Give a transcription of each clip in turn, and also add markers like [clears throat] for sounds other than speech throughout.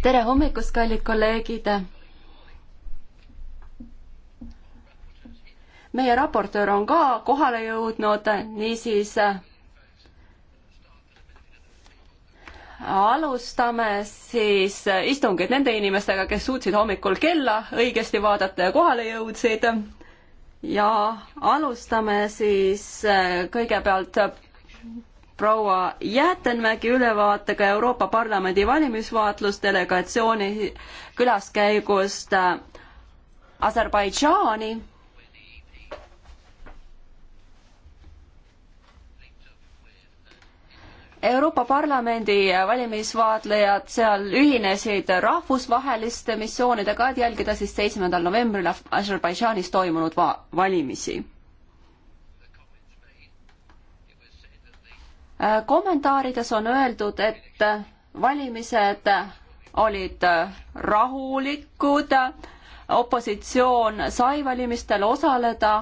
tere hommikust, kallid kolleegid. meie raportöör on ka kohale jõudnud, niisiis alustame siis istungit nende inimestega, kes suutsid hommikul kella õigesti vaadata ja kohale jõudsid. ja alustame siis kõigepealt proua Jäätenmägi ülevaatega Euroopa Parlamendi valimisvaatlusdelegatsiooni külaskäigust äh, Aserbaidžaani. Euroopa Parlamendi valimisvaatlejad seal ühinesid rahvusvaheliste missioonidega, et jälgida siis seitsmendal novembril Aserbaidžaanis toimunud valimisi kommentaarides on öeldud, et valimised olid rahulikud, opositsioon sai valimistel osaleda,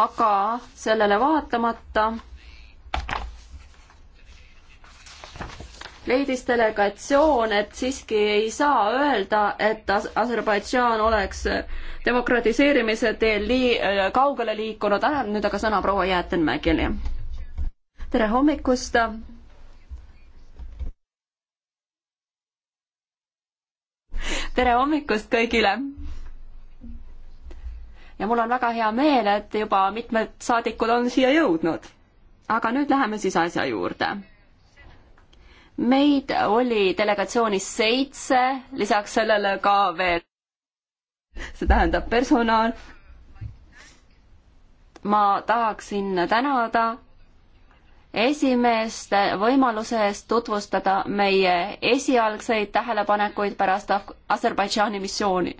aga sellele vaatamata leidis delegatsioon, et siiski ei saa öelda, et Aserbaidžaan oleks äh, demokratiseerimise teel lii-, äh, kaugele liikunud, annan nüüd aga sõna proua Jäätenmägile. tere hommikust! tere hommikust kõigile! ja mul on väga hea meel, et juba mitmed saadikud on siia jõudnud. aga nüüd läheme siis asja juurde meid oli delegatsioonis seitse, lisaks sellele ka veel, see tähendab personal. ma tahaksin tänada esimeest võimaluse eest tutvustada meie esialgseid tähelepanekuid pärast Aserbaidžaani missiooni.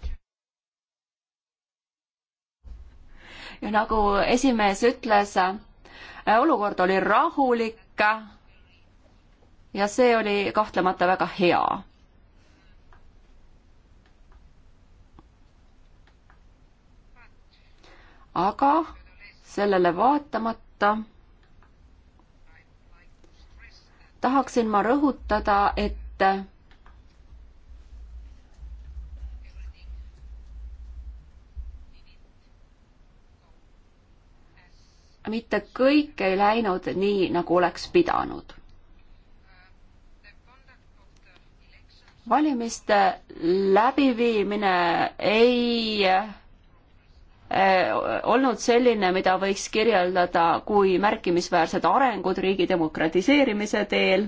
ja nagu esimees ütles, olukord oli rahulik ja see oli kahtlemata väga hea. aga sellele vaatamata tahaksin ma rõhutada, et mitte kõik ei läinud nii, nagu oleks pidanud valimiste läbiviimine ei eh, olnud selline, mida võiks kirjeldada kui märkimisväärsed arengud riigi demokratiseerimise teel.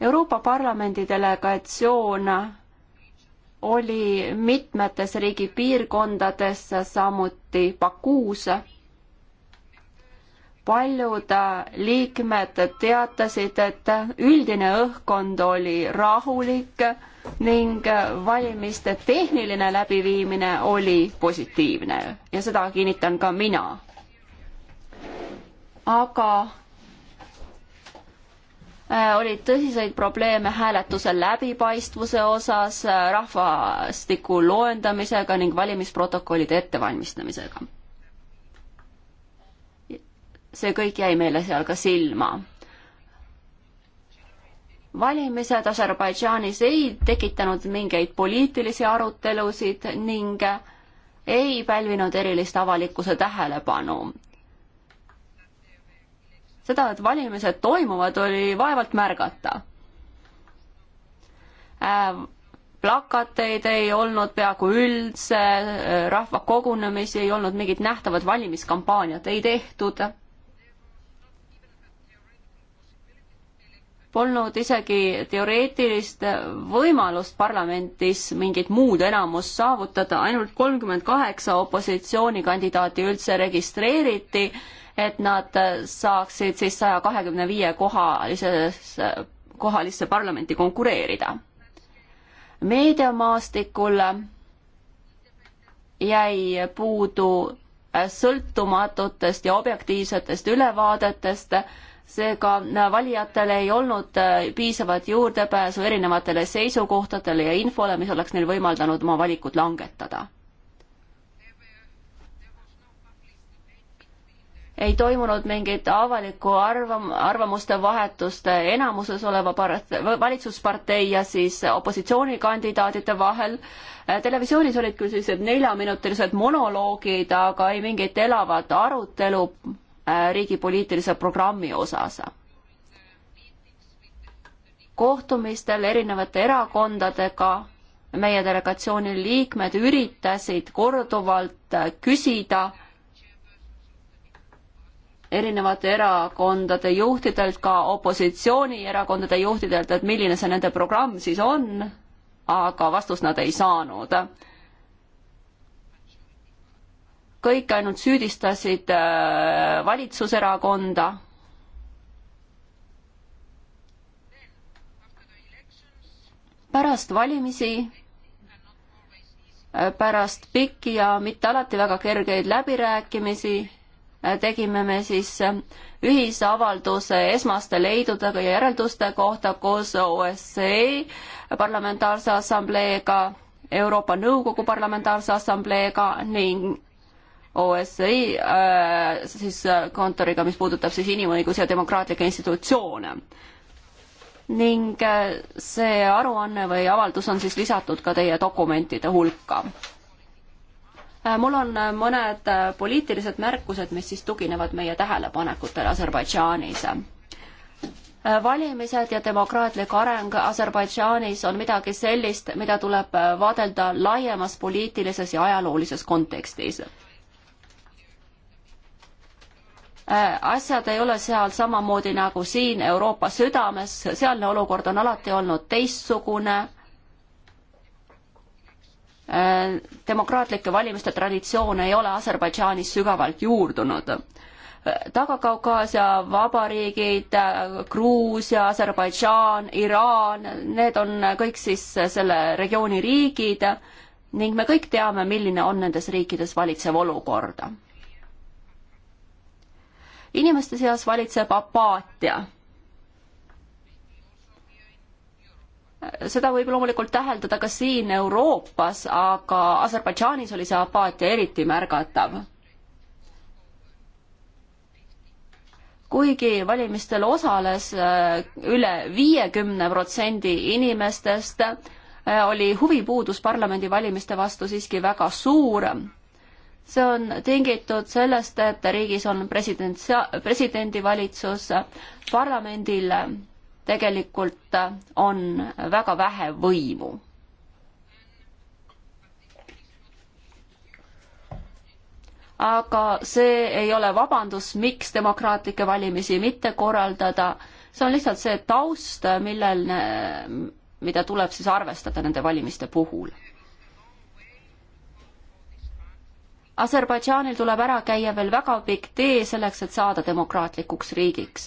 Euroopa Parlamendi delegatsioon oli mitmetes riigi piirkondades, samuti Bakuus paljud äh, liikmed teatasid, et äh, üldine õhkkond oli rahulik ning äh, valimiste tehniline läbiviimine oli positiivne ja seda kinnitan ka mina. aga oli tõsiseid probleeme hääletuse läbipaistvuse osas, rahvastiku loendamisega ning valimisprotokollide ettevalmistamisega see kõik jäi meile seal ka silma. valimised Aserbaidžaanis ei tekitanud mingeid poliitilisi arutelusid ning ei pälvinud erilist avalikkuse tähelepanu. seda, et valimised toimuvad, oli vaevalt märgata äh, plakateid ei olnud peaaegu üldse, äh, rahvakogunemisi ei olnud, mingit nähtavat valimiskampaaniat ei tehtud. polnud isegi teoreetilist võimalust parlamentis mingit muud enamust saavutada, ainult kolmkümmend kaheksa opositsioonikandidaati üldse registreeriti, et nad saaksid siis saja kahekümne viie kohalises, kohalisse parlamenti konkureerida. meediamaastikul jäi puudu sõltumatutest ja objektiivsetest ülevaadetest, seega äh, valijatel ei olnud äh, piisavat juurdepääsu erinevatele seisukohtadele ja infole, mis oleks neil võimaldanud oma valikut langetada. ei toimunud mingit avalikku arvam-, arvamuste vahetust äh, enamuses oleva part-, valitsuspartei ja siis opositsioonikandidaadide vahel. televisioonis olid küll sellised neljaminutilised monoloogid, aga ei mingit elavat arutelu Äh, riigi poliitilise programmi osas. kohtumistel erinevate erakondadega meie delegatsiooni liikmed üritasid korduvalt äh, küsida erinevate erakondade juhtidelt, ka opositsioonierakondade juhtidelt, et milline see nende programm siis on, aga vastust nad ei saanud kõik ainult süüdistasid äh, valitsuserakonda. pärast valimisi, äh, pärast pikki ja mitte alati väga kergeid läbirääkimisi äh, tegime me siis ühisavalduse esmaste leidudega ja järelduste kohta koos OSCE parlamentaarse assambleega, Euroopa Nõukogu parlamentaarse assambleega ning OSCE äh, siis äh, kontoriga, mis puudutab siis inimõigusi ja demokraatlikke institutsioone. ning äh, see aruanne või avaldus on siis lisatud ka teie dokumentide hulka. Äh, mul on mõned poliitilised märkused, mis siis tuginevad meie tähelepanekutele Aserbaidžaanis valimised ja demokraatlik areng Aserbaidžaanis on midagi sellist, mida tuleb vaadelda laiemas poliitilises ja ajaloolises kontekstis Äh, asjad ei ole seal samamoodi nagu siin Euroopa südames, sealne olukord on alati olnud teistsugune. Äh, demokraatlike valimiste traditsioon ei ole Aserbaidžaanis sügavalt juurdunud. Äh, Taga-Kaukaasia vabariigid, Gruusia, Aserbaidžaan, Iraan, need on kõik siis selle regiooni riigid ning me kõik teame, milline on nendes riikides valitsev olukord inimeste seas valitseb apaatia. seda võib loomulikult täheldada ka siin Euroopas, aga Aserbaidžaanis oli see apaatia eriti märgatav kuigi valimistel osales äh, üle viiekümne protsendi inimestest, äh, oli huvipuudus parlamendivalimiste vastu siiski väga suur see on tingitud sellest, et riigis on president, presidendivalitsus, parlamendil tegelikult on väga vähe võimu. aga see ei ole vabandus, miks demokraatlikke valimisi mitte korraldada, see on lihtsalt see taust, millel, mida tuleb siis arvestada nende valimiste puhul Aserbaidžaanil tuleb ära käia veel väga pikk tee selleks, et saada demokraatlikuks riigiks.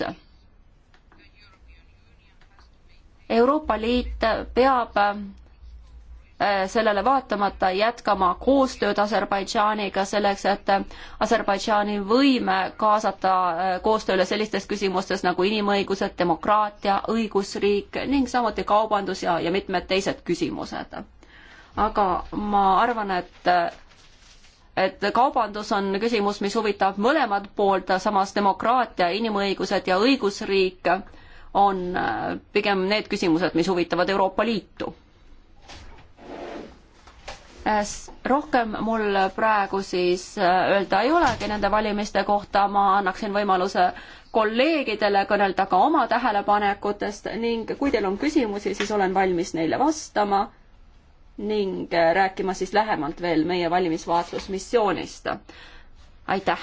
Euroopa Liit peab äh, sellele vaatamata jätkama koostööd Aserbaidžaaniga selleks, et Aserbaidžaani võime kaasata äh, koostööle sellistes küsimustes nagu inimõigused, demokraatia, õigusriik ning samuti kaubandus ja, ja mitmed teised küsimused. aga ma arvan, et äh, et kaubandus on küsimus, mis huvitab mõlemat poolt, samas demokraatia, inimõigused ja õigusriik on äh, pigem need küsimused, mis huvitavad Euroopa Liitu. Äh, rohkem mul praegu siis äh, öelda ei olegi nende valimiste kohta, ma annaksin võimaluse kolleegidele kõnelda ka oma tähelepanekutest ning kui teil on küsimusi, siis olen valmis neile vastama ning äh, rääkima siis lähemalt veel meie valimisvaatlusmissioonist. aitäh!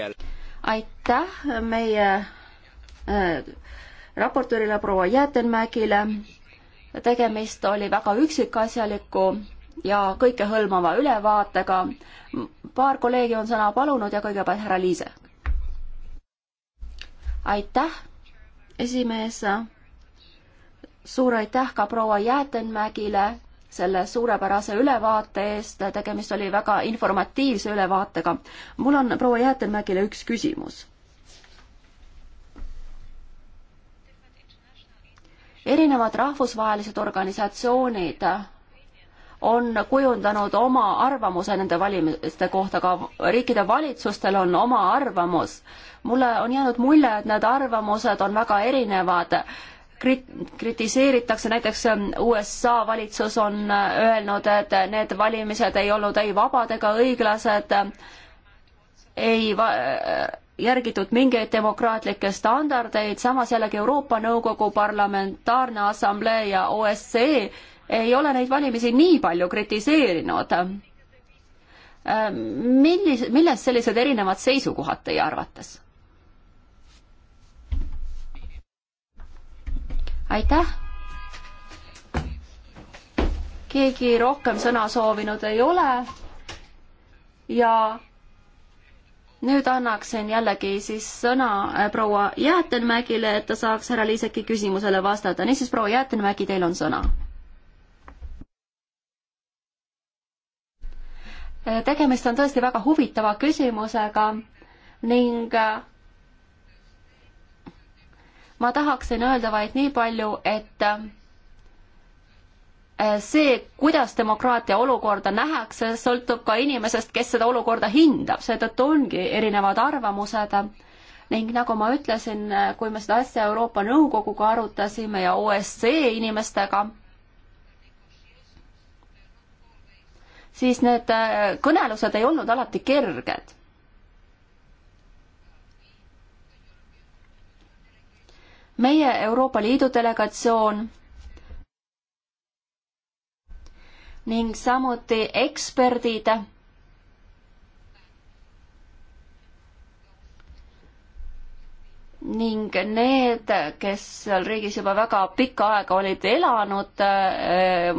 Äh, aitäh meie äh, raportöörile proua Jäätenmägile. tegemist oli väga üksikasjaliku ja kõikehõlmava ülevaatega. paar kolleegi on sõna palunud ja kõigepealt härra Liise. aitäh, esimees suur aitäh ka proua Jäätenmägile selle suurepärase ülevaate eest, tegemist oli väga informatiivse ülevaatega. mul on proua Jäätenmägile üks küsimus. erinevad rahvusvahelised organisatsioonid on kujundanud oma arvamuse nende valimiste kohta, ka riikide valitsustel on oma arvamus. mulle on jäänud mulje, et need arvamused on väga erinevad krit-, kritiseeritakse, näiteks ähm, USA valitsus on äh, öelnud, et need valimised ei olnud ei vabad ega õiglased, ei va-, äh, järgitud mingeid demokraatlikke standardeid, samas jällegi Euroopa Nõukogu Parlamentaarne Assamblee ja OSCE ei ole neid valimisi nii palju kritiseerinud. Ähm, millis-, millest sellised erinevad seisukohad teie arvates? aitäh! keegi rohkem sõna soovinud ei ole ja nüüd annaksin jällegi siis sõna äh, proua Jäätenmägile, et ta saaks härra Liiseki küsimusele vastata. niisiis, proua Jäätenmägi, teil on sõna. Äh, tegemist on tõesti väga huvitava küsimusega ning äh, ma tahaksin öelda vaid nii palju, et äh, see, kuidas demokraatia olukorda nähakse, sõltub ka inimesest, kes seda olukorda hindab, seetõttu ongi erinevad arvamused ning nagu ma ütlesin, kui me seda asja Euroopa Nõukoguga arutasime ja OSCE inimestega, siis need äh, kõnelused ei olnud alati kerged meie Euroopa Liidu delegatsioon ning samuti eksperdid ning need, kes seal riigis juba väga pikka aega olid elanud äh,,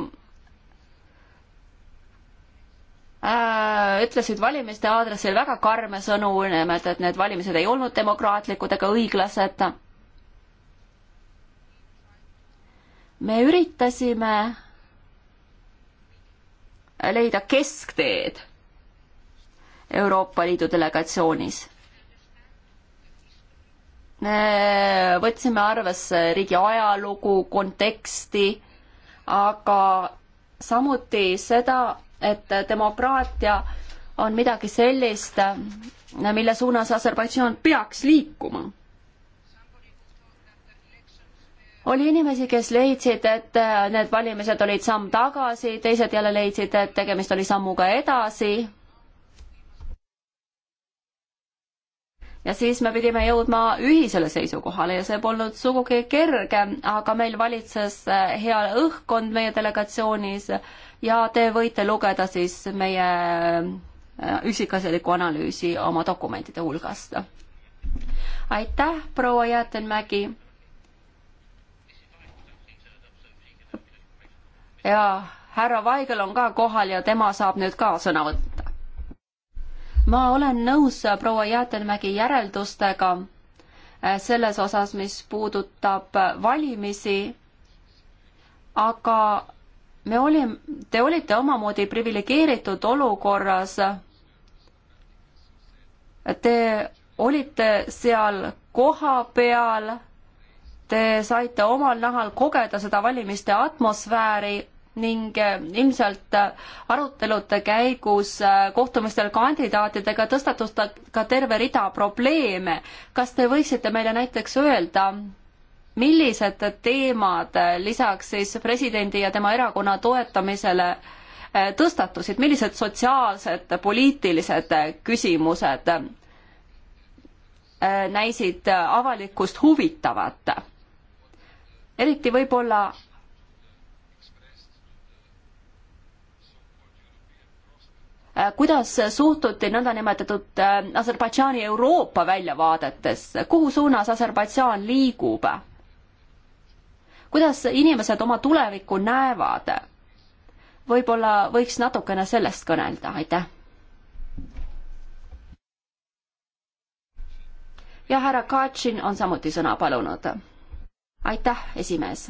äh, ütlesid valimiste aadressil väga karme sõnu, nimelt et need valimised ei olnud demokraatlikud ega õiglased me üritasime leida keskteed Euroopa Liidu delegatsioonis. me võtsime arvesse riigi ajalugu, konteksti, aga samuti seda, et demokraatia on midagi sellist, mille suunas Aserbaidžaan peaks liikuma oli inimesi, kes leidsid, et äh, need valimised olid samm tagasi, teised jälle leidsid, et tegemist oli sammuga edasi. ja siis me pidime jõudma ühisele seisukohale ja see polnud sugugi kerge, aga meil valitses äh, hea õhkkond meie delegatsioonis ja te võite lugeda siis meie äh, üksikasjaliku analüüsi oma dokumentide hulgast. aitäh, proua Jäätenmägi ja härra Vaigel on ka kohal ja tema saab nüüd ka sõna võtta. ma olen nõus proua Jäätelmägi järeldustega äh, selles osas, mis puudutab äh, valimisi, aga me olime, te olite omamoodi priviligeeritud olukorras. Te olite seal kohapeal, te saite omal nahal kogeda seda valimiste atmosfääri, ning äh, ilmselt äh, arutelude käigus äh, kohtumistel kandidaatidega tõstatus ka terve rida probleeme. kas te võiksite meile näiteks öelda, millised teemad lisaks siis presidendi ja tema erakonna toetamisele tõstatusid, millised sotsiaalsed, poliitilised küsimused näisid avalikkust huvitavat? eriti võib-olla Äh, kuidas suhtuti nõndanimetatud äh, Aserbaidžaani Euroopa väljavaadetesse, kuhu suunas Aserbaidžaan liigub? kuidas inimesed oma tulevikku näevad? võib-olla võiks natukene sellest kõnelda, aitäh. ja härra Katšin on samuti sõna palunud. aitäh, esimees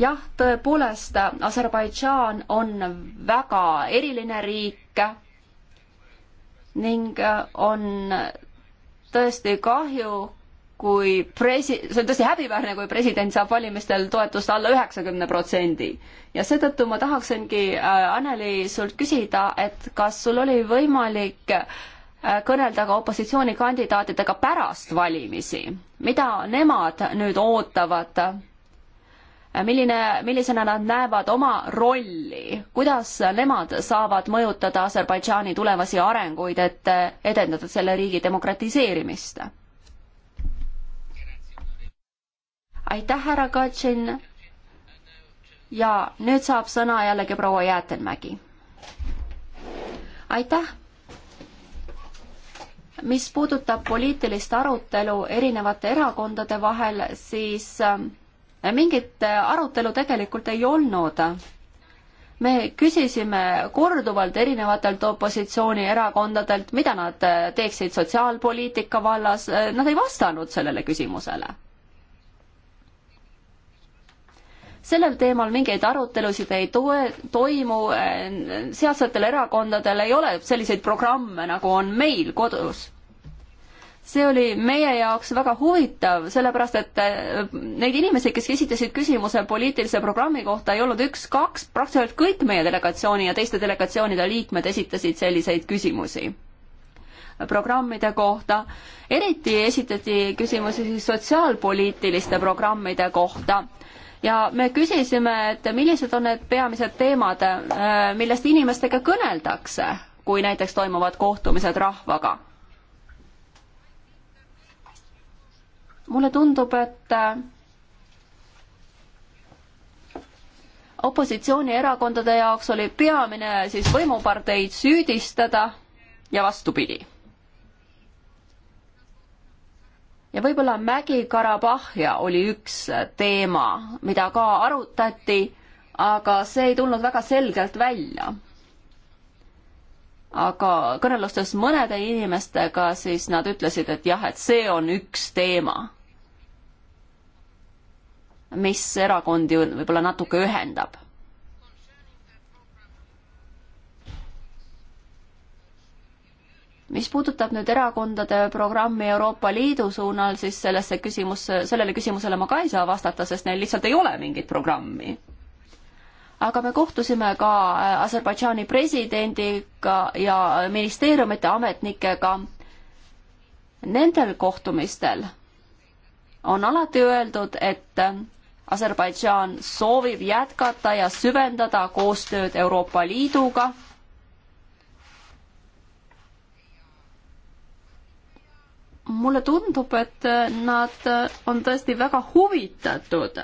jah, tõepoolest, Aserbaidžaan on väga eriline riik ning on tõesti kahju, kui presi-, see on tõesti häbiväärne, kui president saab valimistel toetust alla üheksakümne protsendi. ja seetõttu ma tahaksingi äh,, Anneli, sult küsida, et kas sul oli võimalik äh, kõnelda ka opositsioonikandidaatidega pärast valimisi, mida nemad nüüd ootavad äh, milline, millisena nad näevad oma rolli, kuidas nemad saavad mõjutada Aserbaidžaani tulevasi arenguid, et edendada selle riigi demokratiseerimist? aitäh, härra Katšin. ja nüüd saab sõna jällegi proua Jäätenmägi. aitäh mis puudutab poliitilist arutelu erinevate erakondade vahel, siis ähm, mingit arutelu tegelikult ei olnud. me küsisime korduvalt erinevatelt opositsioonierakondadelt, mida nad teeksid sotsiaalpoliitika vallas, nad ei vastanud sellele küsimusele. sellel teemal mingeid arutelusid ei toe, toimu, sealsetel erakondadel ei ole selliseid programme, nagu on meil kodus see oli meie jaoks väga huvitav, sellepärast et äh, neid inimesi, kes esitasid küsimuse poliitilise programmi kohta, ei olnud üks-kaks, praktiliselt kõik meie delegatsiooni ja teiste delegatsioonide liikmed esitasid selliseid küsimusi programmide kohta. eriti esitati küsimusi siis sotsiaalpoliitiliste programmide kohta ja me küsisime, et millised on need peamised teemad, äh, millest inimestega kõneldakse, kui näiteks toimuvad kohtumised rahvaga mulle tundub, et opositsioonierakondade jaoks oli peamine siis võimuparteid süüdistada ja vastupidi. ja võib-olla Mägi-Karabahhia oli üks teema, mida ka arutati, aga see ei tulnud väga selgelt välja aga kõnelustes mõnede inimestega, siis nad ütlesid, et jah, et see on üks teema, mis erakondi võib-olla natuke ühendab. mis puudutab nüüd erakondade programmi Euroopa Liidu suunal, siis sellesse küsimusse, sellele küsimusele ma ka ei saa vastata, sest neil lihtsalt ei ole mingit programmi aga me kohtusime ka äh, Aserbaidžaani presidendiga ja ministeeriumite ametnikega. Nendel kohtumistel on alati öeldud, et äh, Aserbaidžaan soovib jätkata ja süvendada koostööd Euroopa Liiduga. mulle tundub, et äh, nad on tõesti väga huvitatud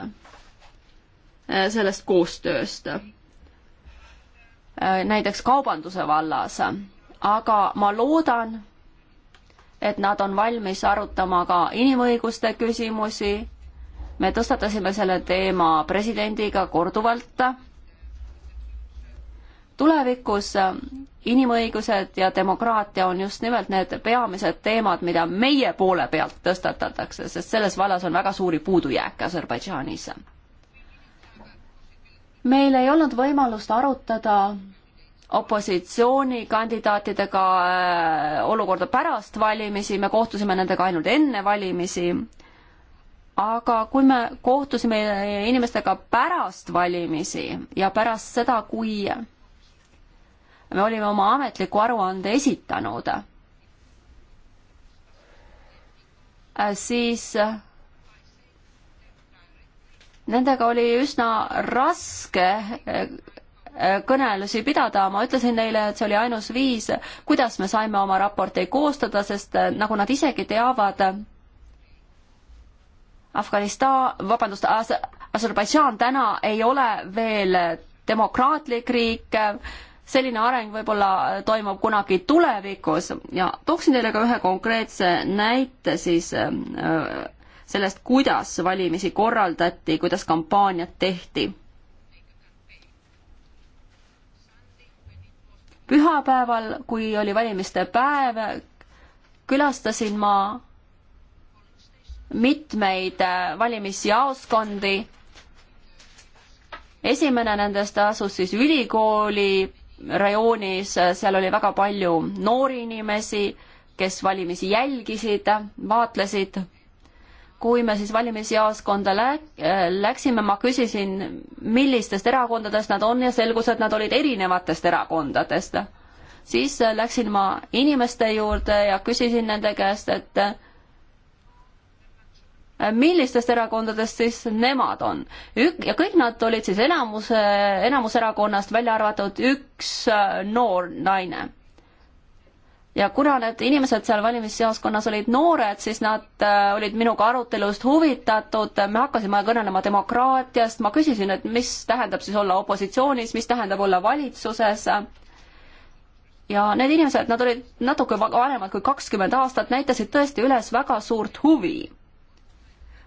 Äh, sellest koostööst. Äh, näiteks kaubanduse vallas, aga ma loodan, et nad on valmis arutama ka inimõiguste küsimusi. me tõstatasime selle teema presidendiga korduvalt. tulevikus inimõigused ja demokraatia on just nimelt need peamised teemad, mida meie poole pealt tõstatatakse, sest selles vallas on väga suuri puudujääke Aserbaidžaanis meil ei olnud võimalust arutada opositsioonikandidaatidega äh, olukorda pärast valimisi, me kohtusime nendega ainult enne valimisi. aga kui me kohtusime inimestega pärast valimisi ja pärast seda, kui me olime oma ametliku aruande esitanud, äh, siis Nendega oli üsna raske eh, eh, kõnelusi pidada, ma ütlesin neile, et see oli ainus viis, kuidas me saime oma raporti koostada, sest eh, nagu nad isegi teavad, Afganistan, vabandust, Aserbaidžaan täna ei ole veel demokraatlik riik, selline areng võib-olla toimub kunagi tulevikus ja tooksin teile ka ühe konkreetse näite siis sellest, kuidas valimisi korraldati, kuidas kampaaniat tehti. pühapäeval, kui oli valimiste päev, külastasin ma mitmeid valimisjaoskondi. esimene nendest asus siis ülikooli rajoonis, seal oli väga palju noori inimesi, kes valimisi jälgisid, vaatlesid kui me siis valimisjaoskonda läk-, äh, läksime, ma küsisin, millistest erakondadest nad on ja selgus, et nad olid erinevatest erakondadest. siis äh, läksin ma inimeste juurde ja küsisin nende käest, et äh, millistest erakondadest siis nemad on. Ük-, ja kõik nad olid siis enamuse, enamuserakonnast välja arvatud üks noor naine ja kuna need inimesed seal valimisjaoskonnas olid noored, siis nad äh, olid minuga arutelust huvitatud, me hakkasime kõnelema demokraatiast, ma küsisin, et mis tähendab siis olla opositsioonis, mis tähendab olla valitsuses. ja need inimesed, nad olid natuke vanemad kui kakskümmend aastat, näitasid tõesti üles väga suurt huvi.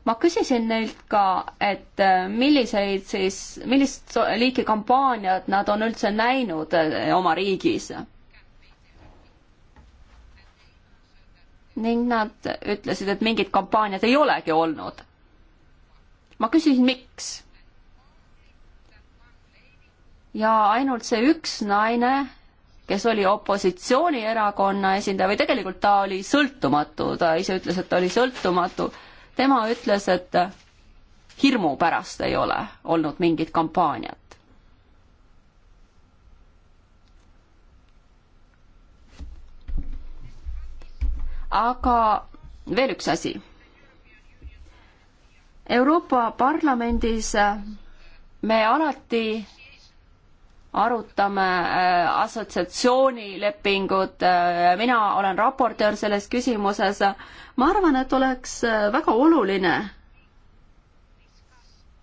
ma küsisin neilt ka, et äh, milliseid siis, millist liiki kampaaniat nad on üldse näinud äh, oma riigis ning nad ütlesid, et mingit kampaaniat ei olegi olnud. ma küsisin, miks. ja ainult see üks naine, kes oli opositsioonierakonna esindaja või tegelikult ta oli sõltumatu, ta ise ütles, et ta oli sõltumatu, tema ütles, et hirmu pärast ei ole olnud mingit kampaaniat. aga veel üks asi. Euroopa Parlamendis äh, me alati arutame äh, assotsiatsioonilepingut, äh, mina olen raportöör selles küsimuses. ma arvan, et oleks väga oluline,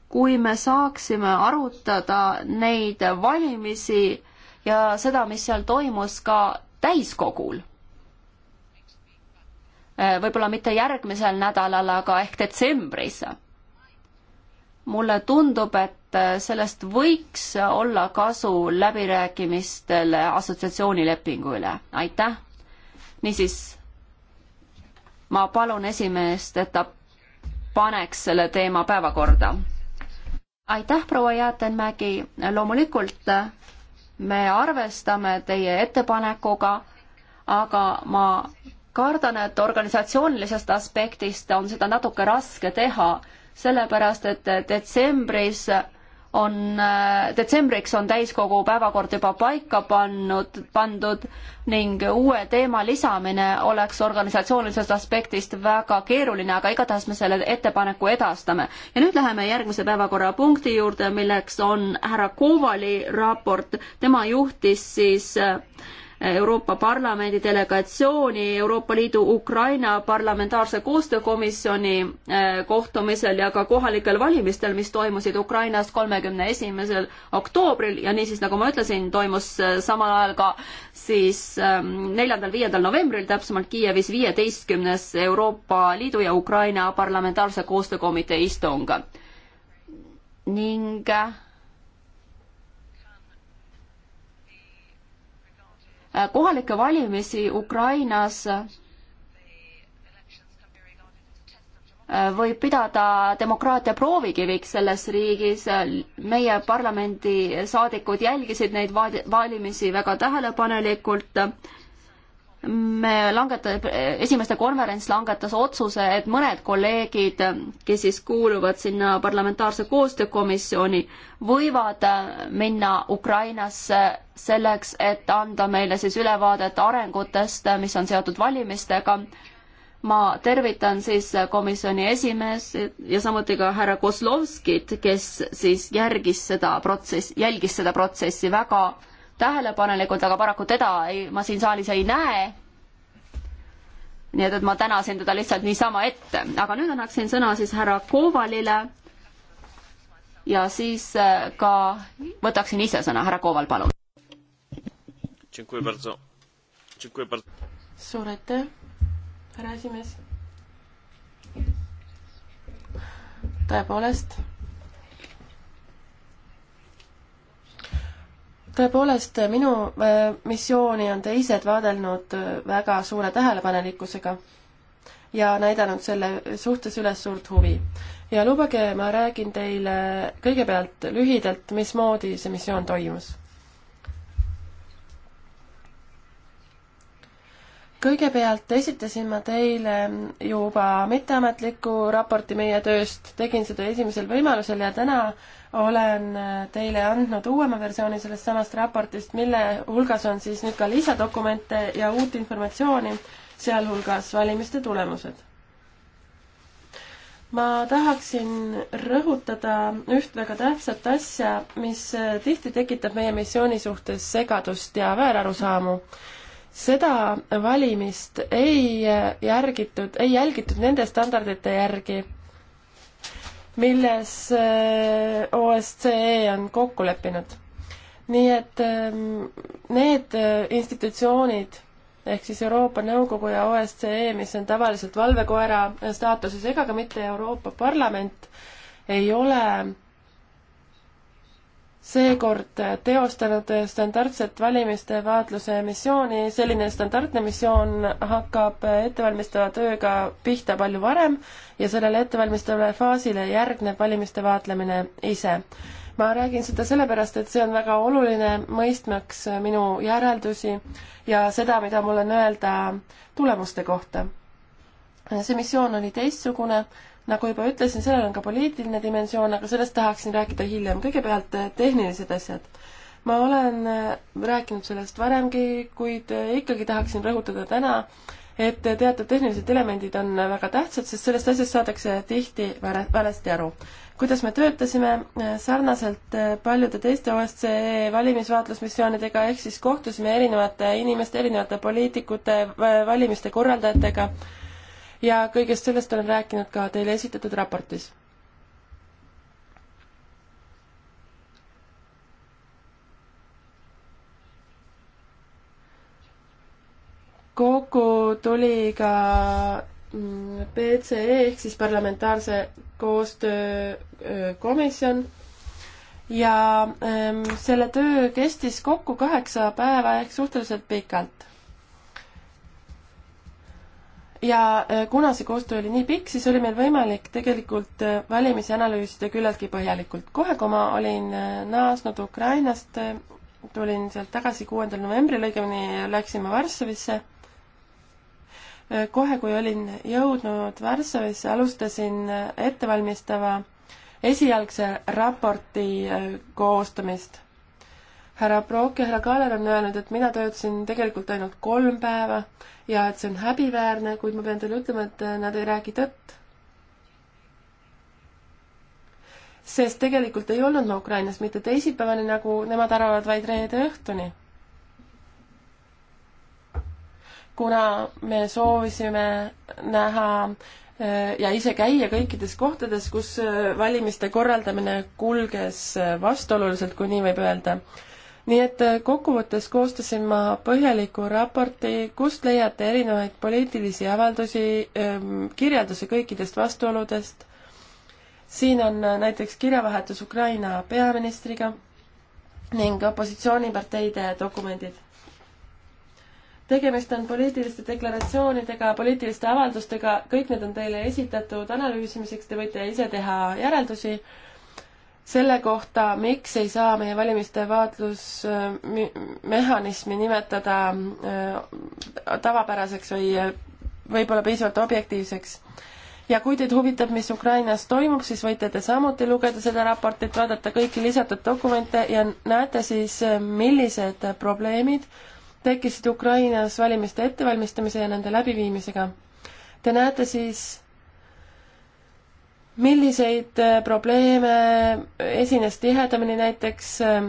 kui me saaksime arutada neid valimisi ja seda, mis seal toimus ka täiskogul Äh, võib-olla mitte järgmisel nädalal, aga ehk detsembris. mulle tundub, et äh, sellest võiks olla kasu läbirääkimistel assotsiatsioonilepingu üle, aitäh. niisiis, ma palun esimeest, et ta paneks selle teema päevakorda. aitäh, proua Jäätenmägi, loomulikult äh, me arvestame teie ettepanekuga, aga ma kardan, et organisatsioonilisest aspektist on seda natuke raske teha, sellepärast et detsembris on, detsembriks on täiskogu päevakord juba paika pannud, pandud ning uue teema lisamine oleks organisatsioonilisest aspektist väga keeruline, aga igatahes me selle ettepaneku edastame. ja nüüd läheme järgmise päevakorrapunkti juurde, milleks on härra Kovali raport, tema juhtis siis äh, Euroopa Parlamendi delegatsiooni Euroopa Liidu Ukraina parlamentaarse koostöökomisjoni äh, kohtumisel ja ka kohalikel valimistel, mis toimusid Ukrainas kolmekümne esimesel oktoobril ja niisiis, nagu ma ütlesin, toimus äh, samal ajal ka siis ähm, neljandal-viiendal novembril täpsemalt Kiievis viieteistkümnes Euroopa Liidu ja Ukraina parlamentaarse koostöökomitee istung ning äh, Äh, kohalikke valimisi Ukrainas äh, võib pidada demokraatia proovikiviks selles riigis. meie parlamendi saadikud jälgisid neid valimisi väga tähelepanelikult me langeta-, esimeste konverents langetas otsuse, et mõned kolleegid, kes siis kuuluvad sinna parlamentaarse koostöökomisjoni, võivad äh, minna Ukrainasse selleks, et anda meile siis ülevaadet arengutest, mis on seotud valimistega. ma tervitan siis komisjoni esimees ja samuti ka härra Kozlovskit, kes siis järgis seda protsess, jälgis seda protsessi väga tähelepanelikult, aga paraku teda ei, ma siin saalis ei näe. nii et, et ma tänasin teda lihtsalt niisama ette, aga nüüd annaksin sõna siis härra Kovalile. ja siis äh, ka võtaksin ise sõna, härra Koval, palun. suur aitäh, härra esimees. tõepoolest tõepoolest, minu äh, missiooni on teised vaadelnud äh, väga suure tähelepanelikkusega ja näidanud selle suhtes üles suurt huvi. ja lubage, ma räägin teile kõigepealt lühidalt, mismoodi see missioon toimus. kõigepealt esitasin ma teile juba mitteametliku raporti meie tööst, tegin seda esimesel võimalusel ja täna äh, olen teile andnud uuema versiooni sellest samast raportist, mille hulgas on siis nüüd ka lisadokumente ja uut informatsiooni, sealhulgas valimiste tulemused. ma tahaksin rõhutada üht väga tähtsat asja, mis tihti tekitab meie missiooni suhtes segadust ja väärarusaamu seda valimist ei järgitud, ei jälgitud nende standardite järgi, milles äh, OSCE on kokku leppinud. nii et ähm, need äh, institutsioonid ehk siis Euroopa Nõukogu ja OSCE, mis on tavaliselt valvekoera äh, staatuses, ega ka mitte Euroopa Parlament, ei ole seekord teostanud standardset valimiste vaatluse missiooni, selline standardne missioon hakkab ettevalmistava tööga pihta palju varem ja sellele ettevalmistavale faasile järgneb valimiste vaatlemine ise. ma räägin seda sellepärast, et see on väga oluline, mõistmaks minu järeldusi ja seda, mida mul on öelda tulemuste kohta. see missioon oli teistsugune nagu juba ütlesin, sellel on ka poliitiline dimensioon, aga sellest tahaksin rääkida hiljem. kõigepealt eh, tehnilised asjad. ma olen eh, rääkinud sellest varemgi, kuid eh, ikkagi tahaksin rõhutada täna, et teatud tehnilised elemendid on väga tähtsad, sest sellest asjast saadakse tihti valesti aru. kuidas me töötasime sarnaselt paljude teiste OSCE valimisvaatlusmissioonidega, ehk siis kohtusime erinevate inimeste, erinevate poliitikute, valimiste korraldajatega ja kõigest sellest olen rääkinud ka teile esitatud raportis. kokku tuli ka mm, PCE ehk siis parlamentaarse koostöö komisjon ja ähm, selle töö kestis kokku kaheksa päeva ehk suhteliselt pikalt ja äh, kuna see koostöö oli nii pikk, siis oli meil võimalik tegelikult äh, valimisi analüüsida küllaltki põhjalikult. kohe, kui ma olin äh, naasnud Ukrainast, tulin sealt tagasi kuuendal novembril, õigemini läksin ma Varssavisse. kohe, kui olin jõudnud Varssavisse, alustasin ettevalmistava esialgse raporti koostamist härra Brock ja härra Kaller on öelnud, et mina töötasin tegelikult ainult kolm päeva ja et see on häbiväärne, kuid ma pean teile ütlema, et äh, nad ei räägi tõtt. sest tegelikult ei olnud ma Ukrainas mitte teisipäevani, nagu nemad arvavad, vaid reede õhtuni. kuna me soovisime näha äh, ja ise käia kõikides kohtades, kus äh, valimiste korraldamine kulges vastuoluliselt, kui nii võib öelda nii et äh, kokkuvõttes koostasin ma põhjaliku raporti, kust leiate erinevaid poliitilisi avaldusi, ähm, kirjeldusi kõikidest vastuoludest. siin on äh, näiteks kirjavahetus Ukraina peaministriga ning opositsiooniparteide dokumendid. tegemist on poliitiliste deklaratsioonidega, poliitiliste avaldustega, kõik need on teile esitatud analüüsimiseks, te võite ise teha järeldusi selle kohta, miks ei saa meie valimiste vaatlusmehhanismi nimetada äh, tavapäraseks või äh, võib-olla piisavalt objektiivseks. ja kui teid huvitab, mis Ukrainas toimub, siis võite te samuti lugeda seda raportit, vaadata kõiki lisatud dokumente ja näete siis, äh, millised probleemid tekkisid Ukrainas valimiste ettevalmistamise ja nende läbiviimisega. Te näete siis milliseid äh, probleeme esines tihedamini näiteks, äh,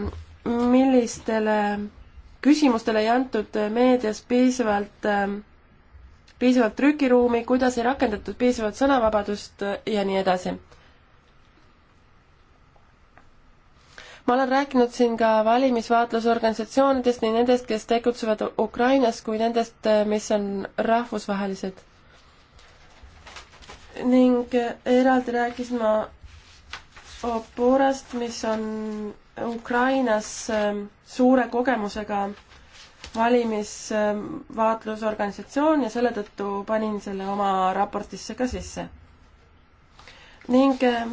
millistele küsimustele ei antud äh, meedias piisavalt, piisavalt trükiruumi, kuidas ei rakendatud piisavalt sõnavabadust ja nii edasi. ma olen rääkinud siin ka valimisvaatlusorganisatsioonidest, nii nendest, kes tegutsevad Ukrainas, kui nendest, mis on rahvusvahelised ning eraldi rääkisin ma Oporast, mis on Ukrainas ähm, suure kogemusega valimisvaatlusorganisatsioon ja selle tõttu panin selle oma raportisse ka sisse. ning ähm,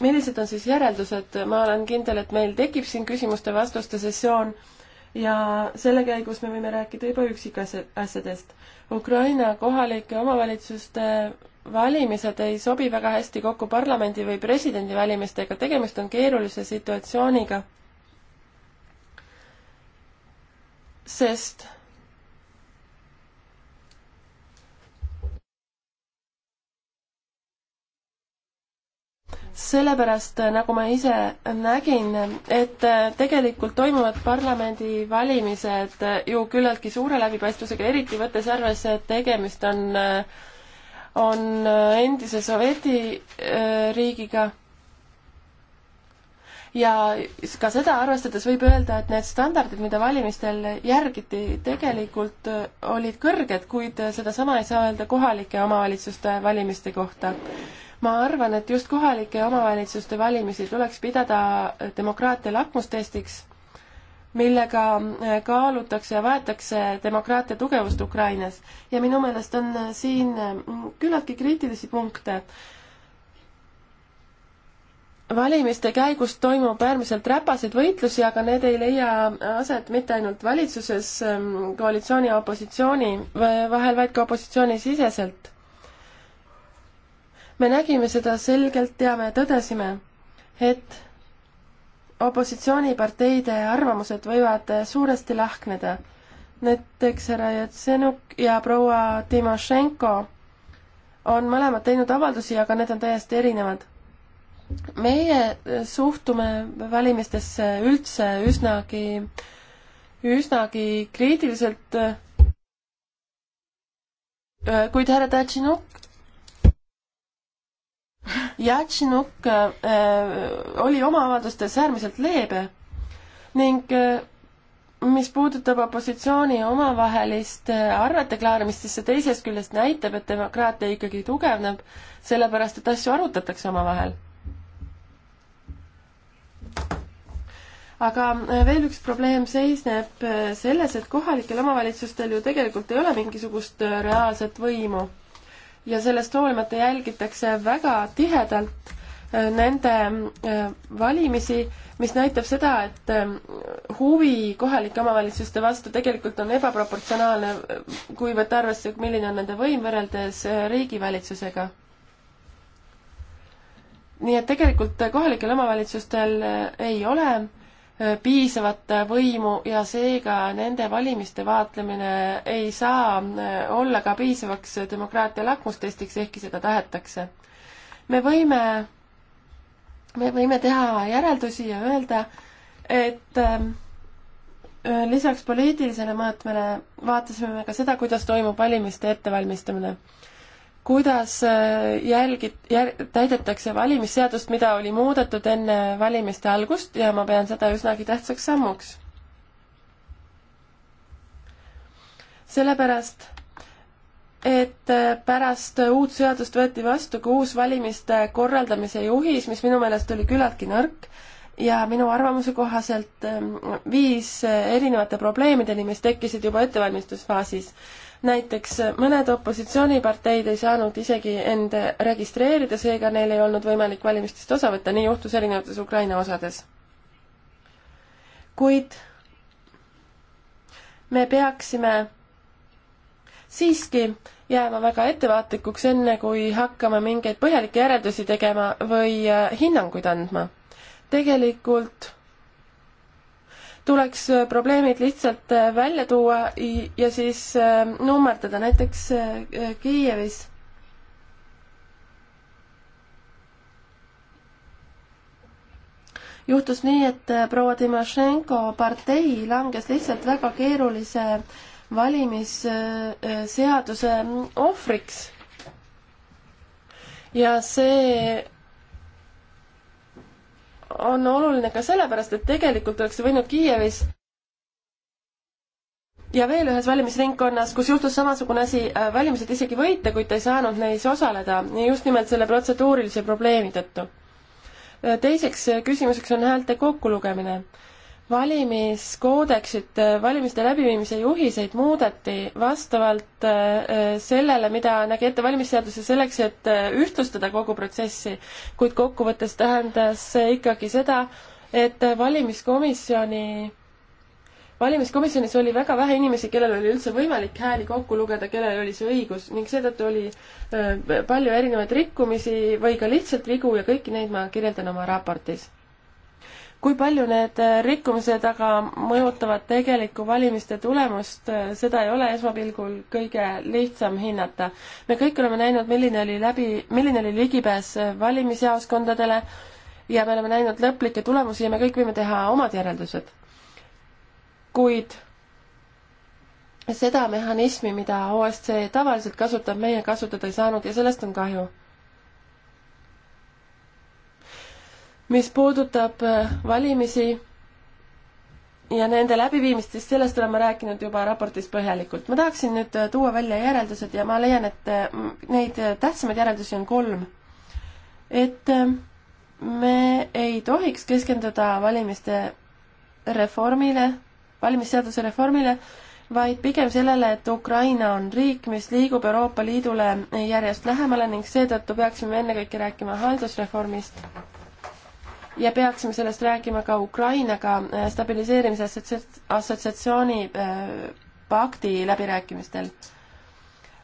millised on siis järeldused, ma olen kindel, et meil tekib siin küsimuste-vastuste sessioon ja selle käigus me võime rääkida juba üksikasjadest. Ukraina kohalike omavalitsuste valimised ei sobi väga hästi kokku parlamendi või presidendi valimistega, tegemist on keerulise situatsiooniga. sest sellepärast, nagu ma ise nägin, et tegelikult toimuvad parlamendivalimised ju küllaltki suure läbipaistvusega, eriti võttes arvesse, et tegemist on äh, on äh, endise Sovjeti äh, riigiga ja ka seda arvestades võib öelda, et need standardid, mida valimistel järgiti, tegelikult äh, olid kõrged, kuid sedasama ei saa öelda kohalike omavalitsuste valimiste kohta. ma arvan, et just kohalike omavalitsuste valimisi tuleks pidada demokraatia lakmustestiks millega äh, kaalutakse ja vaetakse demokraatia tugevust Ukrainas. ja minu meelest on äh, siin äh, küllaltki kriitilisi punkte. valimiste käigus toimub äärmiselt räpaseid võitlusi, aga need ei leia aset mitte ainult valitsuses ähm, koalitsiooni ja opositsiooni vahel, vaid ka opositsioonisiseselt. me nägime seda selgelt ja me tõdesime, et opositsiooniparteide arvamused võivad suuresti lahkneda. näiteks härra Jatsenuk ja proua Timošenko on mõlemad teinud avaldusi, aga need on täiesti erinevad. meie suhtume valimistesse üldse üsnagi, üsnagi kriitiliselt. kuid härra Tatšinuk Jatsinuk äh, äh, oli oma avaldustes äärmiselt leebe ning äh, mis puudutab opositsiooni omavahelist arvete klaarimist, siis see teisest küljest näitab, et demokraatia ikkagi tugevneb, sellepärast et asju arutatakse omavahel. aga veel üks probleem seisneb selles, et kohalikel omavalitsustel ju tegelikult ei ole mingisugust reaalset võimu ja sellest hoolimata jälgitakse väga tihedalt äh, nende äh, valimisi, mis näitab seda, et äh, huvi kohalike omavalitsuste vastu tegelikult on ebaproportsionaalne, kuivõrd arvesse, milline on nende võim võrreldes riigivalitsusega. nii et tegelikult kohalikel omavalitsustel ei ole Äh, piisavat äh, võimu ja seega nende valimiste vaatlemine ei saa äh, olla ka piisavaks demokraatia lakmustestiks, ehkki seda tahetakse. me võime, me võime teha järeldusi ja öelda, et ähm, lisaks poliitilisele mõõtmele vaatasime me ka seda, kuidas toimub valimiste ettevalmistamine kuidas äh, jälgid jär,, täidetakse valimisseadust, mida oli muudetud enne valimiste algust ja ma pean seda üsnagi tähtsaks sammuks. sellepärast, et äh, pärast uut seadust võeti vastu ka uus valimiste korraldamise juhis, mis minu meelest oli küllaltki nõrk ja minu arvamuse kohaselt ähm, viis äh, erinevate probleemideni, mis tekkisid juba ettevalmistusfaasis näiteks eh, mõned opositsiooniparteid ei saanud isegi end registreerida, seega neil ei olnud võimalik valimistest osa võtta, nii juhtus erinevates Ukraina osades. kuid me peaksime siiski jääma väga ettevaatlikuks, enne kui hakkame mingeid põhjalikke järeldusi tegema või eh, hinnanguid andma. tegelikult tuleks äh, probleemid lihtsalt äh, välja tuua ja siis äh, nummerdada, näiteks Kiievis. juhtus nii, et proua Timošenko partei langes lihtsalt väga keerulise valimisseaduse mm, ohvriks. ja see on oluline ka sellepärast, et tegelikult oleks see võinud Kiievis ja veel ühes valimisringkonnas, kus juhtus samasugune asi, äh, valimised isegi võita, kuid ta ei saanud neis osaleda, just nimelt selle protseduurilise probleemi tõttu. Äh, teiseks äh, küsimuseks on häälte kokkulugemine valimiskoodeksit, äh, valimiste läbiviimise juhiseid muudeti vastavalt äh, äh, sellele, mida nägi ette valimisseadus ja selleks, et ühtlustada kogu protsessi, kuid kokkuvõttes tähendas see ikkagi seda, et valimiskomisjoni, valimiskomisjonis oli väga vähe inimesi, kellel oli üldse võimalik hääli kokku lugeda, kellel oli see õigus ning seetõttu oli palju erinevaid rikkumisi või ka lihtsalt vigu ja kõiki neid ma kirjeldan oma raportis kui palju need äh, rikkumised aga mõjutavad tegelikku valimiste tulemust, äh, seda ei ole esmapilgul kõige lihtsam hinnata. me kõik oleme näinud, milline oli läbi, milline oli ligipääs äh, valimisjaoskondadele ja me oleme näinud lõplikke tulemusi ja me kõik võime teha omad järeldused. kuid seda mehhanismi, mida OSCE tavaliselt kasutab, meie kasutada ei saanud ja sellest on kahju mis puudutab äh, valimisi ja nende läbiviimist, siis sellest olen ma rääkinud juba raportis põhjalikult. ma tahaksin nüüd äh, tuua välja järeldused ja ma leian, et äh, neid tähtsamaid järeldusi on kolm. et me ei tohiks keskenduda valimiste reformile, valimisseaduse reformile, vaid pigem sellele, et Ukraina on riik, mis liigub Euroopa Liidule järjest lähemale ning seetõttu peaksime ennekõike rääkima haldusreformist ja peaksime sellest rääkima ka Ukrainaga äh, stabiliseerimise assotsiatsiooni äh, pakti läbirääkimistel.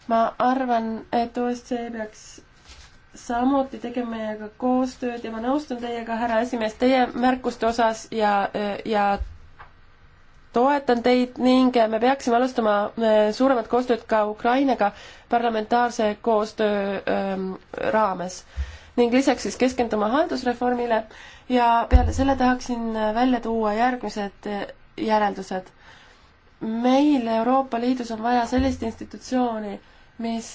ma arvan, et OSCE peaks samuti tegema meiega koostööd ja ma nõustun teiega, härra esimees, teie märkuste osas ja, äh, ja toetan teid ning me peaksime alustama suuremat koostööd ka Ukrainaga parlamentaarse koostöö ähm, raames ning lisaks siis keskenduma haldusreformile ja peale selle tahaksin välja tuua järgmised järeldused. meil Euroopa Liidus on vaja sellist institutsiooni, mis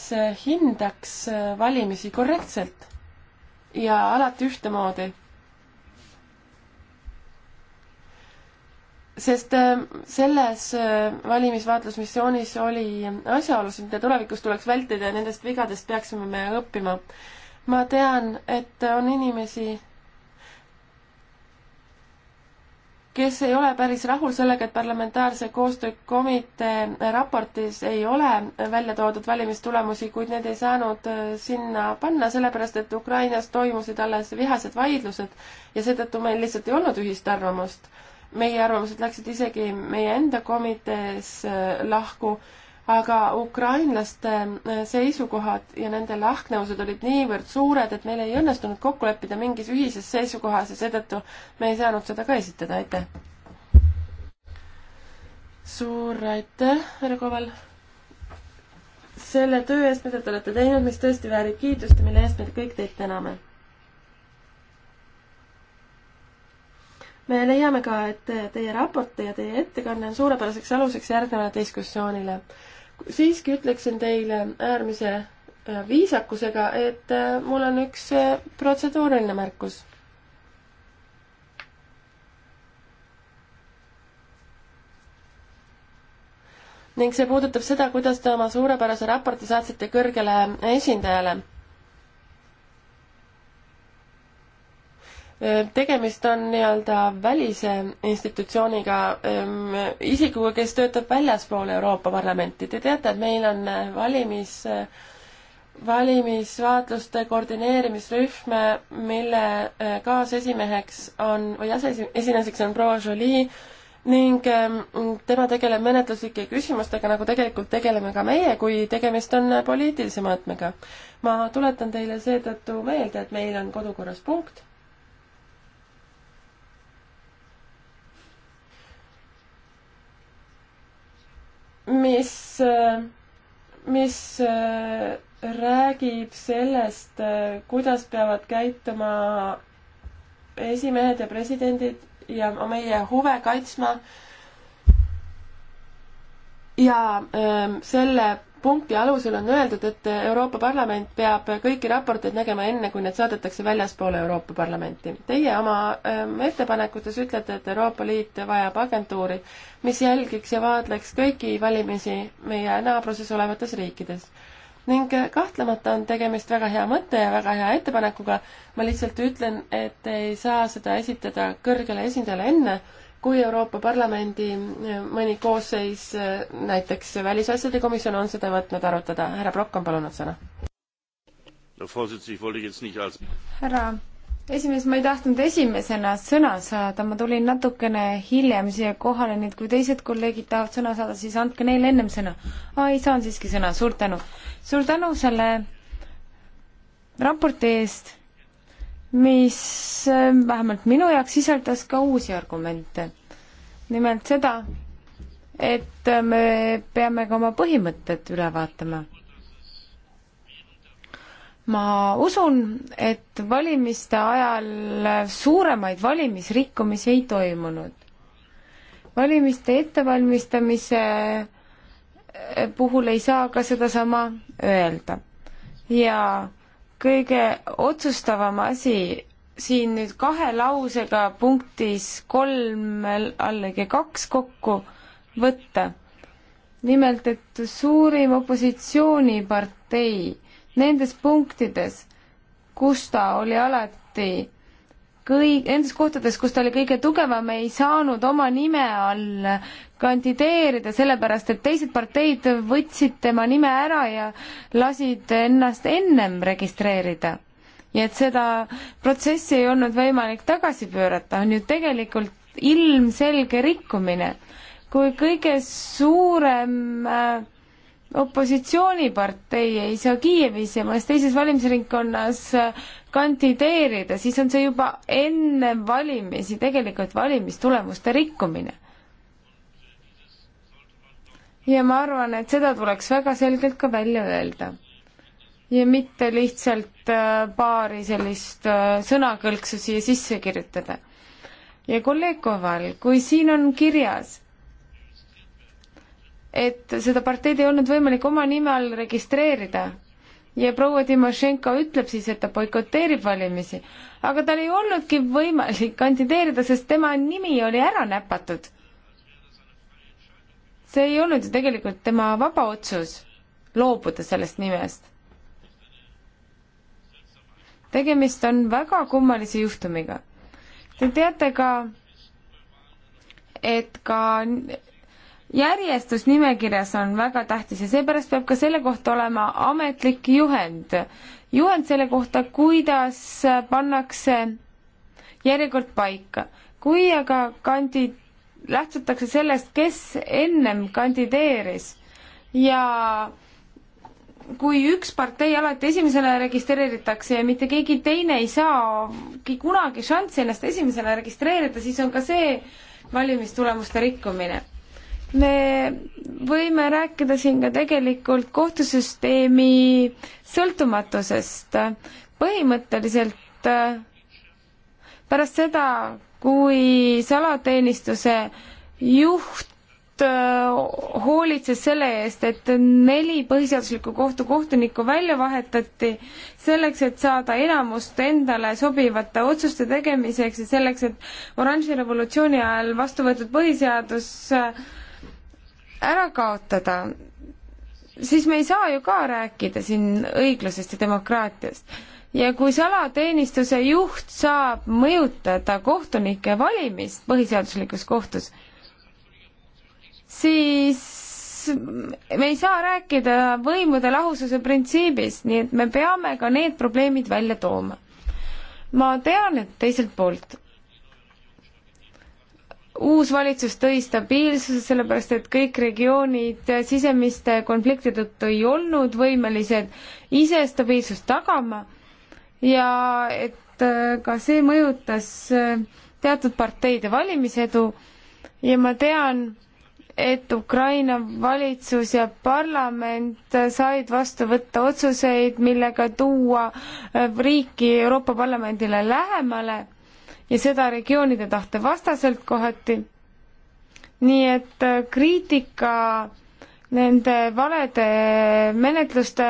hindaks valimisi korrektselt ja alati ühtemoodi. sest ähm, selles äh, valimisvaatlusmissioonis oli asjaolusid, mida tulevikus tuleks vältida ja nendest vigadest peaksime me õppima. ma tean, et on inimesi, kes ei ole päris rahul sellega, et parlamentaarse koostöökomitee raportis ei ole välja toodud valimistulemusi, kuid need ei saanud äh, sinna panna, sellepärast et Ukrainas toimusid alles vihased vaidlused ja seetõttu meil lihtsalt ei olnud ühist arvamust. meie arvamused läksid isegi meie enda komitees äh, lahku aga ukrainlaste äh, seisukohad ja nende lahknevused olid niivõrd suured, et meil ei õnnestunud kokku leppida mingis ühises seisukohas ja seetõttu me ei saanud seda ka esitada, aitäh! suur aitäh, härra Koval! selle töö eest, mida te olete teinud, mis tõesti väärib kiitust ja mille eest me kõik teid täname me leiame ka, et teie raport ja teie ettekanne on suurepäraseks aluseks järgnevale diskussioonile siiski ütleksin teile äärmise äh, viisakusega, et äh, mul on üks äh, protseduuriline märkus. ning see puudutab seda, kuidas te oma suurepärase raporti saatsite kõrgele esindajale tegemist on nii-öelda välise institutsiooniga, ehm, isikuga, kes töötab väljaspool Euroopa Parlamenti. Te teate, et meil on valimis, valimisvaatluste koordineerimisrühm, mille eh, kaasesimeheks on, või aseesinaseks on proua Jolie ning ehm, tema tegeleb menetluslike küsimustega, nagu tegelikult tegeleme ka meie, kui tegemist on poliitilise mõõtmega. ma tuletan teile seetõttu meelde, et meil on kodukorras punkt mis, mis äh, räägib sellest, äh, kuidas peavad käituma esimehed ja presidendid ja meie huve kaitsma ja öö, ähm, selle punkti alusel on öeldud, et Euroopa Parlament peab kõiki raporteid nägema enne, kui need saadetakse väljaspoole Euroopa Parlamenti. Teie oma ähm, ettepanekutes ütlete, et Euroopa Liit vajab agentuuri, mis jälgiks ja vaadleks kõiki valimisi meie naabruses olevates riikides. ning kahtlemata on tegemist väga hea mõtte ja väga hea ettepanekuga, ma lihtsalt ütlen, et ei saa seda esitada kõrgele esindajale enne, kui Euroopa Parlamendi eh, mõni koosseis, eh, näiteks välisasjade komisjon, on seda võtnud arutada. härra Prokk on palunud sõna. härra esimees, ma ei tahtnud esimesena sõna saada, ma tulin natukene hiljem siia kohale, nii et kui teised kolleegid tahavad sõna saada, siis andke neile ennem sõna. aa, ei, saan siiski sõna, suur tänu. suur tänu selle raporti eest mis eh, vähemalt minu jaoks sisaldas ka uusi argumente. nimelt seda, et me peame ka oma põhimõtted üle vaatama. ma usun, et valimiste ajal suuremaid valimisrikkumisi ei toimunud. valimiste ettevalmistamise eh, puhul ei saa ka sedasama öelda ja kõige otsustavam asi siin nüüd kahe lausega punktis kolm allagi kaks kokku võtta. nimelt, et suurim opositsioonipartei nendes punktides, kus ta oli alati kõik, nendes kohtades, kus ta oli kõige tugevam, ei saanud oma nime all kandideerida, sellepärast et teised parteid võtsid tema nime ära ja lasid ennast ennem registreerida. ja et seda protsessi ei olnud võimalik tagasi pöörata, on ju tegelikult ilmselge rikkumine. kui kõige suurem äh, opositsioonipartei ei saa Kiievis ja mõnes teises valimisringkonnas kandideerida, siis on see juba enne valimisi tegelikult valimistulemuste rikkumine. ja ma arvan, et seda tuleks väga selgelt ka välja öelda. ja mitte lihtsalt äh, paari sellist äh, sõnakõlksu siia sisse kirjutada. ja kolleeg Koval, kui siin on kirjas, et seda parteid ei olnud võimalik oma nime all registreerida. ja proua Timošenko ütleb siis, et ta boikoteerib valimisi, aga tal ei olnudki võimalik kandideerida, sest tema nimi oli ära näpatud. see ei olnud ju tegelikult tema vaba otsus loobuda sellest nimest. tegemist on väga kummalise juhtumiga. Te teate ka, et ka järjestus nimekirjas on väga tähtis ja seepärast peab ka selle kohta olema ametlik juhend. juhend selle kohta, kuidas pannakse järjekord paika. kui aga kandi-, lähtutakse sellest, kes ennem kandideeris ja kui üks partei alati esimesena registreeritakse ja mitte keegi teine ei saagi kunagi šanssi ennast esimesena registreerida, siis on ka see valimistulemuste rikkumine me võime rääkida siin ka tegelikult kohtusüsteemi sõltumatusest. põhimõtteliselt äh, pärast seda, kui salateenistuse juht äh, hoolitses selle eest, et neli põhiseadusliku kohtu kohtunikku välja vahetati selleks, et saada enamust endale sobivate otsuste tegemiseks ja selleks, et oranži revolutsiooni ajal vastu võetud põhiseadus äh, ära kaotada, siis me ei saa ju ka rääkida siin õiglusest ja demokraatiast. ja kui salateenistuse juht saab mõjutada kohtunike valimist põhiseaduslikus kohtus, siis me ei saa rääkida võimude lahususe printsiibist, nii et me peame ka need probleemid välja tooma. ma tean, et teiselt poolt uus valitsus tõi stabiilsuse, sellepärast et kõik regioonid sisemiste konflikti tõttu ei olnud võimelised ise stabiilsust tagama ja et äh, ka see mõjutas äh, teatud parteide valimisedu ja ma tean, et Ukraina valitsus ja parlament äh, said vastu võtta otsuseid, millega tuua riiki Euroopa Parlamendile lähemale ja seda regioonide tahte vastaselt kohati. nii et äh, kriitika nende valede menetluste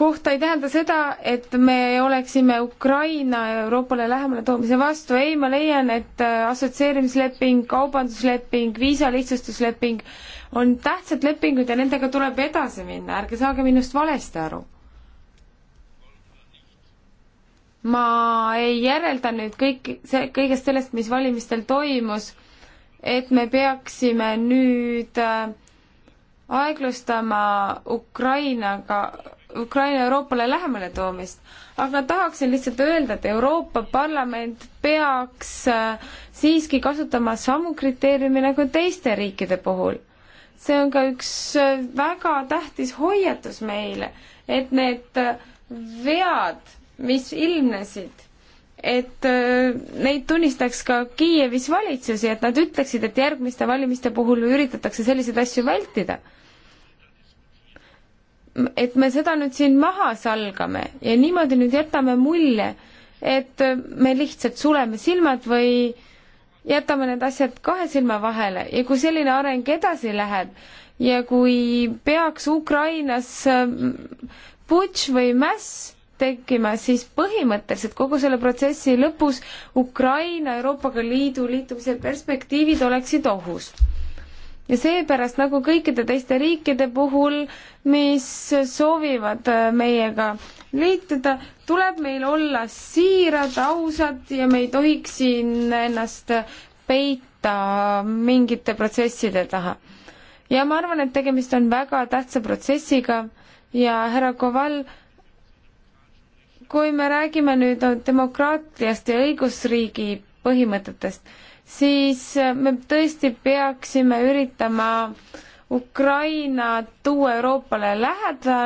kohta ei tähenda seda, et me oleksime Ukraina Euroopale lähemale toomise vastu, ei, ma leian, et äh, assotsieerimisleping, kaubandusleping, viisalihtsustusleping on tähtsad lepingud ja nendega tuleb edasi minna, ärge saage minust valesti aru ma ei järelda nüüd kõik, see, kõigest sellest, mis valimistel toimus, et me peaksime nüüd äh, aeglustama Ukrainaga, Ukraina Euroopale lähemale toomist. aga tahaksin lihtsalt öelda, et Euroopa Parlament peaks äh, siiski kasutama samu kriteeriumi nagu teiste riikide puhul. see on ka üks äh, väga tähtis hoiatus meile, et need vead, mis ilmnesid, et äh, neid tunnistaks ka Kiievis valitsus ja et nad ütleksid, et järgmiste valimiste puhul üritatakse selliseid asju vältida. et me seda nüüd siin maha salgame ja niimoodi nüüd jätame mulje, et äh, me lihtsalt suleme silmad või jätame need asjad kahe silma vahele ja kui selline areng edasi läheb ja kui peaks Ukrainas äh, putš või mäss tekkima, siis põhimõtteliselt kogu selle protsessi lõpus Ukraina Euroopaga Liidu liitumise perspektiivid oleksid ohus. ja seepärast, nagu kõikide teiste riikide puhul, mis soovivad äh, meiega liituda, tuleb meil olla siirad, ausad ja me ei tohiks siin ennast peita mingite protsesside taha. ja ma arvan, et tegemist on väga tähtsa protsessiga ja härra Koval, kui me räägime nüüd demokraatiast ja õigusriigi põhimõtetest, siis me tõesti peaksime üritama Ukraina tuua Euroopale läheda,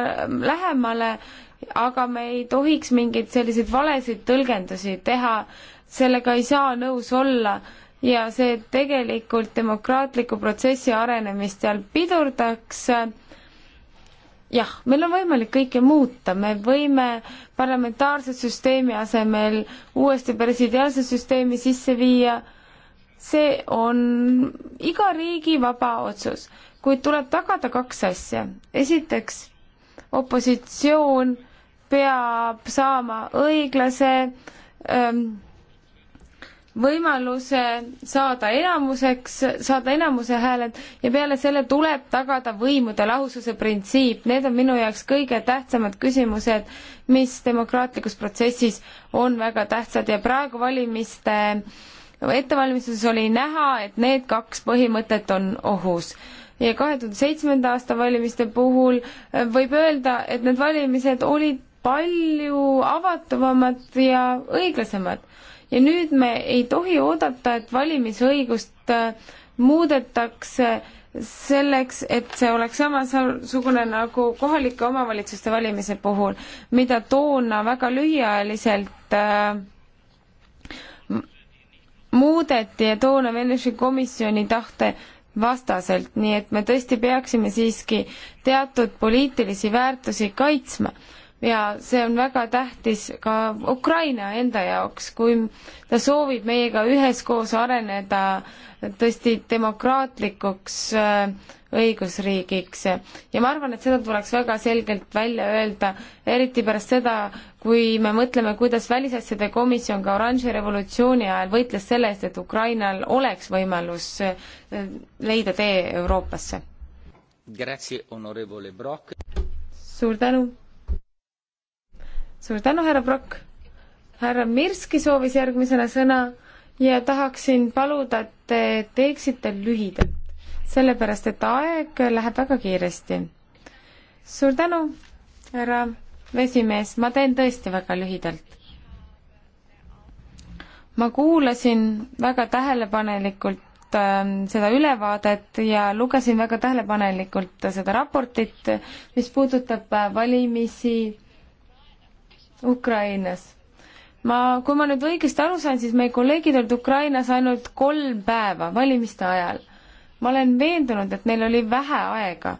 lähemale, aga me ei tohiks mingeid selliseid valesid tõlgendusi teha, sellega ei saa nõus olla ja see tegelikult demokraatliku protsessi arenemist seal pidurdaks äh, jah, meil on võimalik kõike muuta, me võime parlamentaarse süsteemi asemel uuesti presidiaalse süsteemi sisse viia, see on iga riigi vaba otsus, kuid tuleb tagada kaks asja. esiteks, opositsioon peab saama õiglase ähm, võimaluse saada enamuseks, saada enamuse hääled ja peale selle tuleb tagada võimude lahususe printsiip. Need on minu jaoks kõige tähtsamad küsimused, mis demokraatlikus protsessis on väga tähtsad ja praegu valimiste ettevalmistuses oli näha, et need kaks põhimõtet on ohus ja kahe tuhande seitsmenda aasta valimiste puhul võib öelda, et need valimised olid palju avatumad ja õiglasemad ja nüüd me ei tohi oodata, et valimisõigust äh, muudetakse selleks, et see oleks samasugune nagu kohalike omavalitsuste valimise puhul, mida toona väga lühiajaliselt äh, muudeti ja toona Veneši komisjoni tahte vastaselt, nii et me tõesti peaksime siiski teatud poliitilisi väärtusi kaitsma ja see on väga tähtis ka Ukraina enda jaoks, kui ta soovib meiega üheskoos areneda tõesti demokraatlikuks äh, õigusriigiks. ja ma arvan, et seda tuleks väga selgelt välja öelda, eriti pärast seda, kui me mõtleme, kuidas Välisasjade Komisjon ka oranži revolutsiooni ajal võitles selle eest, et Ukrainal oleks võimalus äh, leida tee Euroopasse. suur tänu! suur tänu, härra Prokk. härra Mirski soovis järgmisena sõna ja tahaksin paluda, et te teeksite lühidalt, sellepärast et aeg läheb väga kiiresti. suur tänu, härra vesimees, ma teen tõesti väga lühidalt. ma kuulasin väga tähelepanelikult ähm, seda ülevaadet ja lugesin väga tähelepanelikult seda raportit, mis puudutab äh, valimisi Ukrainas. ma, kui ma nüüd õigesti aru sain, siis meie kolleegid olid Ukrainas ainult kolm päeva valimiste ajal. ma olen veendunud, et neil oli vähe aega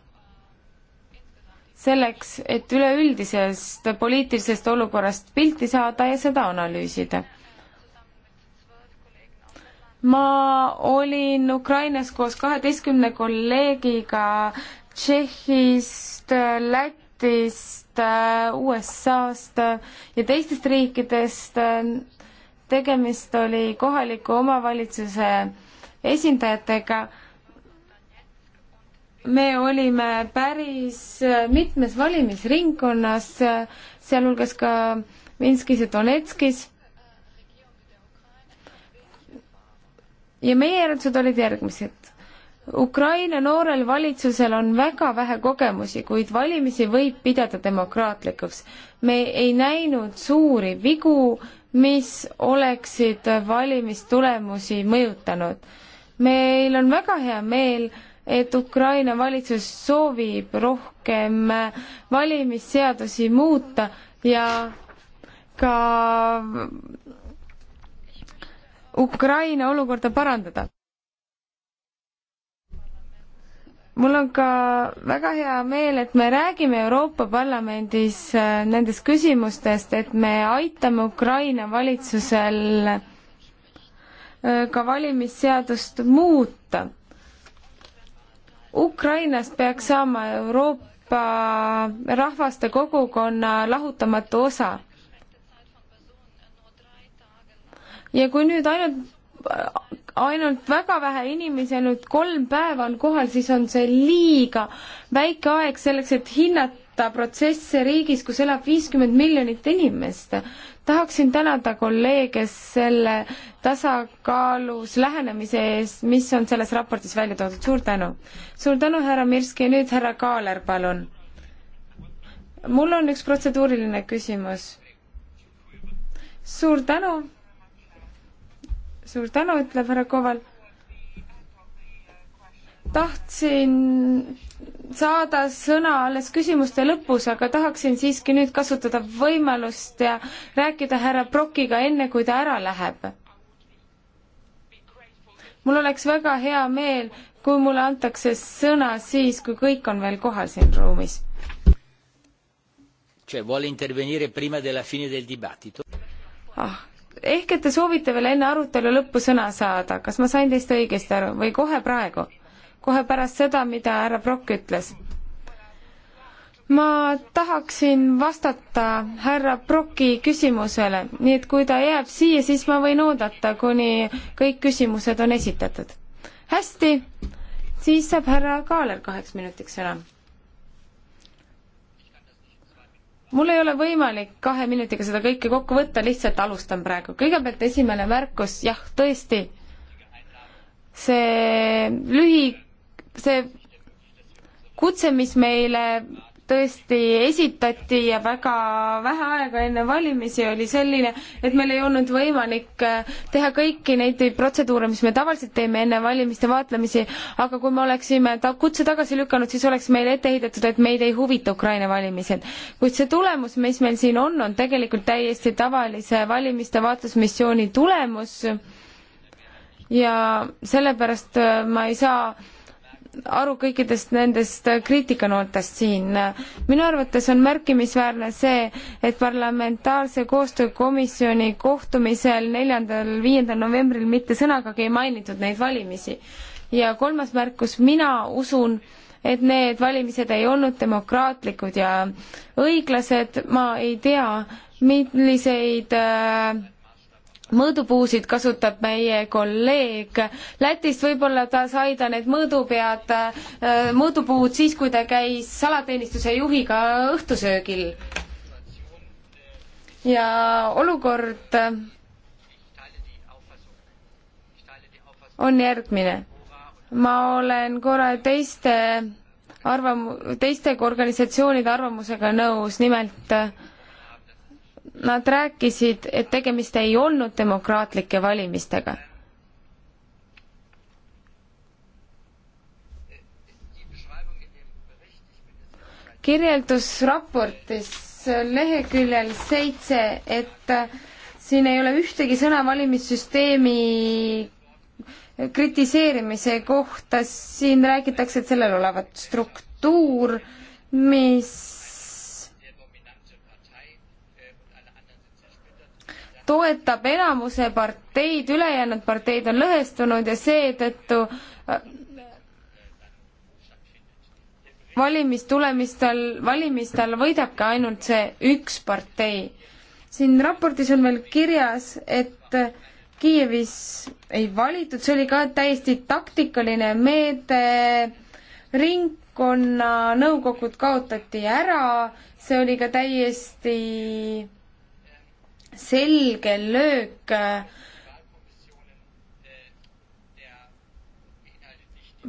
selleks, et üleüldisest poliitilisest olukorrast pilti saada ja seda analüüsida. ma olin Ukrainas koos kaheteistkümne kolleegiga Tšehhist, Lätist, Hiinast, äh, USA-st äh, ja teistest riikidest. Äh, tegemist oli kohaliku omavalitsuse esindajatega. me olime päris mitmes valimisringkonnas, sealhulgas ka Minskis ja Donetskis. ja meie järeldused olid järgmised Ukraina noorel valitsusel on väga vähe kogemusi, kuid valimisi võib pidada demokraatlikuks. me ei näinud suuri vigu, mis oleksid valimistulemusi mõjutanud. meil on väga hea meel, et Ukraina valitsus soovib rohkem valimisseadusi muuta ja ka Ukraina olukorda parandada mul on ka väga hea meel, et me räägime Euroopa Parlamendis äh, nendest küsimustest, et me aitame Ukraina valitsusel äh, ka valimisseadust muuta. Ukrainast peaks saama Euroopa rahvaste kogukonna lahutamatu osa. ja kui nüüd ainult ainult väga vähe inimesi, ainult kolm päeva on kohal, siis on see liiga väike aeg selleks, et hinnata protsesse riigis, kus elab viiskümmend miljonit inimest. tahaksin tänada kolleege selle tasakaalus lähenemise eest, mis on selles raportis välja toodud, suur tänu. suur tänu, härra Mirski ja nüüd härra Kaaler, palun. mul on üks protseduuriline küsimus. suur tänu suur tänu, ütleb härra Koval. tahtsin saada sõna alles küsimuste lõpus, aga tahaksin siiski nüüd kasutada võimalust ja rääkida härra Brokiga enne, kui ta ära läheb. mul oleks väga hea meel, kui mulle antakse sõna siis, kui kõik on veel kohal siin ruumis. Cioè vuole intervenire prima della fine del dibattito? Ah ehk et te soovite veel enne arutelu lõppu sõna saada, kas ma sain teist õigesti aru või kohe praegu? kohe pärast seda, mida härra Brock ütles? ma tahaksin vastata härra Brocki küsimusele, nii et kui ta jääb siia, siis ma võin oodata, kuni kõik küsimused on esitatud. hästi, siis saab härra Kaaler kaheks minutiks sõna mul ei ole võimalik kahe minutiga seda kõike kokku võtta, lihtsalt alustan praegu. kõigepealt esimene märkus, jah, tõesti, see lühi, see kutse, mis meile tõesti esitati ja väga vähe aega enne valimisi oli selline, et meil ei olnud võimalik äh, teha kõiki neid protseduure, mis me tavaliselt teeme enne valimiste vaatlemisi, aga kui me oleksime ta kutse tagasi lükanud, siis oleks meile ette heidetud, et meid ei huvita Ukraina valimised. kuid see tulemus, mis meil siin on, on tegelikult täiesti tavalise valimiste vaatlusmissiooni tulemus ja sellepärast äh, ma ei saa aru kõikidest nendest kriitikanootest siin. minu arvates on märkimisväärne see, et parlamentaarse koostöökomisjoni kohtumisel neljandal, viiendal novembril mitte sõnagagi ei mainitud neid valimisi. ja kolmas märkus, mina usun, et need valimised ei olnud demokraatlikud ja õiglased, ma ei tea, milliseid äh, mõõdupuusid kasutab meie kolleeg Lätist, võib-olla ta sai ta need mõõdupead, äh, mõõdupuud siis, kui ta käis salateenistuse juhiga õhtusöögil. ja olukord äh, on järgmine. ma olen korra teiste arvam-, teiste organisatsioonide arvamusega nõus, nimelt äh, nad rääkisid, et tegemist ei olnud demokraatlike valimistega. kirjeldus raportis leheküljel seitse, et siin ei ole ühtegi sõna valimissüsteemi kritiseerimise kohta, siin räägitakse, et sellel olevat struktuur, mis toetab enamuse parteid, ülejäänud parteid on lõhestunud ja seetõttu äh, valimistulemistel, valimistel võidabki ainult see üks partei. siin raportis on veel kirjas, et äh, Kiievis ei valitud, see oli ka täiesti taktikaline meede, ringkonnanõukogud kaotati ära, see oli ka täiesti selge löök äh,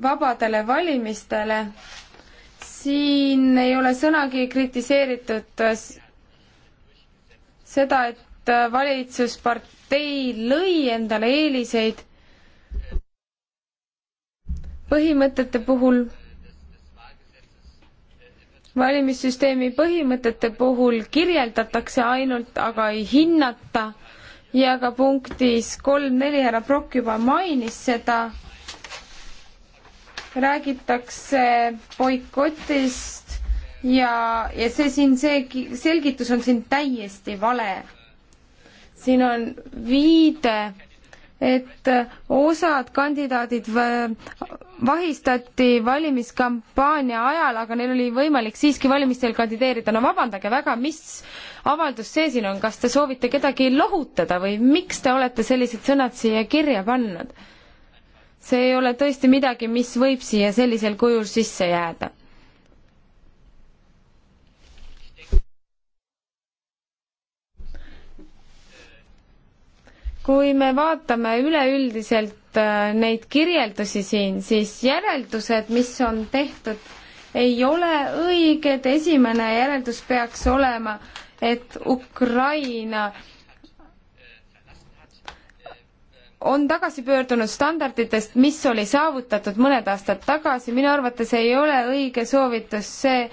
vabadele valimistele. siin ei ole sõnagi kritiseeritud äh, seda, et äh, valitsuspartei lõi endale eeliseid põhimõtete puhul valimissüsteemi põhimõtete puhul kirjeldatakse ainult, aga ei hinnata ja ka punktis kolm-neli härra Prokk juba mainis seda, räägitakse boikotist ja, ja see siin, see selgitus on siin täiesti vale. siin on viide et osad kandidaadid vahistati valimiskampaania ajal, aga neil oli võimalik siiski valimistel kandideerida. no vabandage väga, mis avaldus see siin on, kas te soovite kedagi lohutada või miks te olete sellised sõnad siia kirja pannud? see ei ole tõesti midagi, mis võib siia sellisel kujul sisse jääda kui me vaatame üleüldiselt äh, neid kirjeldusi siin, siis järeldused, mis on tehtud, ei ole õiged, esimene järeldus peaks olema, et Ukraina on tagasi pöördunud standarditest, mis oli saavutatud mõned aastad tagasi, minu arvates ei ole õige soovitus see,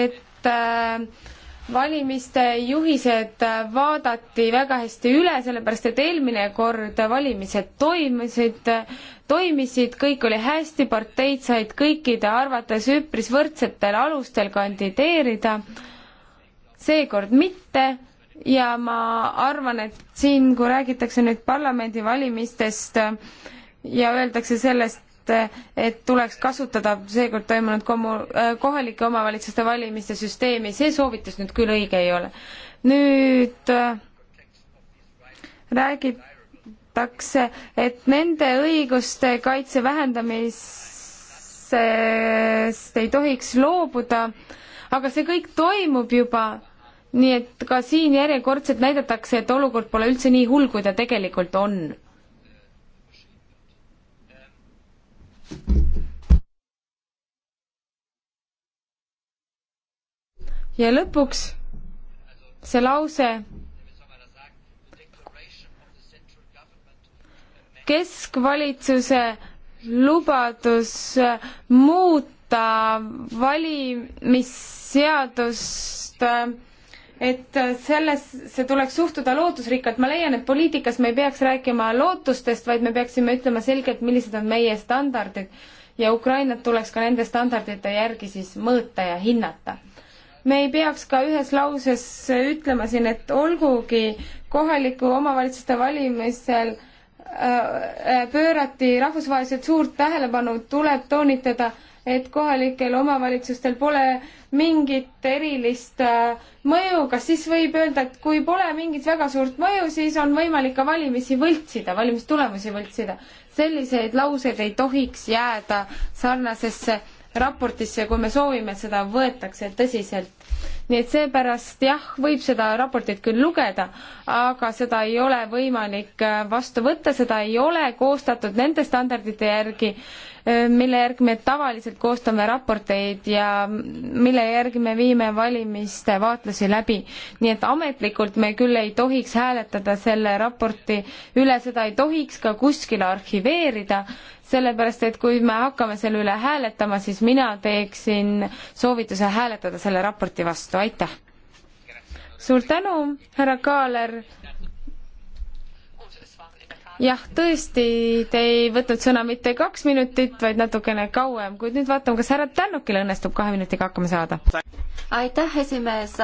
et äh, valimiste juhised vaadati väga hästi üle, sellepärast et eelmine kord valimised toimusid, toimisid, kõik oli hästi, parteid said kõikide arvates üpris võrdsetel alustel kandideerida, seekord mitte ja ma arvan, et siin, kui räägitakse nüüd parlamendivalimistest ja öeldakse sellest, mõte, et tuleks kasutada seekord toimunud kommu-, äh, kohalike omavalitsuste valimiste süsteemi, see soovitus nüüd küll õige ei ole. nüüd äh, räägitakse, et nende õiguste kaitse vähendamisest ei tohiks loobuda, aga see kõik toimub juba, nii et ka siin järjekordselt näidatakse, et olukord pole üldse nii hull, kui ta tegelikult on ja lõpuks see lause, keskvalitsuse lubadus muuta valimisseadust äh, et äh, sellesse tuleks suhtuda lootusrikkalt, ma leian, et poliitikas me ei peaks rääkima lootustest, vaid me peaksime ütlema selgelt, millised on meie standardid ja Ukrainat tuleks ka nende standardite järgi siis mõõta ja hinnata. me ei peaks ka ühes lauses ütlema siin, et olgugi kohaliku omavalitsuste valimisel äh, äh, pöörati rahvusvaheliselt suurt tähelepanu, tuleb toonitada, et kohalikel omavalitsustel pole mingit erilist äh, mõju, kas siis võib öelda, et kui pole mingit väga suurt mõju, siis on võimalik ka valimisi võltsida, valimistulemusi võltsida. selliseid lauseid ei tohiks jääda sarnasesse raportisse, kui me soovime, et seda võetakse tõsiselt. nii et seepärast jah, võib seda raportit küll lugeda, aga seda ei ole võimalik äh, vastu võtta, seda ei ole koostatud nende standardite järgi, mille järgi me tavaliselt koostame raporteid ja mille järgi me viime valimiste vaatlusi läbi. nii et ametlikult me küll ei tohiks hääletada selle raporti üle, seda ei tohiks ka kuskile arhiveerida, sellepärast et kui me hakkame selle üle hääletama, siis mina teeksin soovituse hääletada selle raporti vastu, aitäh! suur tänu, härra Kaaler! jah, tõesti, te ei võtnud sõna mitte kaks minutit, vaid natukene kauem, kuid nüüd vaatame, kas härra Tännukil õnnestub kahe minutiga hakkama saada. aitäh, esimees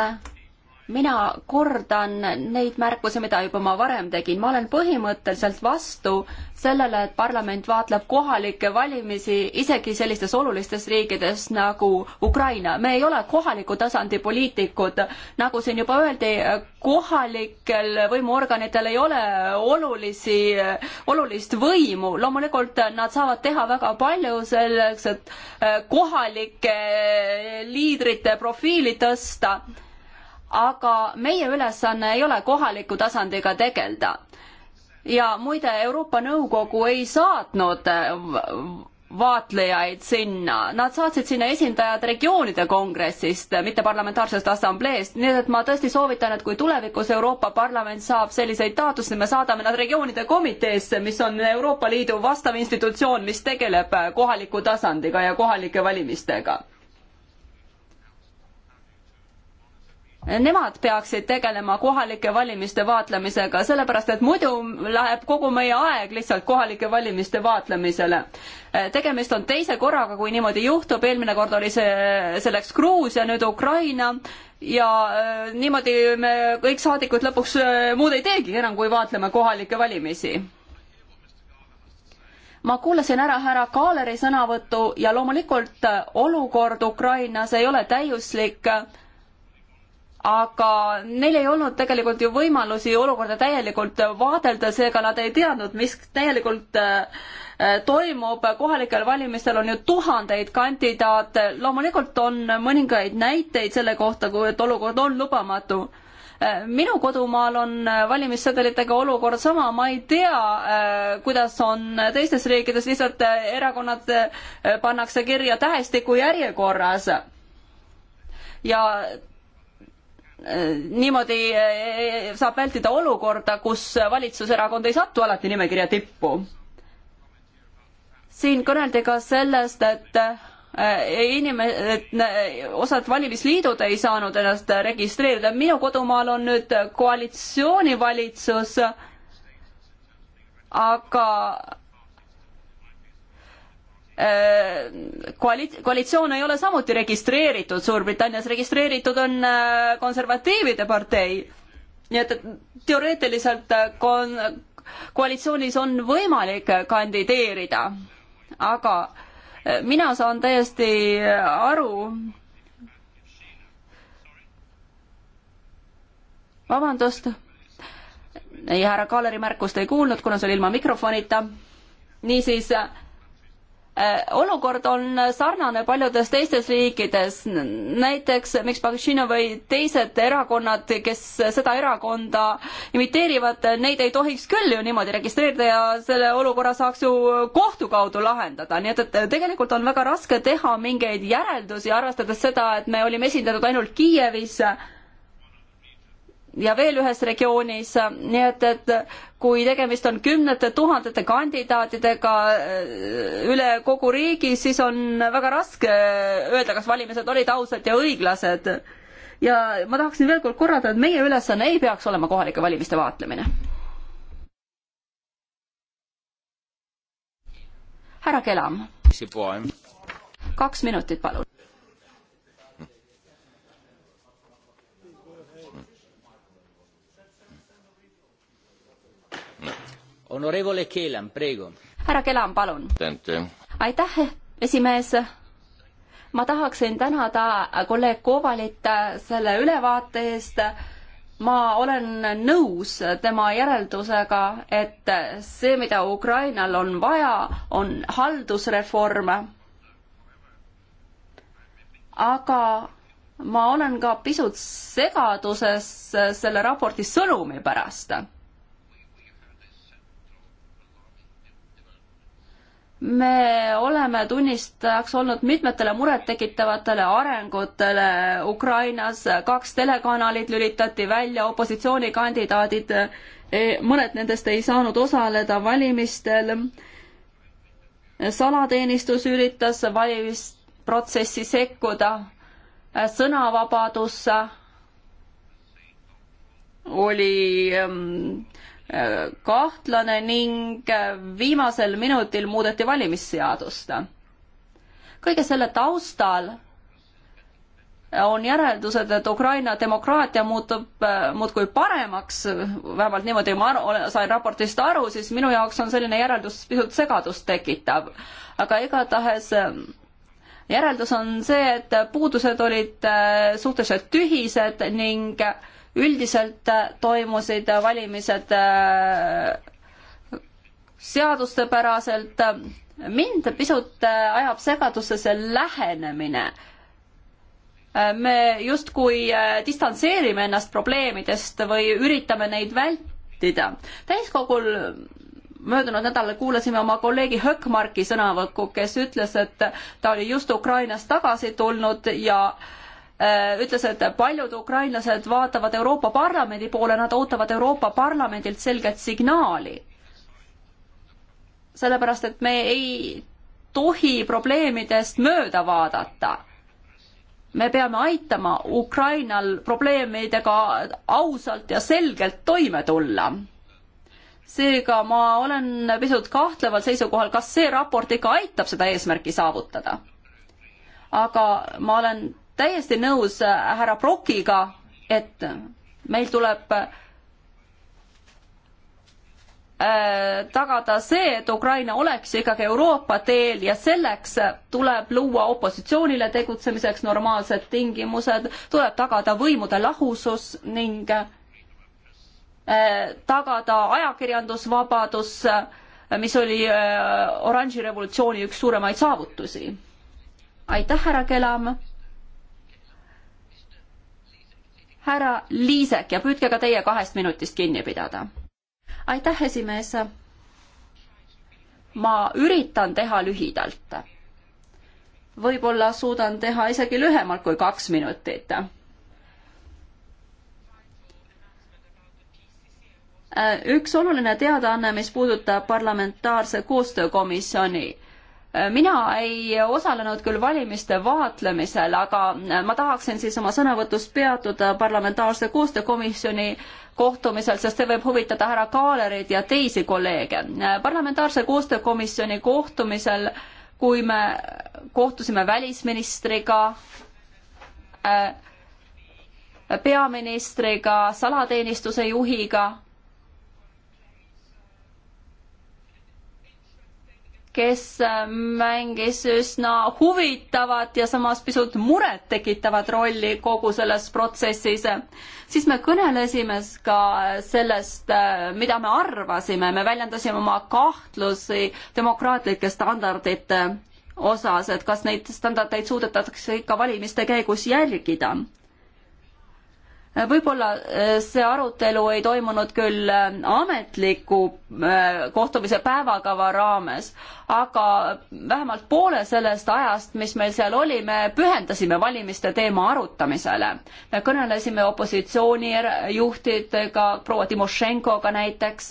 mina kordan neid märkusi, mida juba ma varem tegin, ma olen põhimõtteliselt vastu sellele, et parlament vaatleb kohalikke valimisi isegi sellistes olulistes riikides nagu Ukraina. me ei ole kohaliku tasandi poliitikud, nagu siin juba öeldi, kohalikel võimuorganitel ei ole olulisi, olulist võimu, loomulikult nad saavad teha väga palju selleks, et eh, kohalike liidrite profiili tõsta aga meie ülesanne ei ole kohaliku tasandiga tegeleda. ja muide, Euroopa Nõukogu ei saatnud vaatlejaid sinna, nad saatsid sinna esindajad regioonide kongressist, mitte parlamentaarsest assambleest, nii et ma tõesti soovitan, et kui tulevikus Euroopa Parlament saab selliseid taotlusi, me saadame nad regioonide komiteesse, mis on Euroopa Liidu vastav institutsioon, mis tegeleb kohaliku tasandiga ja kohalike valimistega. nemad peaksid tegelema kohalike valimiste vaatlemisega, sellepärast et muidu läheb kogu meie aeg lihtsalt kohalike valimiste vaatlemisele. tegemist on teise korraga, kui niimoodi juhtub, eelmine kord oli see selleks Gruusia, nüüd Ukraina ja äh, niimoodi me kõik saadikud lõpuks äh, muud ei teegi enam, kui vaatleme kohalikke valimisi ma kuulasin ära härra Kaaleri sõnavõtu ja loomulikult äh, olukord Ukrainas ei ole täiuslik aga neil ei olnud tegelikult ju võimalusi olukorda täielikult vaadelda, seega nad ei teadnud, mis täielikult äh, toimub, kohalikel valimistel on ju tuhandeid kandidaate, loomulikult on mõningaid näiteid selle kohta, et olukord on lubamatu äh, minu kodumaal on äh, valimissedelitega olukord sama, ma ei tea, kuidas on teistes riikides, lihtsalt erakonnad pannakse kirja tähestiku järjekorras. ja niimoodi eh, saab vältida olukorda, kus valitsuserakond ei satu alati nimekirja tippu. siin kõneldi ka sellest, et eh, inimene, eh, osad valimisliidud ei saanud ennast registreerida, minu kodumaal on nüüd koalitsioonivalitsus, aga Äh, koali-, koalitsioon ei ole samuti registreeritud Suurbritannias, registreeritud on äh, konservatiivide partei. nii et, et teoreetiliselt äh, kon-, koalitsioonis on võimalik kandideerida, aga mina saan täiesti aru, vabandust, ei, härra Kaaleri märkust ei kuulnud, kuna see oli ilma mikrofonita, niisiis äh, Äh, olukord on sarnane paljudes teistes riikides, näiteks miks Pagashino või teised erakonnad, kes seda erakonda imiteerivad, neid ei tohiks küll ju niimoodi registreerida ja selle olukorra saaks ju kohtu kaudu lahendada, nii et, et tegelikult on väga raske teha mingeid järeldusi, arvestades seda, et me olime esindatud ainult Kiievis ja veel ühes regioonis, nii et, et kui tegemist on kümnete tuhandete kandidaatidega äh, üle kogu riigi, siis on väga raske äh, öelda, kas valimised olid ausad ja õiglased. ja ma tahaksin veel kord korrata, et meie ülesanne ei peaks olema kohalike valimiste vaatlemine. härra Kelam. kaks minutit, palun onorevole Keelam, preegu. härra Kelam, palun. aitäh, esimees. ma tahaksin tänada kolleeg Kovalit selle ülevaate eest ma olen nõus tema järeldusega, et see, mida Ukrainal on vaja, on haldusreform. aga ma olen ka pisut segaduses selle raporti sõnumi pärast me oleme tunnistajaks olnud mitmetele murettekitavatele arengutele Ukrainas, kaks telekanalit lülitati välja, opositsioonikandidaadid, e, mõned nendest ei saanud osaleda valimistel, salateenistus üritas valimisprotsessi sekkuda, sõnavabadus oli kahtlane ning viimasel minutil muudeti valimisseadust. kõige selle taustal on järeldused, et Ukraina demokraatia muutub muudkui paremaks, vähemalt niimoodi ma aru, sain raportist aru, siis minu jaoks on selline järeldus pisut segadust tekitav. aga igatahes ähm, järeldus on see, et puudused olid äh, suhteliselt tühised ning äh, üldiselt äh, toimusid äh, valimised äh, seadustepäraselt. mind pisut ajab segadusse see lähenemine. me justkui distantseerime ennast probleemidest või üritame neid vältida. täiskogul möödunud nädalal kuulasime oma kolleegi Hökmarki sõnavõttu, kes ütles, et ta oli just Ukrainast tagasi tulnud ja äh, Äh, ütles, et paljud ukrainlased vaatavad Euroopa Parlamendi poole, nad ootavad Euroopa Parlamendilt selget signaali. sellepärast, et me ei tohi probleemidest mööda vaadata. me peame aitama Ukrainal probleemidega ausalt ja selgelt toime tulla seega ma olen pisut kahtleval seisukohal, kas see raport ikka aitab seda eesmärki saavutada. aga ma olen täiesti nõus äh, härra Brokiga, et meil tuleb äh, tagada see, et Ukraina oleks ikkagi Euroopa teel ja selleks tuleb luua opositsioonile tegutsemiseks normaalsed tingimused, tuleb tagada võimude lahusus ning äh, tagada ajakirjandusvabadus, mis oli oranži revolutsiooni üks suuremaid saavutusi. aitäh, härra Kelam! härra Liisek ja püüdke ka teie kahest minutist kinni pidada. aitäh, esimees. ma üritan teha lühidalt. võib-olla suudan teha isegi lühemalt kui kaks minutit äh, üks oluline teadaanne, mis puudutab parlamentaarse koostöökomisjoni mina ei osalenud küll valimiste vaatlemisel, aga ma tahaksin siis oma sõnavõtus peatuda parlamentaarse koostöökomisjoni kohtumisel, sest see võib huvitada härra Kaalerit ja teisi kolleege. parlamentaarse koostöökomisjoni kohtumisel, kui me kohtusime välisministriga, äh, peaministriga, salateenistuse juhiga kes äh, mängis üsna huvitavat ja samas pisut murettekitavat rolli kogu selles protsessis, siis me kõnelesime ka sellest, äh, mida me arvasime, me väljendasime oma kahtlusi demokraatlike standardite osas, et kas neid standardeid suudetakse ikka valimiste käigus jälgida võib-olla äh, see arutelu ei toimunud küll äh, ametliku äh, kohtumise päevakava raames, aga vähemalt poole sellest ajast, mis meil seal oli, me pühendasime valimiste teema arutamisele. me kõnelesime opositsiooni er-, juhtidega, proua Timošenkoga näiteks,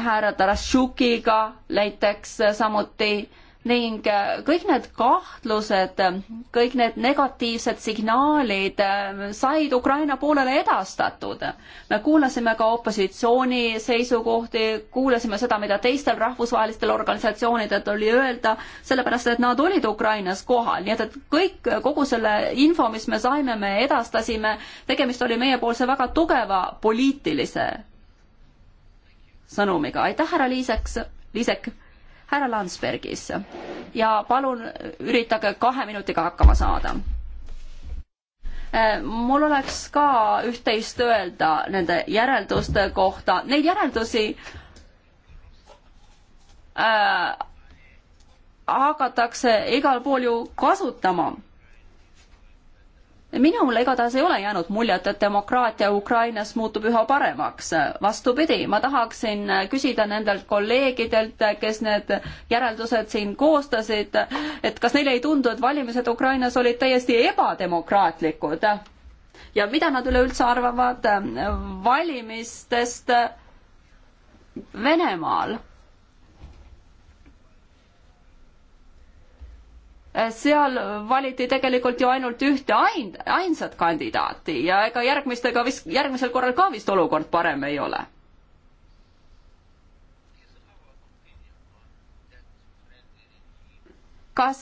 härra Tarasšukiga näiteks samuti ning äh, kõik need kahtlused, kõik need negatiivsed signaalid äh, said Ukraina poolele edastatud. me kuulasime ka opositsiooni seisukohti, kuulasime seda, mida teistel rahvusvahelistel organisatsioonidel oli öelda, sellepärast et nad olid Ukrainas kohal, nii et, et kõik, kogu selle info, mis me saime, me edastasime, tegemist oli meiepoolse väga tugeva poliitilise sõnumiga, aitäh, härra Liiseks, Liisek härra Landsbergis ja palun üritage kahe minutiga hakkama saada. Äh, mul oleks ka üht-teist öelda nende järelduste kohta, neid järeldusi äh, hakatakse igal pool ju kasutama minule igatahes ei ole jäänud muljet, et demokraatia Ukrainas muutub üha paremaks. vastupidi, ma tahaksin küsida nendelt kolleegidelt, kes need järeldused siin koostasid, et kas neile ei tundu, et valimised Ukrainas olid täiesti ebademokraatlikud? ja mida nad üleüldse arvavad valimistest Venemaal? Äh, seal valiti tegelikult ju ainult ühte ain-, ainsat kandidaati ja ega järgmistega vist, järgmisel korral ka vist olukord parem ei ole. kas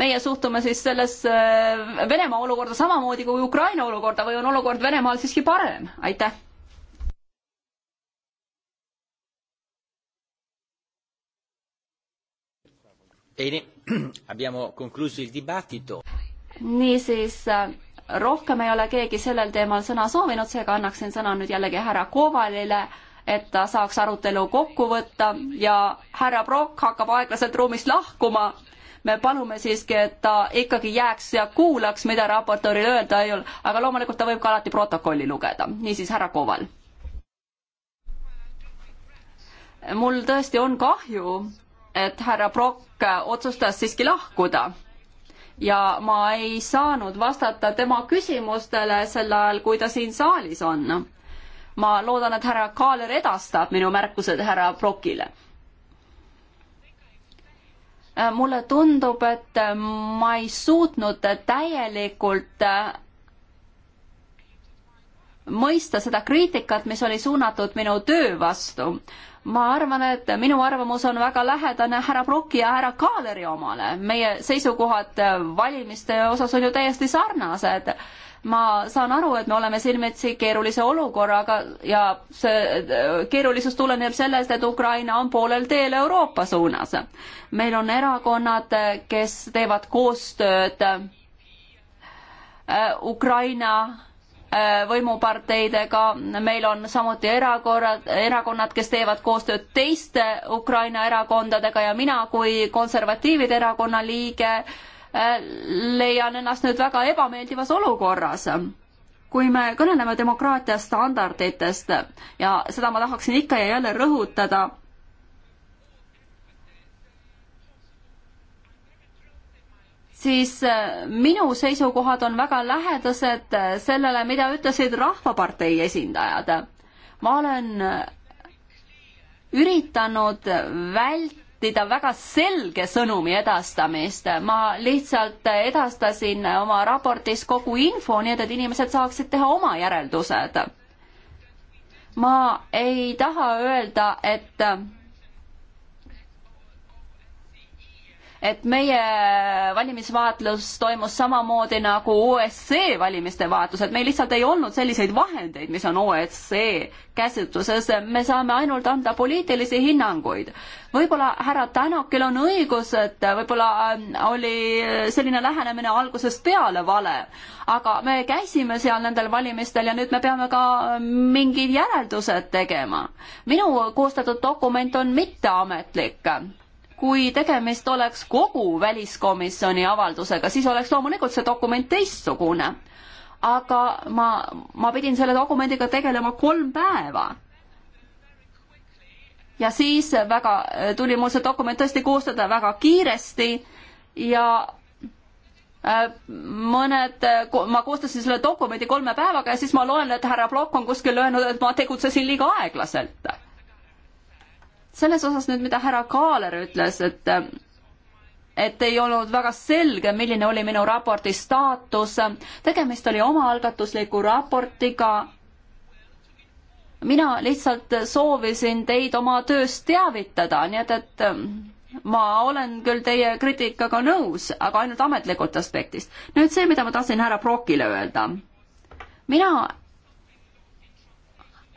meie suhtume siis sellesse äh, Venemaa olukorda samamoodi kui Ukraina olukorda või on olukord Venemaal siiski parem? aitäh Bene, [clears throat] abbiamo concluso il dibattito. niisiis, äh, rohkem ei ole keegi sellel teemal sõna soovinud, seega annaksin sõna nüüd jällegi härra Kovalile, et ta saaks arutelu kokku võtta ja härra Brock hakkab aeglaselt ruumist lahkuma. me palume siiski, et ta ikkagi jääks ja kuulaks, mida raportööril öelda ei ole, aga loomulikult ta võib ka alati protokolli lugeda. niisiis, härra Koval. mul tõesti on kahju, et härra Brock otsustas siiski lahkuda ja ma ei saanud vastata tema küsimustele sel ajal, kui ta siin saalis on. ma loodan, et härra Kaaler edastab minu märkused härra Brockile. mulle tundub, et ma ei suutnud täielikult mõista seda kriitikat, mis oli suunatud minu töö vastu ma arvan, et minu arvamus on väga lähedane härra Broki ja härra Kaaleri omale. meie seisukohad valimiste osas on ju täiesti sarnased. ma saan aru, et me oleme silmitsi keerulise olukorraga ja see keerulisus tuleneb sellest, et Ukraina on poolel teel Euroopa suunas. meil on erakonnad, kes teevad koostööd äh, Ukraina Äh, võimuparteidega, meil on samuti erakorrad, erakonnad, kes teevad koostööd teiste Ukraina erakondadega ja mina kui konservatiivide erakonna liige äh, leian ennast nüüd väga ebameeldivas olukorras. kui me kõneleme demokraatia standarditest ja seda ma tahaksin ikka ja jälle rõhutada siis äh, minu seisukohad on väga lähedased äh, sellele, mida ütlesid Rahvapartei esindajad. ma olen äh, üritanud vältida väga selge sõnumi edastamist, ma lihtsalt edastasin oma raportis kogu info, nii et, et inimesed saaksid teha oma järeldused. ma ei taha öelda, et et meie valimisvaatlus toimus samamoodi nagu OSCE valimiste vaatlus, et meil lihtsalt ei olnud selliseid vahendeid, mis on OSCE käsitluses, me saame ainult anda poliitilisi hinnanguid. võib-olla härra Tänakil on õigus, et võib-olla ähm, oli selline lähenemine algusest peale vale, aga me käisime seal nendel valimistel ja nüüd me peame ka mingid järeldused tegema. minu koostatud dokument on mitteametlik kui tegemist oleks kogu väliskomisjoni avaldusega, siis oleks loomulikult see dokument teistsugune. aga ma, ma pidin selle dokumendiga tegelema kolm päeva. ja siis väga, tuli mul see dokument tõesti koostada väga kiiresti ja äh, mõned, ma koostasin selle dokumendi kolme päevaga ja siis ma loen, et härra Plokk on kuskil öelnud, et ma tegutsesin liiga aeglaselt selles osas nüüd, mida härra Kaaler ütles, et et ei olnud väga selge, milline oli minu raporti staatus. tegemist oli omaalgatusliku raportiga. mina lihtsalt soovisin teid oma tööst teavitada, nii et, et ma olen küll teie kriitikaga nõus, aga ainult ametlikult aspektist. nüüd see, mida ma tahtsin härra Prokile öelda. mina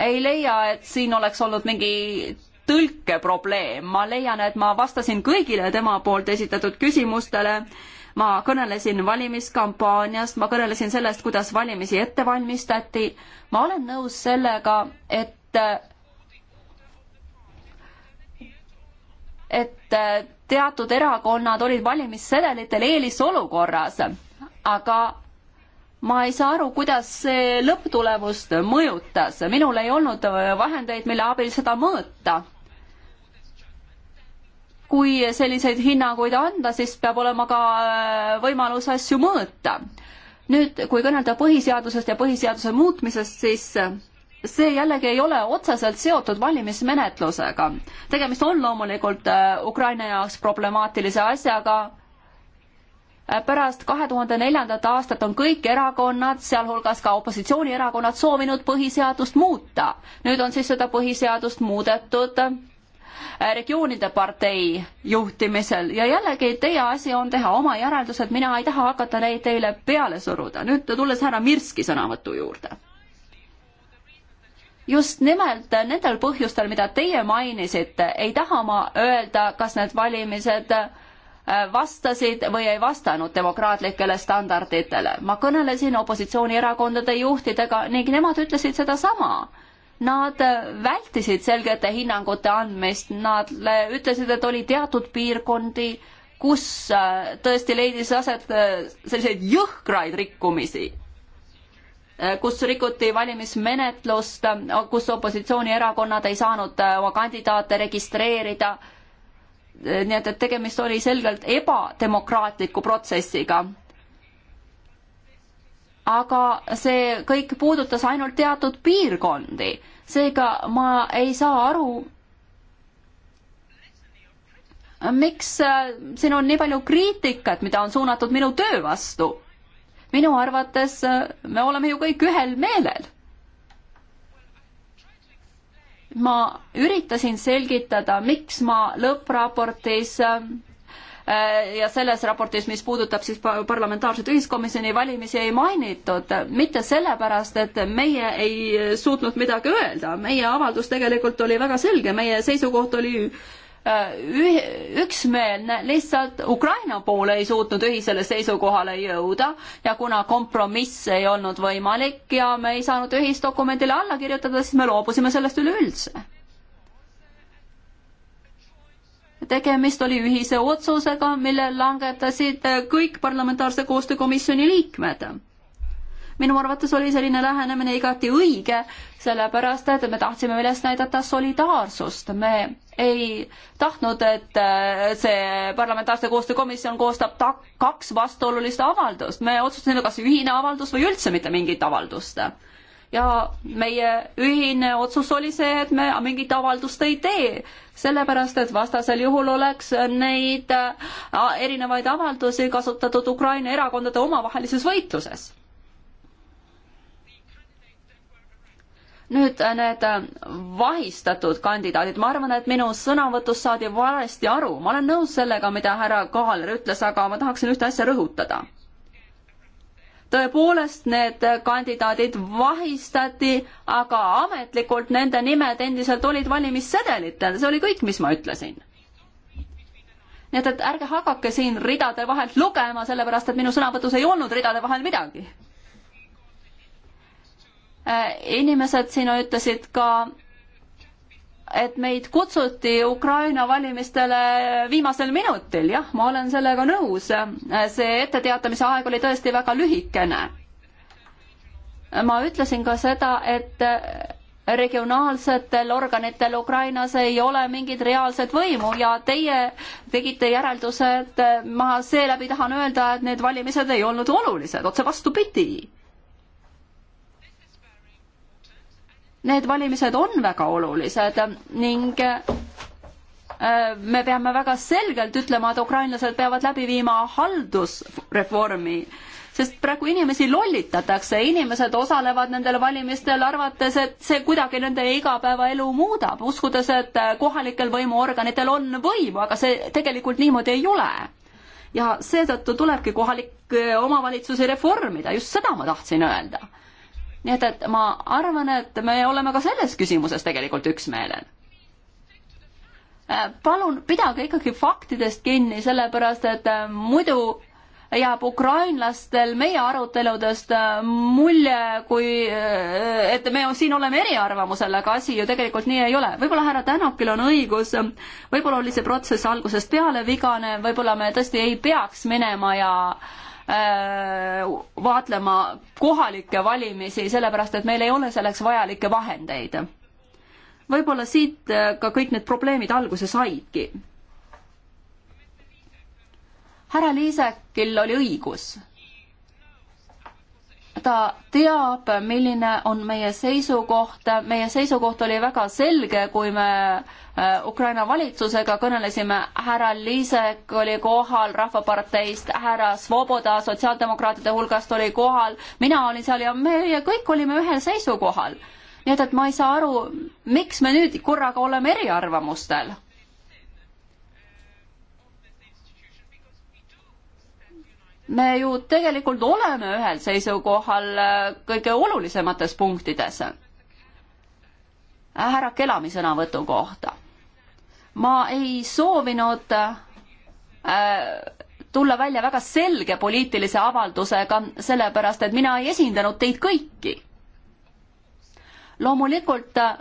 ei leia, et siin oleks olnud mingi tõlkeprobleem. ma leian, et ma vastasin kõigile tema poolt esitatud küsimustele. ma kõnelesin valimiskampaaniast, ma kõnelesin sellest, kuidas valimisi ette valmistati. ma olen nõus sellega, et et teatud erakonnad olid valimissedelitel eelisolukorras, aga ma ei saa aru, kuidas see lõpptulemust mõjutas, minul ei olnud vahendeid, mille abil seda mõõta kui selliseid hinnanguid anda, siis peab olema ka äh, võimalus asju mõõta. nüüd, kui kõnelda põhiseadusest ja põhiseaduse muutmisest, siis äh, see jällegi ei ole otseselt seotud valimismenetlusega. tegemist on loomulikult äh, Ukraina jaoks problemaatilise asjaga, pärast kahe tuhande neljandat aastat on kõik erakonnad, sealhulgas ka opositsioonierakonnad, soovinud põhiseadust muuta. nüüd on siis seda põhiseadust muudetud regioonide partei juhtimisel ja jällegi teie asi on teha oma järeldused, mina ei taha hakata neid teile peale suruda. nüüd tulles härra Mirski sõnavõtu juurde. just nimelt nendel põhjustel, mida teie mainisite, ei taha ma öelda, kas need valimised äh, vastasid või ei vastanud demokraatlikele standarditele. ma kõnelesin opositsioonierakondade juhtidega ning nemad ütlesid sedasama Nad vältisid selgete hinnangute andmist, nad ütlesid, et oli teatud piirkondi, kus äh, tõesti leidis aset äh, selliseid jõhkraid rikkumisi, äh, kus rikuti valimismenetlust, kus opositsioonierakonnad ei saanud oma kandidaate registreerida. nii et, et tegemist oli selgelt ebademokraatliku protsessiga aga see kõik puudutas ainult teatud piirkondi, seega ma ei saa aru, miks äh, siin on nii palju kriitikat, mida on suunatud minu töö vastu? minu arvates äh, me oleme ju kõik ühel meelel. ma üritasin selgitada, miks ma lõppraportis äh, Äh, ja selles raportis, mis puudutab siis parlamentaarset ühiskomisjoni valimisi, ei mainitud. mitte sellepärast, et meie ei suutnud midagi öelda, meie avaldus tegelikult oli väga selge, meie seisukoht oli äh, üksmeelne, lihtsalt Ukraina pool ei suutnud ühisele seisukohale jõuda ja kuna kompromiss ei olnud võimalik ja me ei saanud ühisdokumendile alla kirjutada, siis me loobusime sellest üleüldse tegemist oli ühise otsusega, mille langetasid kõik parlamentaarse koostöökomisjoni liikmed. minu arvates oli selline lähenemine igati õige, sellepärast et me tahtsime üles näidata solidaarsust, me ei tahtnud, et äh, see parlamentaarse koostöökomisjon koostab ta-, kaks vastuolulist avaldust, me otsustasime kas ühine avaldus või üldse mitte mingit avaldust ja meie ühine otsus oli see, et me mingit avaldust ei tee, sellepärast et vastasel juhul oleks neid äh, erinevaid avaldusi kasutatud Ukraina erakondade omavahelises võitluses. nüüd äh, need äh, vahistatud kandidaadid, ma arvan, et minu sõnavõtust saadi valesti aru, ma olen nõus sellega, mida härra Kaaler ütles, aga ma tahaksin ühte asja rõhutada tõepoolest need kandidaadid vahistati, aga ametlikult nende nimed endiselt olid valimissedelitel, see oli kõik, mis ma ütlesin. nii et, et ärge hakake siin ridade vahelt lugema, sellepärast et minu sõnavõtus ei olnud ridade vahel midagi. Äh, inimesed siin ütlesid ka et meid kutsuti Ukraina valimistele viimasel minutil, jah, ma olen sellega nõus. see etteteatamise aeg oli tõesti väga lühikene. ma ütlesin ka seda, et regionaalsetel organitel Ukrainas ei ole mingit reaalset võimu ja teie tegite järelduse, et ma seeläbi tahan öelda, et need valimised ei olnud olulised, otse vastupidi Need valimised on väga olulised ning äh, me peame väga selgelt ütlema, et ukrainlased peavad läbi viima haldusreformi, sest praegu inimesi lollitatakse, inimesed osalevad nendel valimistel, arvates, et see kuidagi nende igapäevaelu muudab, uskudes, et äh, kohalikel võimuorganitel on võimu, aga see tegelikult niimoodi ei ole. ja seetõttu tulebki kohalikke äh, omavalitsusi reformida, just seda ma tahtsin öelda nii et, et ma arvan, et me oleme ka selles küsimuses tegelikult üksmeelel. Äh, palun pidage ikkagi faktidest kinni, sellepärast et äh, muidu jääb ukrainlastel meie aruteludest äh, mulje, kui, et me siin oleme eriarvamusel, aga asi ju tegelikult nii ei ole. võib-olla härra Tänakil on õigus, võib-olla oli see protsess algusest peale vigane, võib-olla me tõesti ei peaks minema ja äh, Äh, vaatlema kohalikke valimisi, sellepärast et meil ei ole selleks vajalikke vahendeid. võib-olla siit äh, ka kõik need probleemid alguse saidki. härra Liisekil oli õigus ta teab, milline on meie seisukoht, meie seisukoht oli väga selge, kui me äh, Ukraina valitsusega kõnelesime, härra Liisek oli kohal Rahvaparteist, härra Svoboda sotsiaaldemokraatide hulgast oli kohal, mina olin seal ja meie kõik olime ühel seisukohal. nii et, et ma ei saa aru, miks me nüüd korraga oleme eriarvamustel me ju tegelikult oleme ühel seisukohal äh, kõige olulisemates punktides. Äh, härra Kelami sõnavõtu kohta. ma ei soovinud äh, tulla välja väga selge poliitilise avaldusega, sellepärast et mina ei esindanud teid kõiki. loomulikult äh,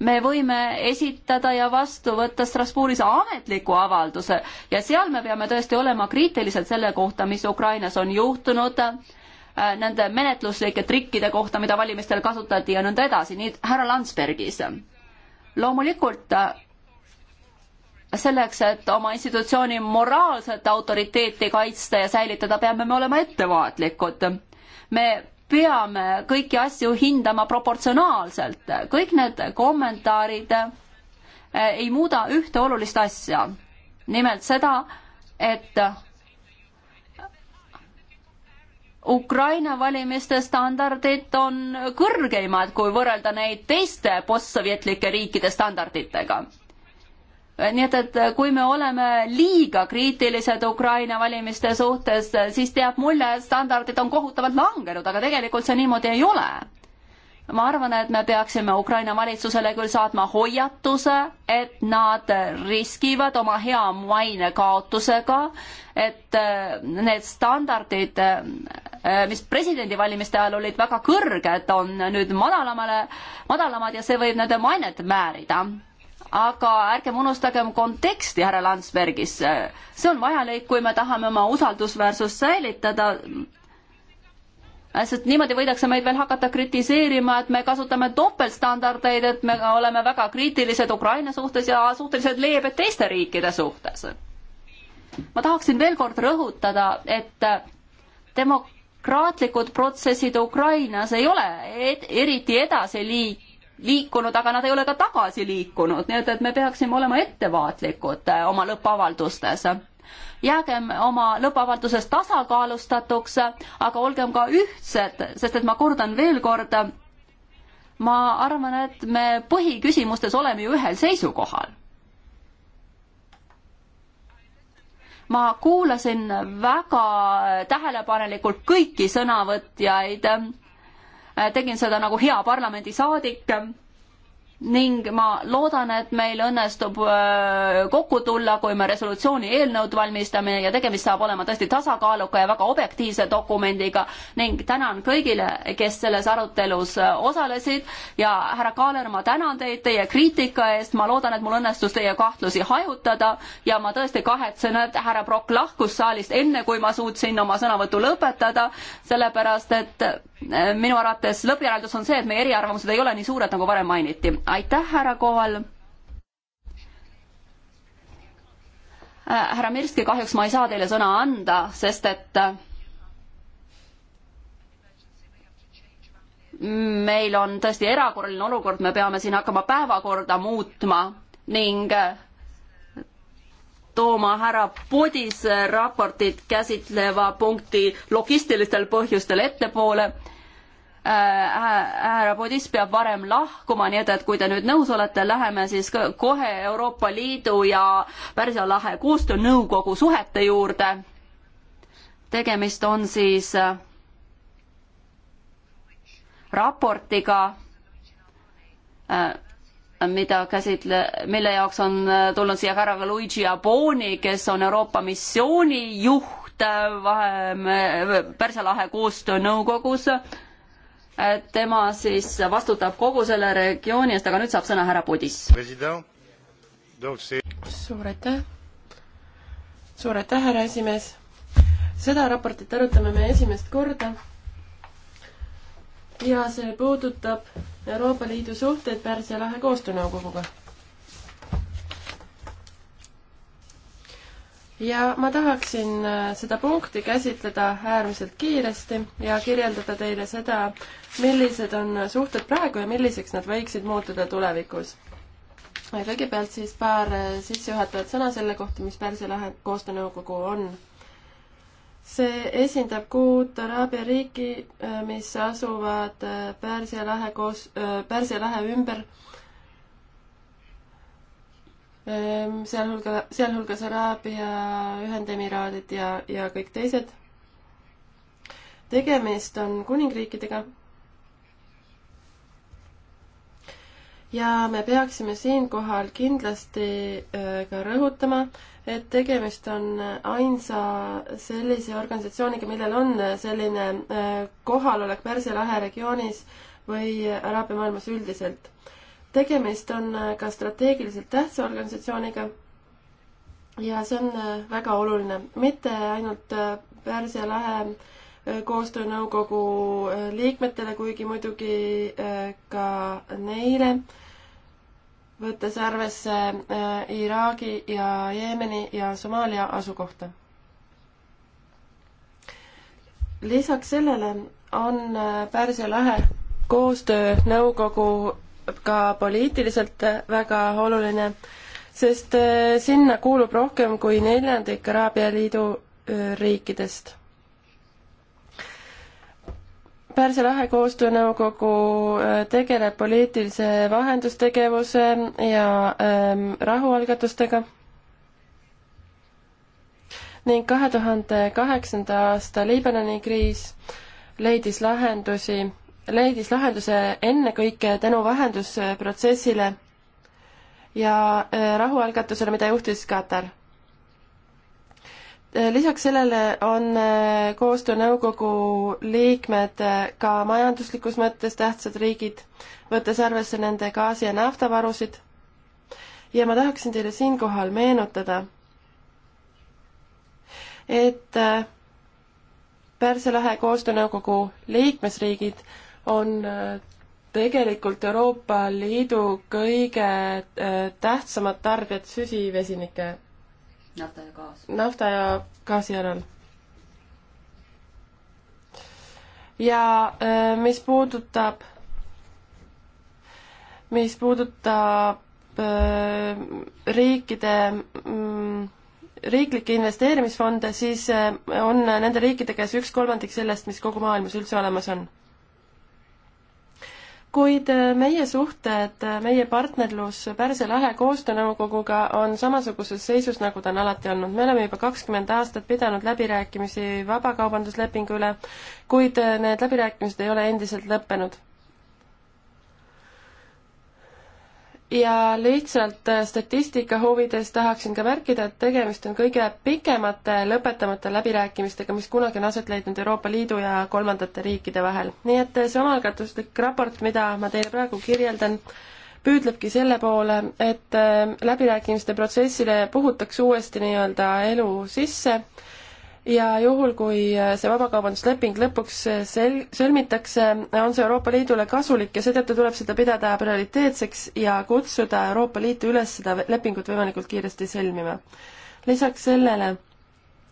me võime esitada ja vastu võtta Strasbourgis ametliku avalduse ja seal me peame tõesti olema kriitilised selle kohta, mis Ukrainas on juhtunud, äh, nende menetluslike trikkide kohta, mida valimistel kasutati ja nõnda edasi, nii et härra Landsbergis. loomulikult äh, selleks, et oma institutsiooni moraalset autoriteeti kaitsta ja säilitada, peame me olema ettevaatlikud. me peame kõiki asju hindama proportsionaalselt. kõik need kommentaarid eh, ei muuda ühte olulist asja. nimelt seda, et Ukraina valimiste standardid on kõrgeimad, kui võrrelda neid teiste postsovjetlike riikide standarditega nii et, et kui me oleme liiga kriitilised Ukraina valimiste suhtes, siis jääb mulje, et standardid on kohutavalt langenud, aga tegelikult see niimoodi ei ole. ma arvan, et me peaksime Ukraina valitsusele küll saatma hoiatuse, et nad riskivad oma hea maine kaotusega, et äh, need standardid, äh, äh, mis presidendivalimiste ajal olid väga kõrged, on nüüd madalamale, madalamad ja see võib nende mainet määrida aga ärgem unustagem konteksti, härra Landsbergis. see on vajalik, kui me tahame oma usaldusväärsust säilitada. sest niimoodi võidakse meid veel hakata kritiseerima, et me kasutame topeltstandardeid, et me oleme väga kriitilised Ukraina suhtes ja suhteliselt leebed teiste riikide suhtes. ma tahaksin veel kord rõhutada, et demok-, demokraatlikud protsessid Ukrainas ei ole ed eriti edasi liik-, liikunud, aga nad ei ole ka tagasi liikunud, nii et, et me peaksime olema ettevaatlikud äh, oma lõppavaldustes jäägem oma lõppavalduses tasakaalustatuks, aga olgem ka ühtsed, sest et ma kordan veel kord, ma arvan, et me põhiküsimustes oleme ju ühel seisukohal. ma kuulasin väga tähelepanelikult kõiki sõnavõtjaid Äh, tegin seda nagu hea parlamendisaadik ning ma loodan, et meil õnnestub äh, kokku tulla, kui me resolutsiooni eelnõud valmistame ja tegemist saab olema tõesti tasakaaluka ja väga objektiivse dokumendiga ning tänan kõigile, kes selles arutelus äh, osalesid ja härra Kaaler, ma tänan teid teie kriitika eest, ma loodan, et mul õnnestus teie kahtlusi hajutada ja ma tõesti kahetsen, et härra Prokk lahkus saalist enne, kui ma suutsin oma sõnavõtu lõpetada, sellepärast et minu arvates lõppjäreldus on see, et meie eriarvamused ei ole nii suured, nagu varem mainiti. aitäh, härra Koval. Äh, härra Mirski, kahjuks ma ei saa teile sõna anda, sest et mm, meil on tõesti erakorraline olukord, me peame siin hakkama päevakorda muutma ning tooma härra Podis raportit käsitleva punkti logistilistel põhjustel ettepoole Äh, härra Budis peab varem lahkuma, nii et, et kui te nüüd nõus olete, läheme siis kohe Euroopa Liidu ja Pärsia lahe koostöönõukogu suhete juurde. tegemist on siis äh, raportiga, äh, mida käsitle-, mille jaoks on tulnud siia härra Luigi Aboni, kes on Euroopa missioonijuht Vahe-, Pärsia lahe koostöönõukogus tema siis vastutab kogu selle regiooni eest, aga nüüd saab sõna härra Pudis. suur aitäh, suur aitäh, härra esimees. seda raportit arutame me esimest korda ja see puudutab Euroopa Liidu suhteid Pärsia lahe koostöönõukoguga ja ma tahaksin äh, seda punkti käsitleda äärmiselt kiiresti ja kirjeldada teile seda, millised on suhted praegu ja milliseks nad võiksid muutuda tulevikus. kõigepealt siis paar äh, sissejuhatavat sõna selle kohta, mis Pärsia lahe koostöönõukogu on. see esindab kuut Araabia riiki, äh, mis asuvad Pärsia lahe koos, Pärsia lahe ümber äh, Ehm, sealhulga, sealhulgas Araabia Ühendemiraadid ja, ja kõik teised. tegemist on kuningriikidega. ja me peaksime siinkohal kindlasti äh, ka rõhutama, et tegemist on ainsa sellise organisatsiooniga, millel on äh, selline äh, kohalolek Pärsia lahe regioonis või Araabia maailmas üldiselt tegemist on äh, ka strateegiliselt tähtsa organisatsiooniga ja see on äh, väga oluline, mitte ainult äh, Pärsia lahe koostöönõukogu liikmetele, kuigi muidugi ka neile, võttes arvesse Iraagi ja Jeemeni ja Somaalia asukohta. lisaks sellele on Pärsia lahe koostöönõukogu ka poliitiliselt väga oluline, sest äh, sinna kuulub rohkem kui neljandik Araabia Liidu äh, riikidest. Pärsia lahe koostöönõukogu äh, tegeleb poliitilise vahendustegevuse ja ähm, rahualgatustega ning kahe tuhande kaheksanda aasta Liibanoni kriis leidis lahendusi leidis lahenduse ennekõike tänu vahendusprotsessile ja äh, rahualgatusele, mida juhtis Katar. Äh, lisaks sellele on äh, koostöönõukogu liikmed ka majanduslikus mõttes tähtsad riigid, võttes arvesse nende gaasi- ja naftavarusid. ja ma tahaksin teile siinkohal meenutada, et Pärsia lahe koostöönõukogu liikmesriigid on äh, tegelikult Euroopa Liidu kõige äh, tähtsamad tarbijad süsivesinike nafta ja gaas. nafta ja gaasi järel. ja äh, mis puudutab, mis puudutab riikide mm, riiklikke investeerimisfonde, siis on nende riikide käes üks kolmandik sellest, mis kogu maailmas üldse olemas on kuid äh, meie suhted, äh, meie partnerlus Pärsia lahe koostöönõukoguga on samasuguses seisus, nagu ta on alati olnud. me oleme juba kakskümmend aastat pidanud läbirääkimisi vabakaubanduslepingu üle, kuid äh, need läbirääkimised ei ole endiselt lõppenud. ja lihtsalt äh, statistika huvides tahaksin ka märkida, et tegemist on kõige pikemate lõpetamata läbirääkimistega, mis kunagi on aset leidnud Euroopa Liidu ja kolmandate riikide vahel. nii et äh, see omaalgatuslik raport, mida ma teile praegu kirjeldan, püüdlebki selle poole, et äh, läbirääkimiste protsessile puhutakse uuesti nii-öelda elu sisse ja juhul, kui äh, see vabakaubandusleping lõpuks äh, sel-, sõlmitakse, on see Euroopa Liidule kasulik ja seetõttu tuleb seda pidada prioriteetseks ja kutsuda Euroopa Liitu üles seda lepingut võimalikult kiiresti sõlmima. lisaks sellele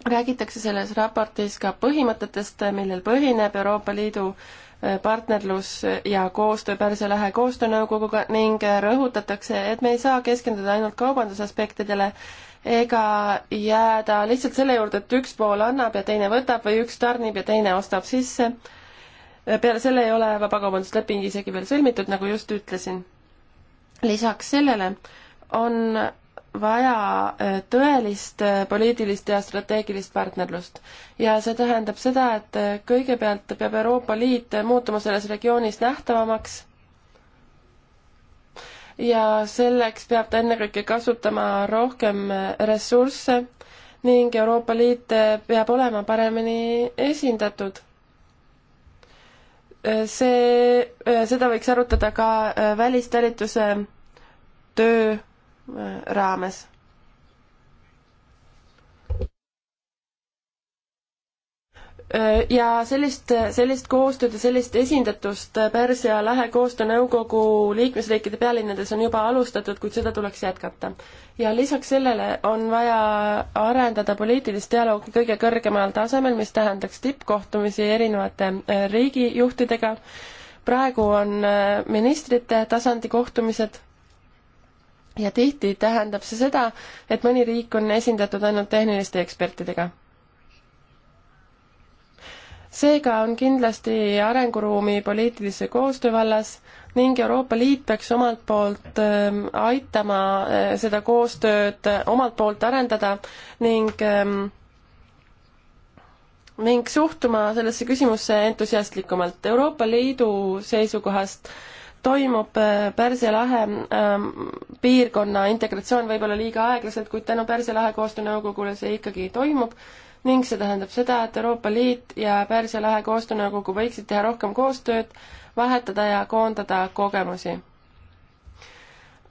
räägitakse selles raportis ka põhimõtetest, millel põhineb Euroopa Liidu äh, partnerlus ja koostöö Pärsia lähe koostöönõukoguga ning rõhutatakse, et me ei saa keskenduda ainult kaubandusaspektidele, ega jääda lihtsalt selle juurde, et üks pool annab ja teine võtab või üks tarnib ja teine ostab sisse. peale selle ei ole vabakaubandusleping isegi veel sõlmitud, nagu just ütlesin. lisaks sellele on vaja äh, tõelist äh, poliitilist ja strateegilist partnerlust. ja see tähendab seda, et äh, kõigepealt peab Euroopa Liit muutuma selles regioonis nähtavamaks ja selleks peab ta ennekõike kasutama rohkem ressursse ning Euroopa Liit peab olema paremini esindatud. see, seda võiks arutada ka välistalituse töö raames Äh, ja sellist, sellist koostööd ja sellist esindatust Pärsia lahe koostöönõukogu liikmesriikide pealinnades on juba alustatud, kuid seda tuleks jätkata. ja lisaks sellele on vaja arendada poliitilist dialoogi kõige kõrgemal tasemel, mis tähendaks tippkohtumisi erinevate äh, riigijuhtidega. praegu on äh, ministrite tasandi kohtumised ja tihti tähendab see seda, et mõni riik on esindatud ainult tehniliste ekspertidega seega on kindlasti arenguruumi poliitilise koostöö vallas ning Euroopa Liit peaks omalt poolt ähm, aitama äh, seda koostööd äh, omalt poolt arendada ning ähm, ning suhtuma sellesse küsimusse entusiastlikumalt. Euroopa Liidu seisukohast toimub äh, Pärsia lahe ähm, piirkonna integratsioon võib-olla liiga aeglaselt, kuid tänu Pärsia lahe koostöönõukogule see ikkagi toimub ning see tähendab seda, et Euroopa Liit ja Pärsia lahe koostöönõukogu võiksid teha rohkem koostööd, vahetada ja koondada kogemusi.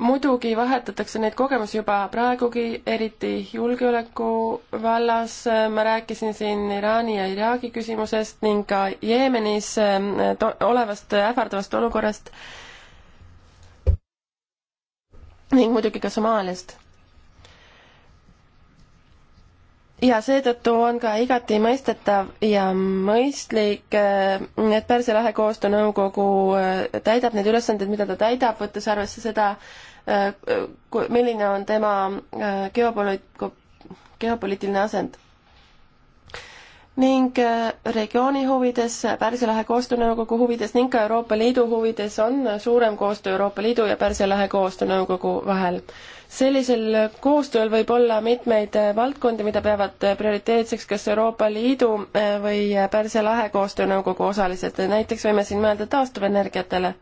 muidugi vahetatakse neid kogemusi juba praegugi, eriti julgeoleku vallas, ma rääkisin siin Iraani ja Iraagi küsimusest ning ka Jeemenis ehm, olevast ähvardavast olukorrast ning muidugi ka Somaaliast ja seetõttu on ka igati mõistetav ja mõistlik, äh, et Pärsia lahe koostöönõukogu äh, täidab neid ülesandeid, mida ta täidab, võttes arvesse seda, äh, milline on tema geopoliit-, geopoliitiline asend ning regiooni huvides, Pärsia lahe koostöönõukogu huvides ning ka Euroopa Liidu huvides on suurem koostöö Euroopa Liidu ja Pärsia lahe koostöönõukogu vahel sellisel koostööl võib olla mitmeid äh, valdkondi, mida peavad äh, prioriteetseks kas Euroopa Liidu äh, või Pärsia lahe koostöönõukogu osalised, näiteks võime siin mõelda taastuvenergiatele.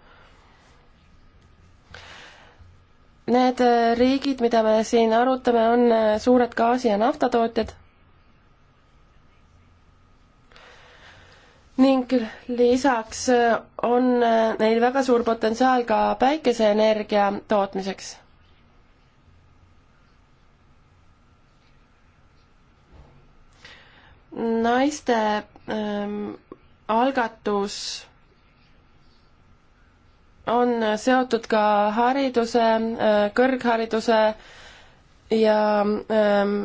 Need riigid, mida me siin arutame, on suured gaasi- ja naftatootjad ning lisaks on neil väga suur potentsiaal ka päikeseenergia tootmiseks naiste ähm, algatus on seotud ka hariduse, äh, kõrghariduse ja ähm,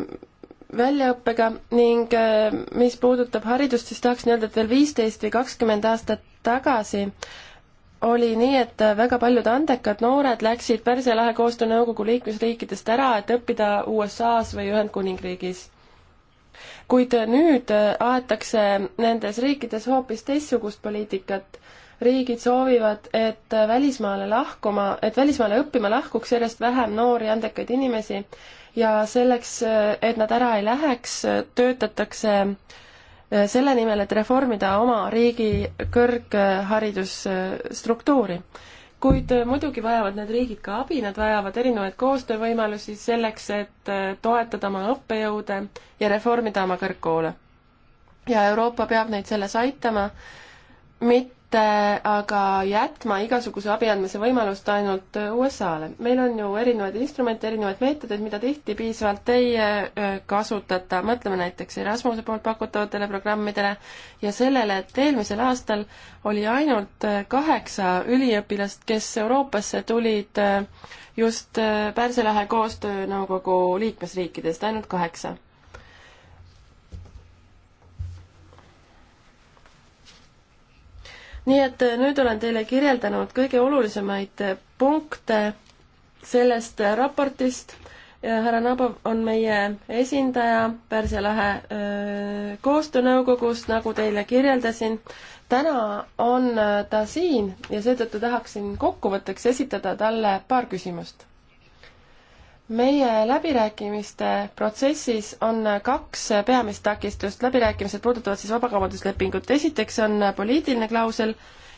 väljaõppega ning äh, mis puudutab haridust, siis tahaks öelda, et veel viisteist või kakskümmend aastat tagasi oli nii, et äh, väga paljud andekad noored läksid Pärsia lahe koostöönõukogu liikmesriikidest ära, et õppida USA-s või Ühendkuningriigis kuid nüüd äh, aetakse nendes riikides hoopis teistsugust poliitikat. riigid soovivad, et välismaale lahkuma, et välismaale õppima lahkuks järjest vähem noori andekaid inimesi ja selleks, äh, et nad ära ei läheks, äh, töötatakse selle nimel, et reformida oma riigi kõrgharidusstruktuuri kuid äh, muidugi vajavad need riigid ka abi, nad vajavad erinevaid koostöövõimalusi selleks, et äh, toetada oma õppejõude ja reformida oma kõrgkoole. ja Euroopa peab neid selles aitama, mitte Äh, aga jätma igasuguse abi andmise võimalust ainult USA-le. meil on ju erinevaid instrumente, erinevaid meetodeid, mida tihti piisavalt ei äh, kasutata, mõtleme näiteks Erasmuse poolt pakutavatele programmidele ja sellele, et eelmisel aastal oli ainult äh, kaheksa üliõpilast, kes Euroopasse tulid just Pärsia lahe koostöönõukogu liikmesriikidest, ainult kaheksa nii et äh, nüüd olen teile kirjeldanud kõige olulisemaid äh, punkte sellest äh, raportist ja härra Nabov on meie esindaja Pärsia lahe koostöönõukogust, nagu teile kirjeldasin. täna on ta siin ja seetõttu tahaksin kokkuvõtteks esitada talle paar küsimust meie läbirääkimiste protsessis on kaks peamist takistust, läbirääkimised puudutavad siis vabakaubanduslepingut, esiteks on poliitiline klausel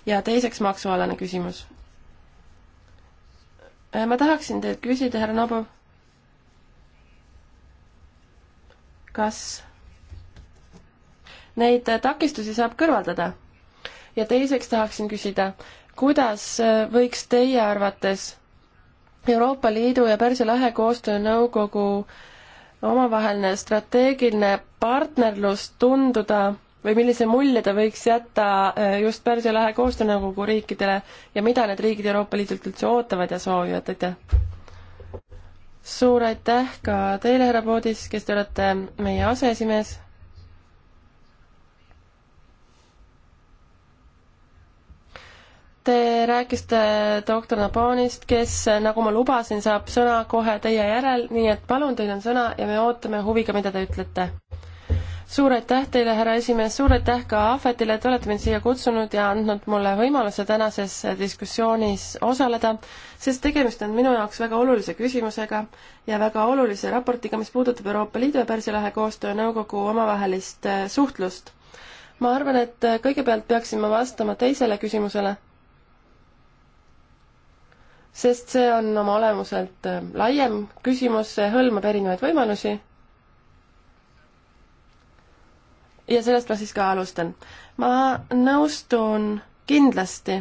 ja teiseks maksualane küsimus. Äh, ma tahaksin teilt küsida, härra Nobov, kas neid takistusi saab kõrvaldada? ja teiseks tahaksin küsida, kuidas võiks teie arvates Euroopa Liidu ja Pärsia lahe koostöönõukogu omavaheline strateegiline partnerlus tunduda või millise mulje ta võiks jätta äh, just Pärsia lahe koostöönõukogu riikidele ja mida need riigid Euroopa Liidult üldse ootavad ja soovivad, aitäh! suur aitäh ka teile, härra Poodis, kes te olete meie aseesimees Te rääkisite doktor Nabanist, kes, nagu ma lubasin, saab sõna kohe teie järel, nii et palun, teil on sõna ja me ootame huviga, mida te ütlete. suur aitäh teile, härra esimees, suur aitäh ka Ahvetile, et olete mind siia kutsunud ja andnud mulle võimaluse tänases diskussioonis osaleda, sest tegemist on minu jaoks väga olulise küsimusega ja väga olulise raportiga, mis puudutab Euroopa Liidu ja Pärsia lahe koostöönõukogu omavahelist äh, suhtlust ma arvan, et äh, kõigepealt peaksin ma vastama teisele küsimusele sest see on oma olemuselt äh, laiem küsimus, see hõlmab erinevaid võimalusi. ja sellest ma siis ka alustan. ma nõustun kindlasti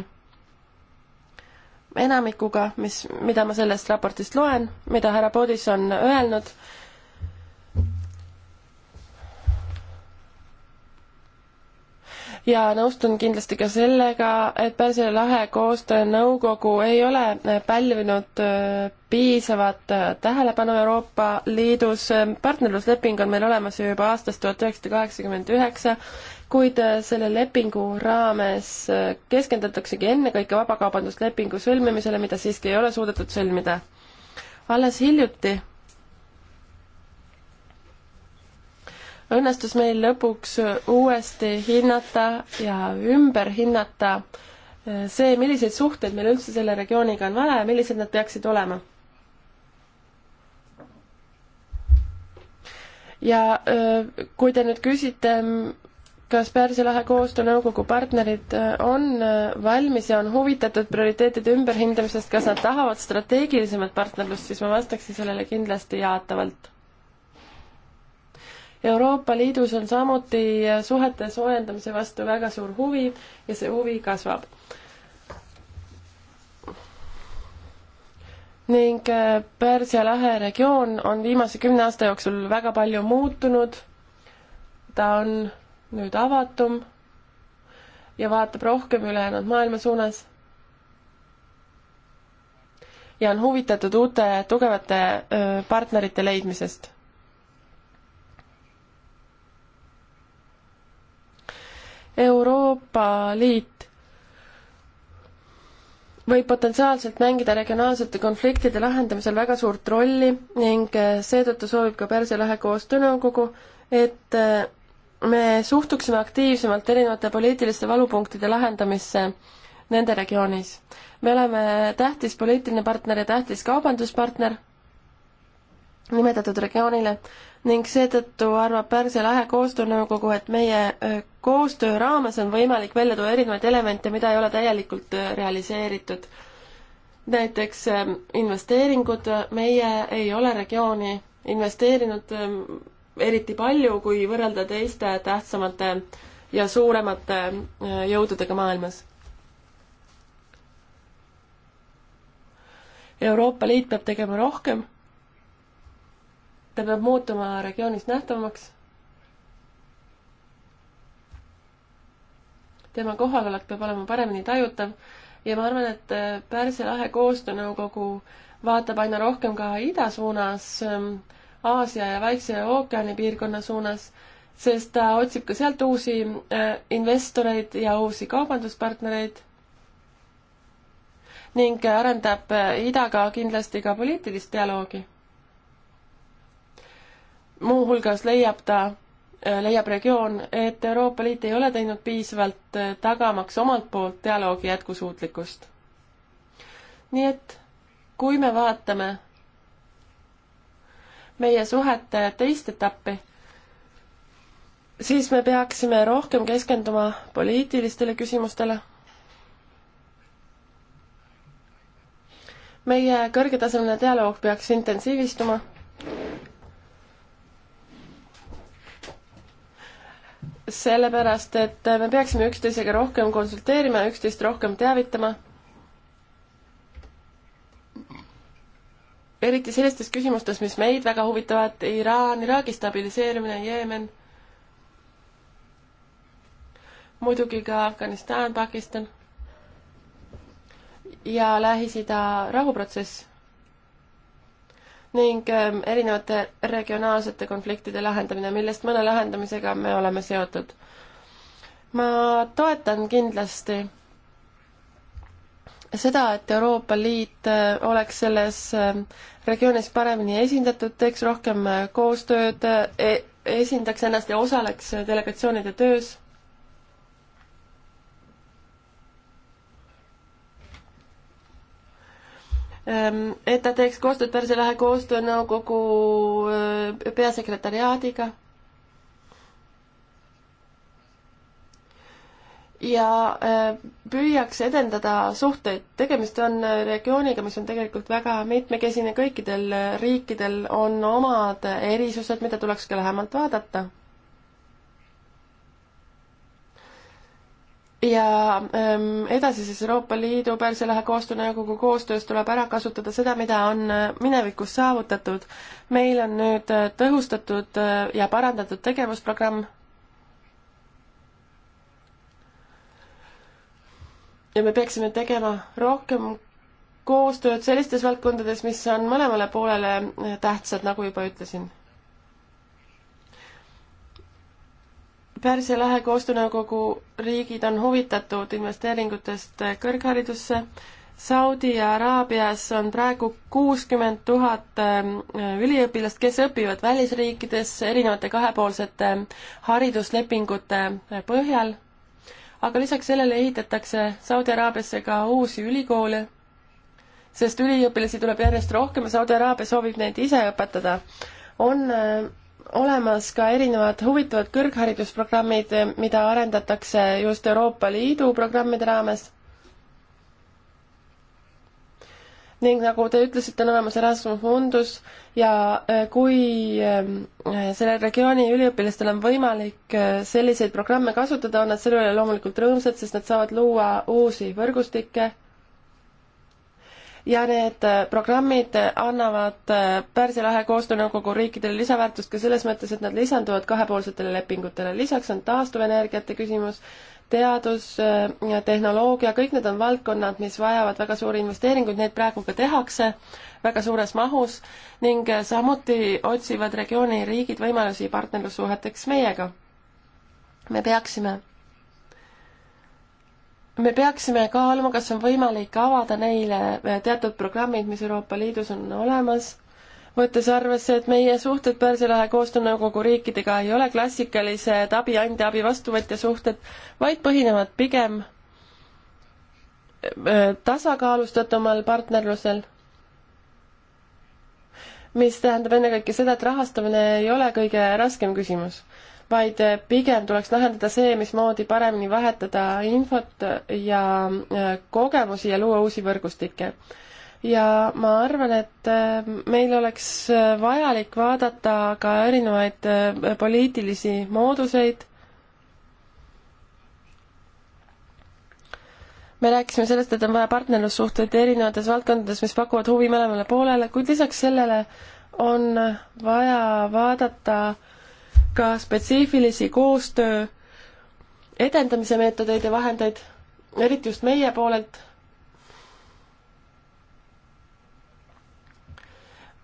enamikuga, mis, mida ma sellest raportist loen, mida härra Podis on öelnud ja nõustun kindlasti ka sellega, et Pärsia lahe koostöönõukogu ei ole pälvinud äh, piisavat äh, tähelepanu Euroopa Liidus. partnerlusleping on meil olemas ju juba aastast tuhat üheksasada kaheksakümmend üheksa, kuid äh, selle lepingu raames keskendutaksegi ennekõike vabakaubanduslepingu sõlmimisele, mida siiski ei ole suudetud sõlmida. alles hiljuti õnnestus meil lõpuks uuesti hinnata ja ümber hinnata eh, see, milliseid suhteid meil üldse selle regiooniga on vaja ja millised nad peaksid olema. ja eh, kui te nüüd küsite, kas Pärsia lahe koostöönõukogu partnerid eh, on valmis ja on huvitatud prioriteetide ümberhindamisest, kas nad tahavad strateegilisemat partnerlust, siis ma vastaksin sellele kindlasti jaatavalt. Euroopa Liidus on samuti suhete soojendamise vastu väga suur huvi ja see huvi kasvab. ning äh, Pärsia lahe regioon on viimase kümne aasta jooksul väga palju muutunud. ta on nüüd avatum ja vaatab rohkem ülejäänud maailma suunas. ja on huvitatud uute tugevate äh, partnerite leidmisest Euroopa Liit võib potentsiaalselt mängida regionaalsete konfliktide lahendamisel väga suurt rolli ning eh, seetõttu soovib ka Pärsia lahe koostöönõukogu, et eh, me suhtuksime aktiivsemalt erinevate poliitiliste valupunktide lahendamisse nende regioonis. me oleme tähtis poliitiline partner ja tähtis kaubanduspartner nimetatud regioonile ning seetõttu arvab Pärsia lahe koostöönõukogu, et meie eh, koostöö raames on võimalik välja tuua erinevaid elemente, mida ei ole täielikult äh, realiseeritud. näiteks ähm, investeeringud, meie ei ole regiooni investeerinud ähm, eriti palju, kui võrrelda teiste tähtsamate ja suuremate äh, jõududega maailmas. Euroopa Liit peab tegema rohkem. ta peab muutuma regioonis nähtavamaks tema kohalolek peab olema paremini tajutav ja ma arvan, et äh, Pärsia lahe koostöönõukogu vaatab aina rohkem ka ida suunas, ähm, Aasia ja Vaikse ookeani piirkonna suunas, sest ta otsib ka sealt uusi äh, investoreid ja uusi kaubanduspartnereid ning äh, arendab idaga kindlasti ka poliitilist dialoogi. muuhulgas leiab ta Äh, leiab regioon, et Euroopa Liit ei ole teinud piisavalt äh, tagamaks omalt poolt dialoogi jätkusuutlikkust. nii et kui me vaatame meie suhete teist etappi, siis me peaksime rohkem keskenduma poliitilistele küsimustele. meie kõrgetasemeline dialoog peaks intensiivistuma sellepärast, et me peaksime üksteisega rohkem konsulteerima, üksteist rohkem teavitama. eriti sellistes küsimustes, mis meid väga huvitavad, Iraan, Iraagi stabiliseerimine, Jeemen, muidugi ka Afganistan, Pakistan ja Lähis-Ida rahuprotsess ning ähm, erinevate regionaalsete konfliktide lahendamine, millest mõne lahendamisega me oleme seotud. ma toetan kindlasti seda, et Euroopa Liit äh, oleks selles ähm, regioonis paremini esindatud, teeks rohkem äh, koostööd, äh, e-, esindaks ennast ja osaleks delegatsioonide töös Ähm, et ta teeks koostööd Pärsia lahe koostöönõukogu äh, peasekretäriaadiga. ja äh, püüaks edendada suhteid, tegemist on äh, regiooniga, mis on tegelikult väga mitmekesine, kõikidel riikidel on omad erisused, mida tuleks ka lähemalt vaadata ja ähm, edasises Euroopa Liidu Pärsia lähe koostöönõukogu koostöös tuleb ära kasutada seda, mida on äh, minevikus saavutatud. meil on nüüd äh, tõhustatud äh, ja parandatud tegevusprogramm. ja me peaksime tegema rohkem koostööd sellistes valdkondades, mis on mõlemale poolele tähtsad, nagu juba ütlesin Pärsia lahe koostöönõukogu riigid on huvitatud investeeringutest kõrgharidusse. Saudi Araabias on praegu kuuskümmend tuhat ähm, üliõpilast, kes õpivad välisriikides erinevate kahepoolsete hariduslepingute põhjal. aga lisaks sellele ehitatakse Saudi Araabiasse ka uusi ülikoole, sest üliõpilasi tuleb järjest rohkem ja Saudi Araabia soovib neid ise õpetada. on äh, olemas ka erinevad huvitavad kõrgharidusprogrammid, mida arendatakse just Euroopa Liidu programmide raames. ning nagu te ütlesite, on olemas Erasmus Mundus ja äh, kui äh, selle regiooni üliõpilastel on võimalik äh, selliseid programme kasutada, on nad selle üle loomulikult rõõmsad, sest nad saavad luua uusi võrgustikke ja need äh, programmid annavad äh, Pärsia lahe koostöönõukogu riikidele lisaväärtust ka selles mõttes, et nad lisanduvad kahepoolsetele lepingutele. lisaks on taastuvenergiate küsimus, teadus, äh, tehnoloogia, kõik need on valdkonnad, mis vajavad väga suuri investeeringuid, neid praegu ka tehakse väga suures mahus ning samuti otsivad regiooni riigid võimalusi partnerlussuheteks meiega. me peaksime me peaksime kaaluma, kas on võimalik avada neile eh, teatud programmid, mis Euroopa Liidus on olemas, võttes arvesse, et meie suhted Pärsia lahe koostöönõukogu riikidega ei ole klassikalised abiandja, abi vastuvõtja suhted, vaid põhinevad pigem eh, tasakaalustatumal partnerlusel, mis tähendab ennekõike seda, et rahastamine ei ole kõige raskem küsimus vaid äh, pigem tuleks lahendada see, mismoodi paremini vahetada infot ja äh, kogemusi ja luua uusi võrgustikke. ja ma arvan, et äh, meil oleks vajalik vaadata ka erinevaid poliitilisi mooduseid me rääkisime sellest, et on vaja partnerlussuhteid erinevates valdkondades, mis pakuvad huvi mõlemale poolele, kuid lisaks sellele on vaja vaadata ka spetsiifilisi koostöö edendamise meetodeid ja vahendeid, eriti just meie poolelt.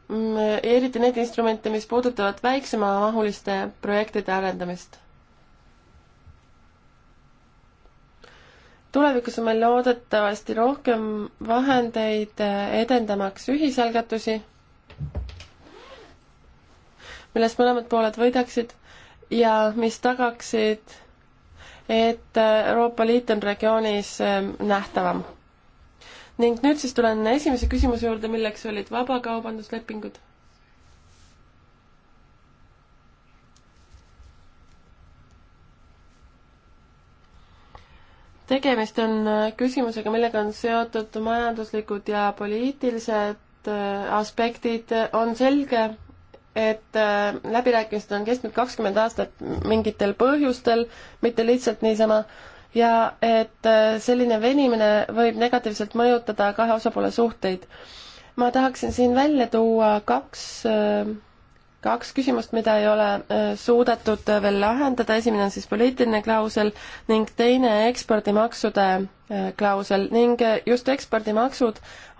Mm, eriti neid instrumente, mis puudutavad väiksemamahuliste projektide arendamist tulevikus on meil loodetavasti rohkem vahendeid edendamaks ühisalgatusi millest mõlemad pooled võidaksid ja mis tagaksid, et äh, Euroopa Liit on regioonis ähm, nähtavam. ning nüüd siis tulen esimese küsimuse juurde, milleks olid vabakaubanduslepingud tegemist on äh, küsimusega, millega on seotud majanduslikud ja poliitilised äh, aspektid, on selge, et äh, läbirääkimised on kestnud kakskümmend aastat mingitel põhjustel, mitte lihtsalt niisama, ja et äh, selline venimine võib negatiivselt mõjutada kahe osapoole suhteid. ma tahaksin siin välja tuua kaks, äh, kaks küsimust, mida ei ole suudetud veel lahendada, esimene on siis poliitiline klausel ning teine ekspordimaksude klausel ning just ekspordimaksud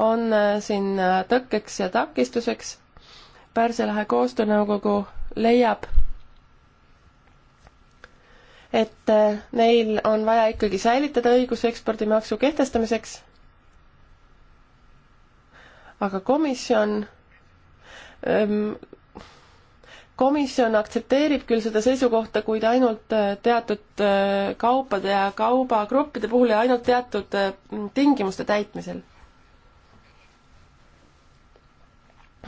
on siin tõkkeks ja takistuseks Pärsia lahe koostöönõukogu leiab, et äh, neil on vaja ikkagi säilitada õigus ekspordimaksu kehtestamiseks. aga komisjon ähm, komisjon aktsepteerib küll seda seisukohta, kuid ainult äh, teatud äh, kaupade ja kaubagruppide puhul ja ainult teatud tingimuste täitmisel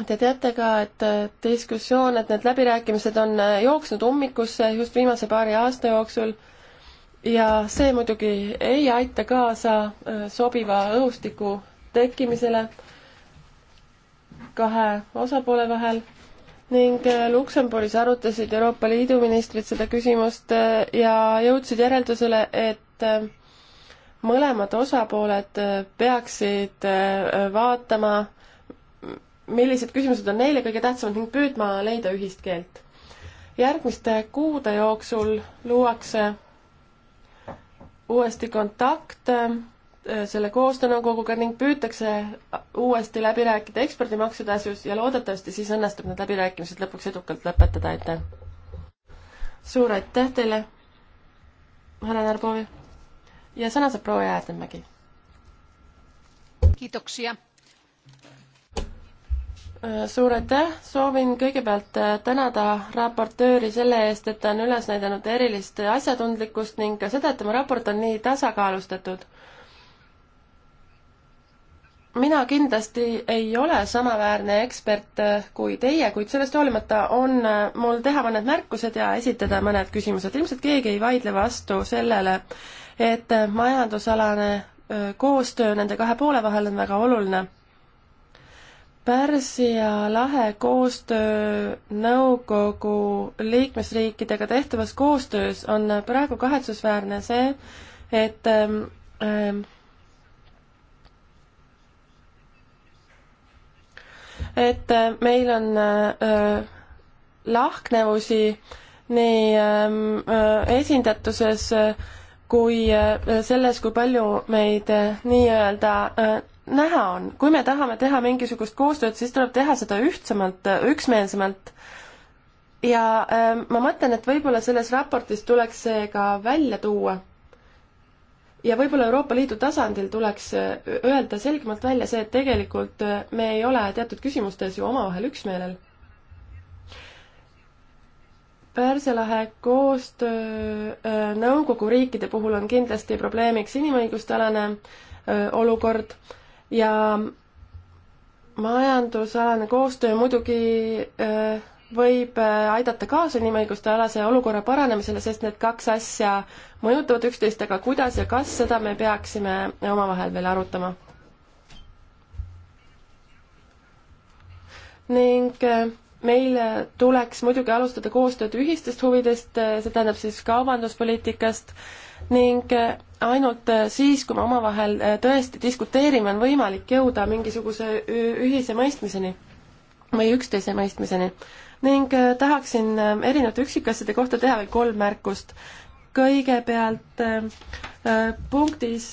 Te teate ka, et äh, diskussioon, et need läbirääkimised on äh, jooksnud ummikusse just viimase paari aasta jooksul ja see muidugi ei aita kaasa äh, sobiva õhustiku tekkimisele kahe osapoole vahel ning Luksemburgis arutasid Euroopa Liidu ministrid seda küsimust ja jõudsid järeldusele, et mõlemad osapooled peaksid vaatama millised küsimused on neile kõige tähtsamad ning püüdma leida ühist keelt. järgmiste kuude jooksul luuakse uuesti kontakt äh, selle koostöönõukoguga ning püütakse uuesti läbi rääkida ekspordimaksude asjus ja loodetavasti siis õnnestub need läbirääkimised lõpuks edukalt lõpetada, aitäh! suur aitäh teile, härra Narbovi! ja sõna saab proua Jäätemägi. kiitoksia Äh, suur aitäh, soovin kõigepealt äh, tänada raportööri selle eest, et ta on üles näidanud erilist asjatundlikkust ning ka seda, et tema raport on nii tasakaalustatud. mina kindlasti ei ole samaväärne ekspert äh, kui teie, kuid sellest hoolimata on mul teha mõned märkused ja esitada mõned küsimused. ilmselt keegi ei vaidle vastu sellele, et majandusalane koostöö nende kahe poole vahel on väga oluline Pärsia lahe koostöönõukogu liikmesriikidega tehtavas koostöös on praegu kahetsusväärne see, et ähm, ähm et äh, meil on äh, äh lahknevusi nii ähm, äh, esindatuses äh, kui äh, selles, kui palju meid äh, nii-öelda äh, näha on, kui me tahame teha mingisugust koostööd, siis tuleb teha seda ühtsemalt, üksmeelsemalt. ja ähm, ma mõtlen, et võib-olla selles raportis tuleks see ka välja tuua. ja võib-olla Euroopa Liidu tasandil tuleks äh, öelda selgemalt välja see, et tegelikult äh, me ei ole teatud küsimustes ju omavahel üksmeelel. Pärsia lahe koostöö äh, nõukogu riikide puhul on kindlasti probleemiks inimõiguste alane olukord ja majandusalane koostöö muidugi äh, võib äh, aidata kaasa inimõiguste alase olukorra paranemisele, sest need kaks asja mõjutavad üksteist, aga kuidas ja kas, seda me peaksime omavahel veel arutama. ning äh, meil tuleks muidugi alustada koostööd ühistest huvidest, see tähendab siis kaubanduspoliitikast, ning äh, ainult äh, siis, kui me omavahel äh, tõesti diskuteerime, on võimalik jõuda mingisuguse ühise mõistmiseni või üksteise mõistmiseni. ning tahaksin erinevate üksikasjade kohta teha veel kolm märkust. kõigepealt punktis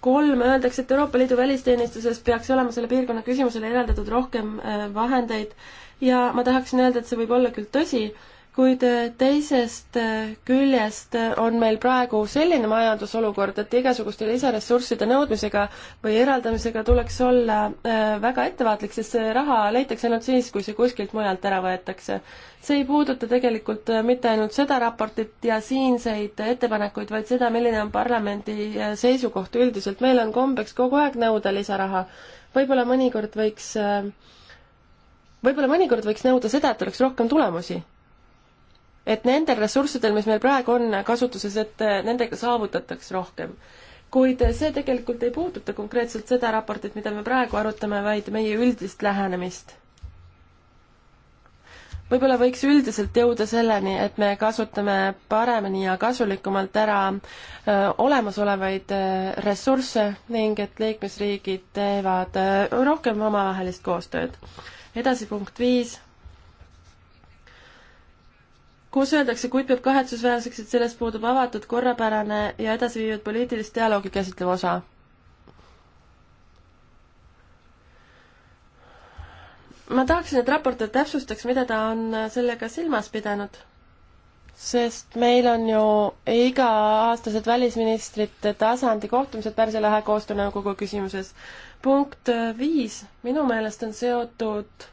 kolm öeldakse, et Euroopa Liidu välisteenistuses peaks olema selle piirkonna küsimusele eraldatud rohkem vahendeid ja ma tahaksin öelda, et see võib olla küll tõsi, kuid äh, teisest äh, küljest äh, on meil praegu selline majandusolukord, et igasuguste lisaressursside nõudmisega või eraldamisega tuleks olla väga ettevaatlik, sest see raha leitakse ainult siis, kui see kuskilt mujalt ära võetakse. see ei puuduta tegelikult mitte ainult seda raportit ja siinseid ettepanekuid, vaid seda, milline on parlamendi seisukoht üldiselt. meil on kombeks kogu aeg nõuda lisaraha. võib-olla mõnikord võiks võib-olla mõnikord võiks nõuda seda, et oleks rohkem tulemusi et nendel ressurssidel, mis meil praegu on kasutuses, et eh, nendega saavutataks rohkem. kuid see tegelikult ei puuduta konkreetselt seda raportit, mida me praegu arutame, vaid meie üldist lähenemist. võib-olla võiks üldiselt jõuda selleni, et me kasutame paremini ja kasulikumalt ära eh, olemasolevaid eh, ressursse ning et liikmesriigid teevad rohkem omavahelist koostööd. edasi punkt viis kus öeldakse, kuid peab kahetsusväärseks, et sellest puudub avatud, korrapärane ja edasiviivad poliitilist dialoogi käsitlev osa. ma tahaksin, et raportöör täpsustaks, mida ta on sellega silmas pidanud. sest meil on ju iga-aastased välisministrite tasandi kohtumised Pärsia lahe koostöönõukogu küsimuses. punkt viis minu meelest on seotud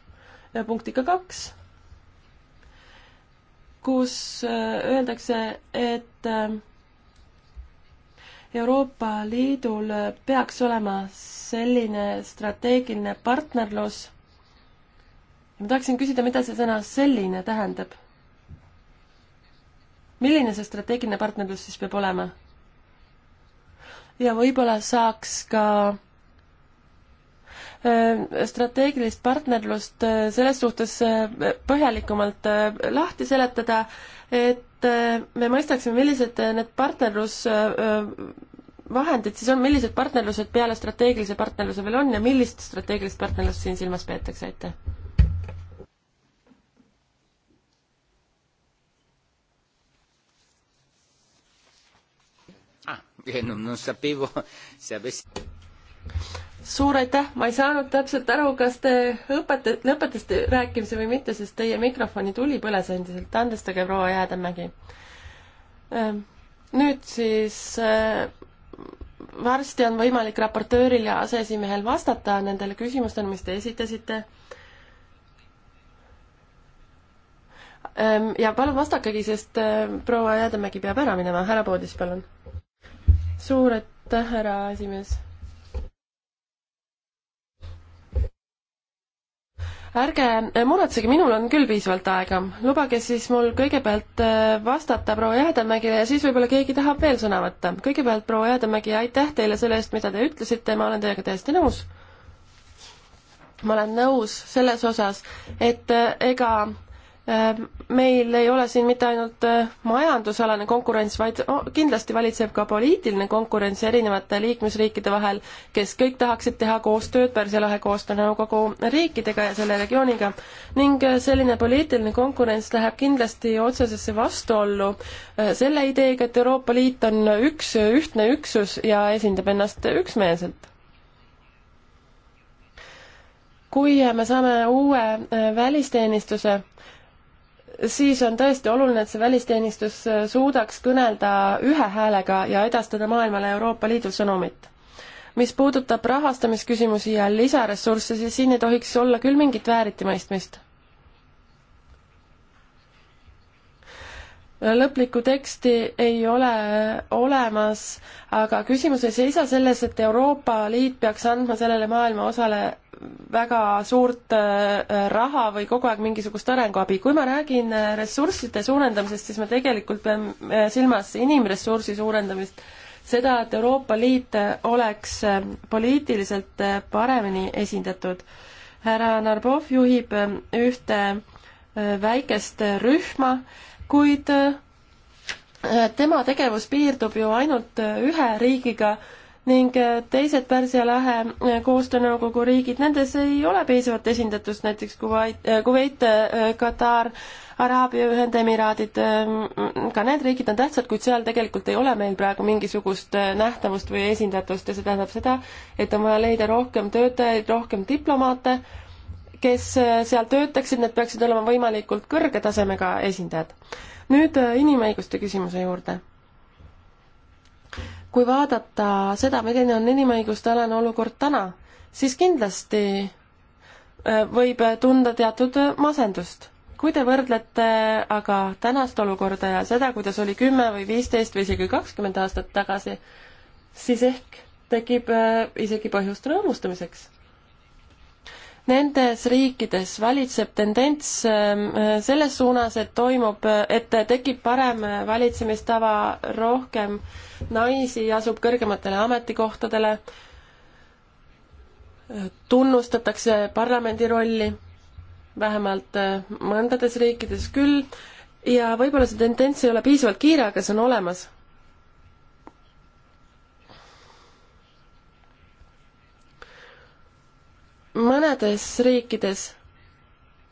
punktiga kaks kus äh, öeldakse, et äh, Euroopa Liidul äh, peaks olema selline strateegiline partnerlus. ma tahaksin küsida, mida see sõna selline tähendab? milline see strateegiline partnerlus siis peab olema? ja võib-olla saaks ka Äh, strateegilist partnerlust äh, selles suhtes äh, põhjalikumalt lahti seletada, et me mõistaksime, millised need partnerlus vahendid siis on, millised partnerlused peale strateegilise partnerluse veel on ja millist strateegilist partnerlust siin silmas peetakse, aitäh? non, ah, [laughs] non sapevo se avessi suur aitäh, ma ei saanud täpselt aru, kas te õpeta-, lõpetasite rääkimise või mitte, sest teie mikrofoni tuli põles endiselt, andestage, proua Jäädemägi. Ehm, nüüd siis ehm, varsti on võimalik raportööril ja aseesimehel vastata nendele küsimustele, mis te esitasite. Ehm, ja palun vastakegi, sest proua Jäädemägi peab ära minema, härra Poodis, palun. suur aitäh, härra esimees ärge muretsege, minul on küll piisavalt aega. lubage siis mul kõigepealt äh, vastata proua Jäädemägile ja siis võib-olla keegi tahab veel sõna võtta. kõigepealt proua Jäädemägi, aitäh teile selle eest, mida te ütlesite, ma olen teiega täiesti nõus. ma olen nõus selles osas, et äh, ega Äh, meil ei ole siin mitte ainult äh, majandusalane konkurents, vaid kindlasti valitseb ka poliitiline konkurents erinevate liikmesriikide vahel, kes kõik tahaksid teha koostööd Pärsia lahe koostöönõukogu riikidega ja selle regiooniga. ning äh, selline poliitiline konkurents läheb kindlasti otsesesse vastuollu selle ideega, et Euroopa Liit on üks ühtne üksus ja esindab ennast üksmeelselt kui me saame uue välisteenistuse, siis on tõesti oluline, et see välisteenistus äh, suudaks kõnelda ühe häälega ja edastada maailmale Euroopa Liidu sõnumit. mis puudutab rahastamisküsimusi ja lisaressursse, siis siin ei tohiks olla küll mingit vääritimõistmist. lõplikku teksti ei ole olemas, aga küsimus ei seisa selles, et Euroopa Liit peaks andma sellele maailma osale väga suurt äh, raha või kogu aeg mingisugust arenguabi. kui ma räägin äh, ressursside suurendamisest, siis ma tegelikult pean äh, silmas inimressursi suurendamist, seda, et Euroopa Liit oleks poliitiliselt paremini esindatud. härra Narbov juhib ühte väikest rühma, kuid tema tegevus piirdub ju ainult ühe riigiga ning äh, teised Pärsia lahe äh, koostöönõukogu riigid, nendes ei ole piisavat esindatust, näiteks Kuvait, äh, Kuveit, Katar, Araabia Ühendemiraadid, ähm, ka need riigid on tähtsad, kuid seal tegelikult ei ole meil praegu mingisugust nähtavust või esindatust ja see tähendab seda, et on vaja leida rohkem töötajaid, rohkem diplomaate, kes seal töötaksid, need peaksid olema võimalikult kõrge tasemega esindajad. nüüd inimõiguste küsimuse juurde kui vaadata seda, milline on inimõiguste alane olukord täna, siis kindlasti äh, võib tunda teatud masendust. kui te võrdlete aga tänast olukorda ja seda, kuidas oli kümme või viisteist või isegi kakskümmend aastat tagasi, siis ehk tekib äh, isegi põhjust rõõmustamiseks Nendes riikides valitseb tendents ähm, äh, selles suunas, et toimub, äh, et tekib parem äh, valitsemistava, rohkem naisi asub kõrgematele ametikohtadele, tunnustatakse parlamendi rolli, vähemalt mõndades riikides küll, ja võib-olla see tendents ei ole piisavalt kiire, aga see on olemas mõnedes riikides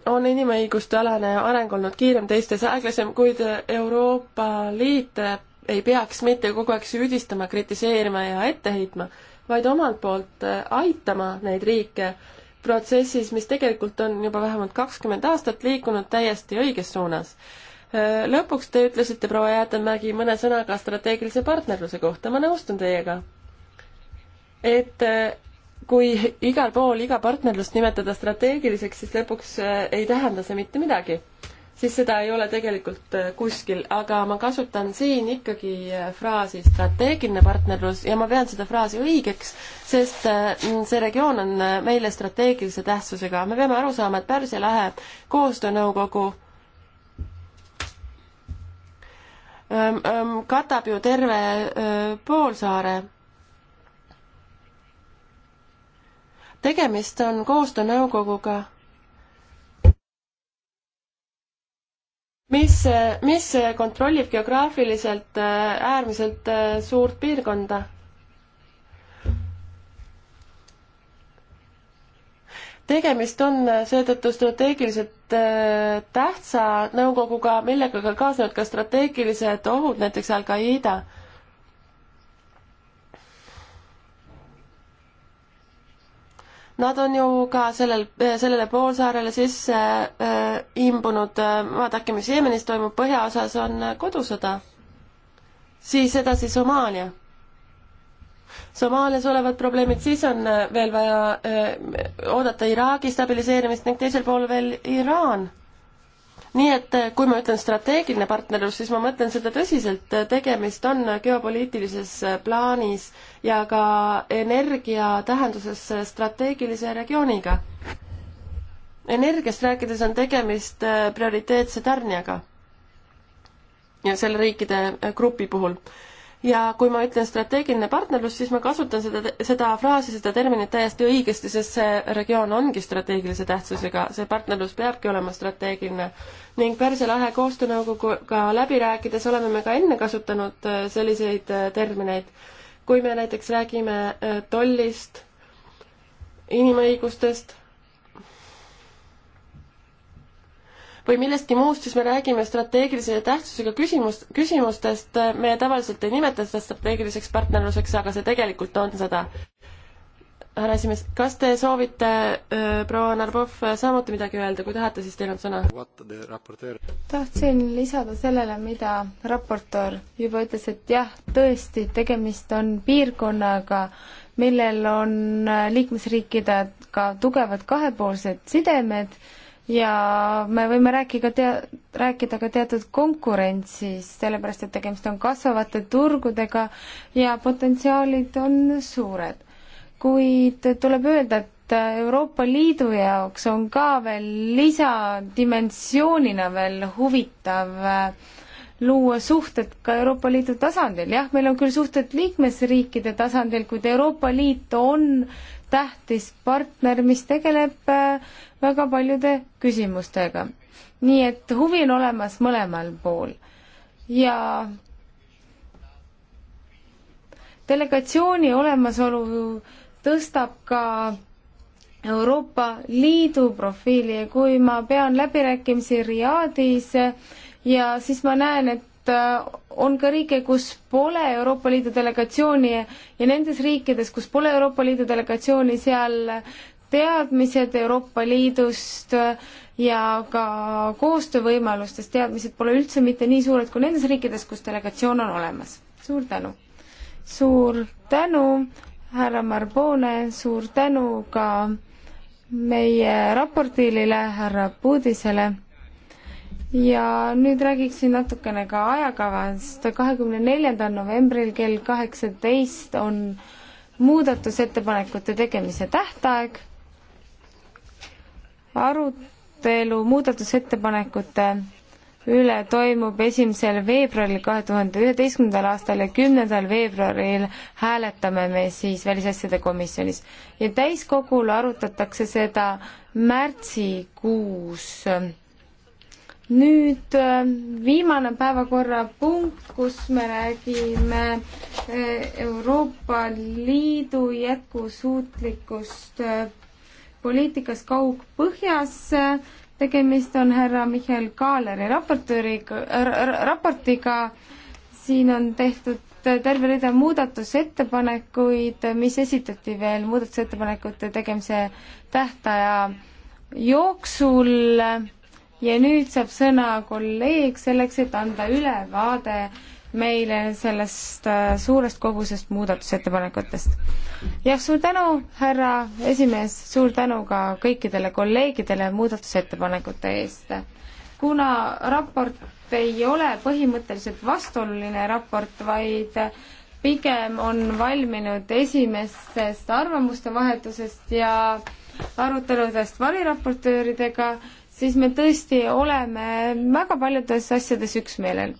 on inimõiguste alane areng olnud kiirem, teistes aeglasem, kuid Euroopa Liit ei peaks mitte kogu aeg süüdistama, kritiseerima ja ette heitma, vaid omalt poolt aitama neid riike protsessis, mis tegelikult on juba vähemalt kakskümmend aastat liikunud täiesti õiges suunas. Lõpuks te ütlesite, proua Jäätemägi, mõne sõnaga strateegilise partnerluse kohta, ma nõustun teiega, et kui igal pool iga partnerlust nimetada strateegiliseks, siis lõpuks äh, ei tähenda see mitte midagi. siis seda ei ole tegelikult äh, kuskil, aga ma kasutan siin ikkagi äh, fraasi strateegiline partnerlus ja ma pean seda fraasi õigeks, sest see regioon on meile strateegilise tähtsusega. me peame aru saama, et Pärsia lahe koostöönõukogu ähm, ähm, katab ju terve poolsaare tegemist on koostöönõukoguga, mis, mis kontrollib geograafiliselt äh, äärmiselt äh, suurt piirkonda. tegemist on äh, seetõttu strateegiliselt tähtsa nõukoguga, millega ka kaasnevad ka strateegilised ohud, näiteks Al-Qaeda Nad on ju ka sellel, sellele poolsaarele sisse äh, imbunud, vaadake, mis Jeemenis toimub, põhjaosas on kodusõda. siis edasi Somaalia. Somaalias olevad probleemid, siis on äh, veel vaja äh, oodata Iraagi stabiliseerimist ning teisel pool veel Iraan nii et eh, kui ma ütlen strateegiline partnerlus, siis ma mõtlen seda tõsiselt, tegemist on eh, geopoliitilises eh, plaanis ja ka energia tähenduses strateegilise regiooniga. energiast rääkides on tegemist prioriteetse tarnijaga ja selle riikide grupi puhul ja kui ma ütlen strateegiline partnerlus, siis ma kasutan seda, seda fraasi, seda terminit täiesti õigesti, sest see regioon ongi strateegilise tähtsusega, see partnerlus peabki olema strateegiline. ning Pärsia lahe koostöönõukoguga läbi rääkides oleme me ka enne kasutanud äh, selliseid äh, termineid. kui me näiteks räägime äh, tollist, inimõigustest või millestki muust, siis me räägime strateegilise tähtsusega küsimust, küsimustest, me tavaliselt ei nimeta seda strateegiliseks partnerluseks, aga see tegelikult on seda. härra esimees, kas te soovite äh,, proua Narbov, samuti midagi öelda, kui tahate, siis teil on sõna. tahtsin lisada sellele, mida raportöör juba ütles, et jah, tõesti, tegemist on piirkonnaga, millel on äh, liikmesriikidega tugevad kahepoolsed sidemed ja me võime rääkida tea-, rääkida ka teatud konkurentsist, sellepärast et tegemist on kasvavate turgudega ja potentsiaalid on suured. kuid tuleb öelda, et Euroopa Liidu jaoks on ka veel lisadimensioonina veel huvitav äh, luua suhted ka Euroopa Liidu tasandil, jah, meil on küll suhted liikmesriikide tasandil, kuid Euroopa Liit on tähtis partner, mis tegeleb äh, väga paljude küsimustega. nii et huvi on olemas mõlemal pool ja delegatsiooni olemasolu tõstab ka Euroopa Liidu profiili ja kui ma pean läbirääkimisi Riadis ja siis ma näen, et äh, on ka riike, kus pole Euroopa Liidu delegatsiooni ja nendes riikides, kus pole Euroopa Liidu delegatsiooni, seal teadmised Euroopa Liidust ja ka koostöövõimalustest teadmised pole üldse mitte nii suured kui nendes riikides, kus delegatsioon on olemas. suur tänu! suur tänu, härra Marbone, suur tänu ka meie raportiilile, härra Puudisele ja nüüd räägiksin natukene ka ajakavast. kahekümne neljandal novembril kell kaheksateist on muudatusettepanekute tegemise tähtaeg arutelu muudatusettepanekute üle toimub esimesel veebruaril kahe tuhande üheteistkümnendal aastal ja kümnendal veebruaril hääletame me siis Välisasjade komisjonis. ja täiskogul arutatakse seda märtsikuus. nüüd äh, viimane päevakorrapunkt, kus me räägime äh, Euroopa Liidu jätkusuutlikust äh, poliitikas kaugpõhjas. tegemist on härra Mihhail Kaaleri raportööriga äh,, raportiga. siin on tehtud terve rida muudatusettepanekuid, mis esitati veel muudatusettepanekute tegemise tähtaja jooksul ja nüüd saab sõna kolleeg selleks, et anda ülevaade meile sellest äh, suurest kogusest muudatusettepanekutest. jah, suur tänu, härra esimees, suur tänu ka kõikidele kolleegidele muudatusettepanekute eest. kuna raport ei ole põhimõtteliselt vastuoluline raport, vaid pigem on valminud esimesest arvamuste vahetusest ja aruteludest variraportööridega, siis me tõesti oleme väga paljudes asjades üksmeelel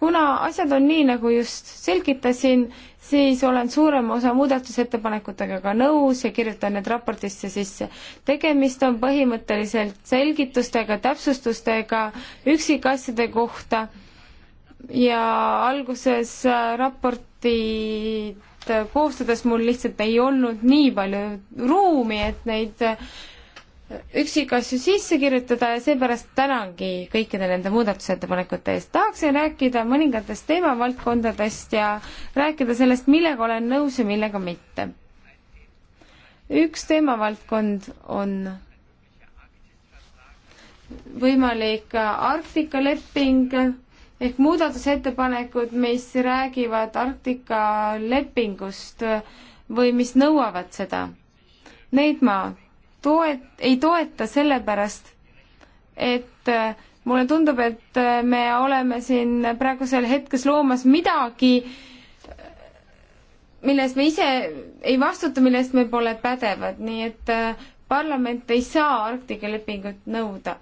kuna asjad on nii, nagu just selgitasin, siis olen suurema osa muudatusettepanekutega ka nõus ja kirjutan need raportisse sisse. tegemist on põhimõtteliselt selgitustega, täpsustustega üksikasjade kohta ja alguses raportit koostades mul lihtsalt ei olnud nii palju ruumi, et neid üksikasju sisse kirjutada ja seepärast tänangi kõikide nende muudatusettepanekute eest. tahaksin rääkida mõningatest teemavaldkondadest ja rääkida sellest, millega olen nõus ja millega mitte. üks teemavaldkond on võimalik Arktika leping ehk muudatusettepanekud, mis räägivad Arktika lepingust või mis nõuavad seda. Neid ma toet-, ei toeta sellepärast, et äh, mulle tundub, et äh, me oleme siin praegusel hetkes loomas midagi, äh, milles me ise ei vastuta, millest me pole pädevad, nii et parlament ei saa Arktika lepingut nõuda.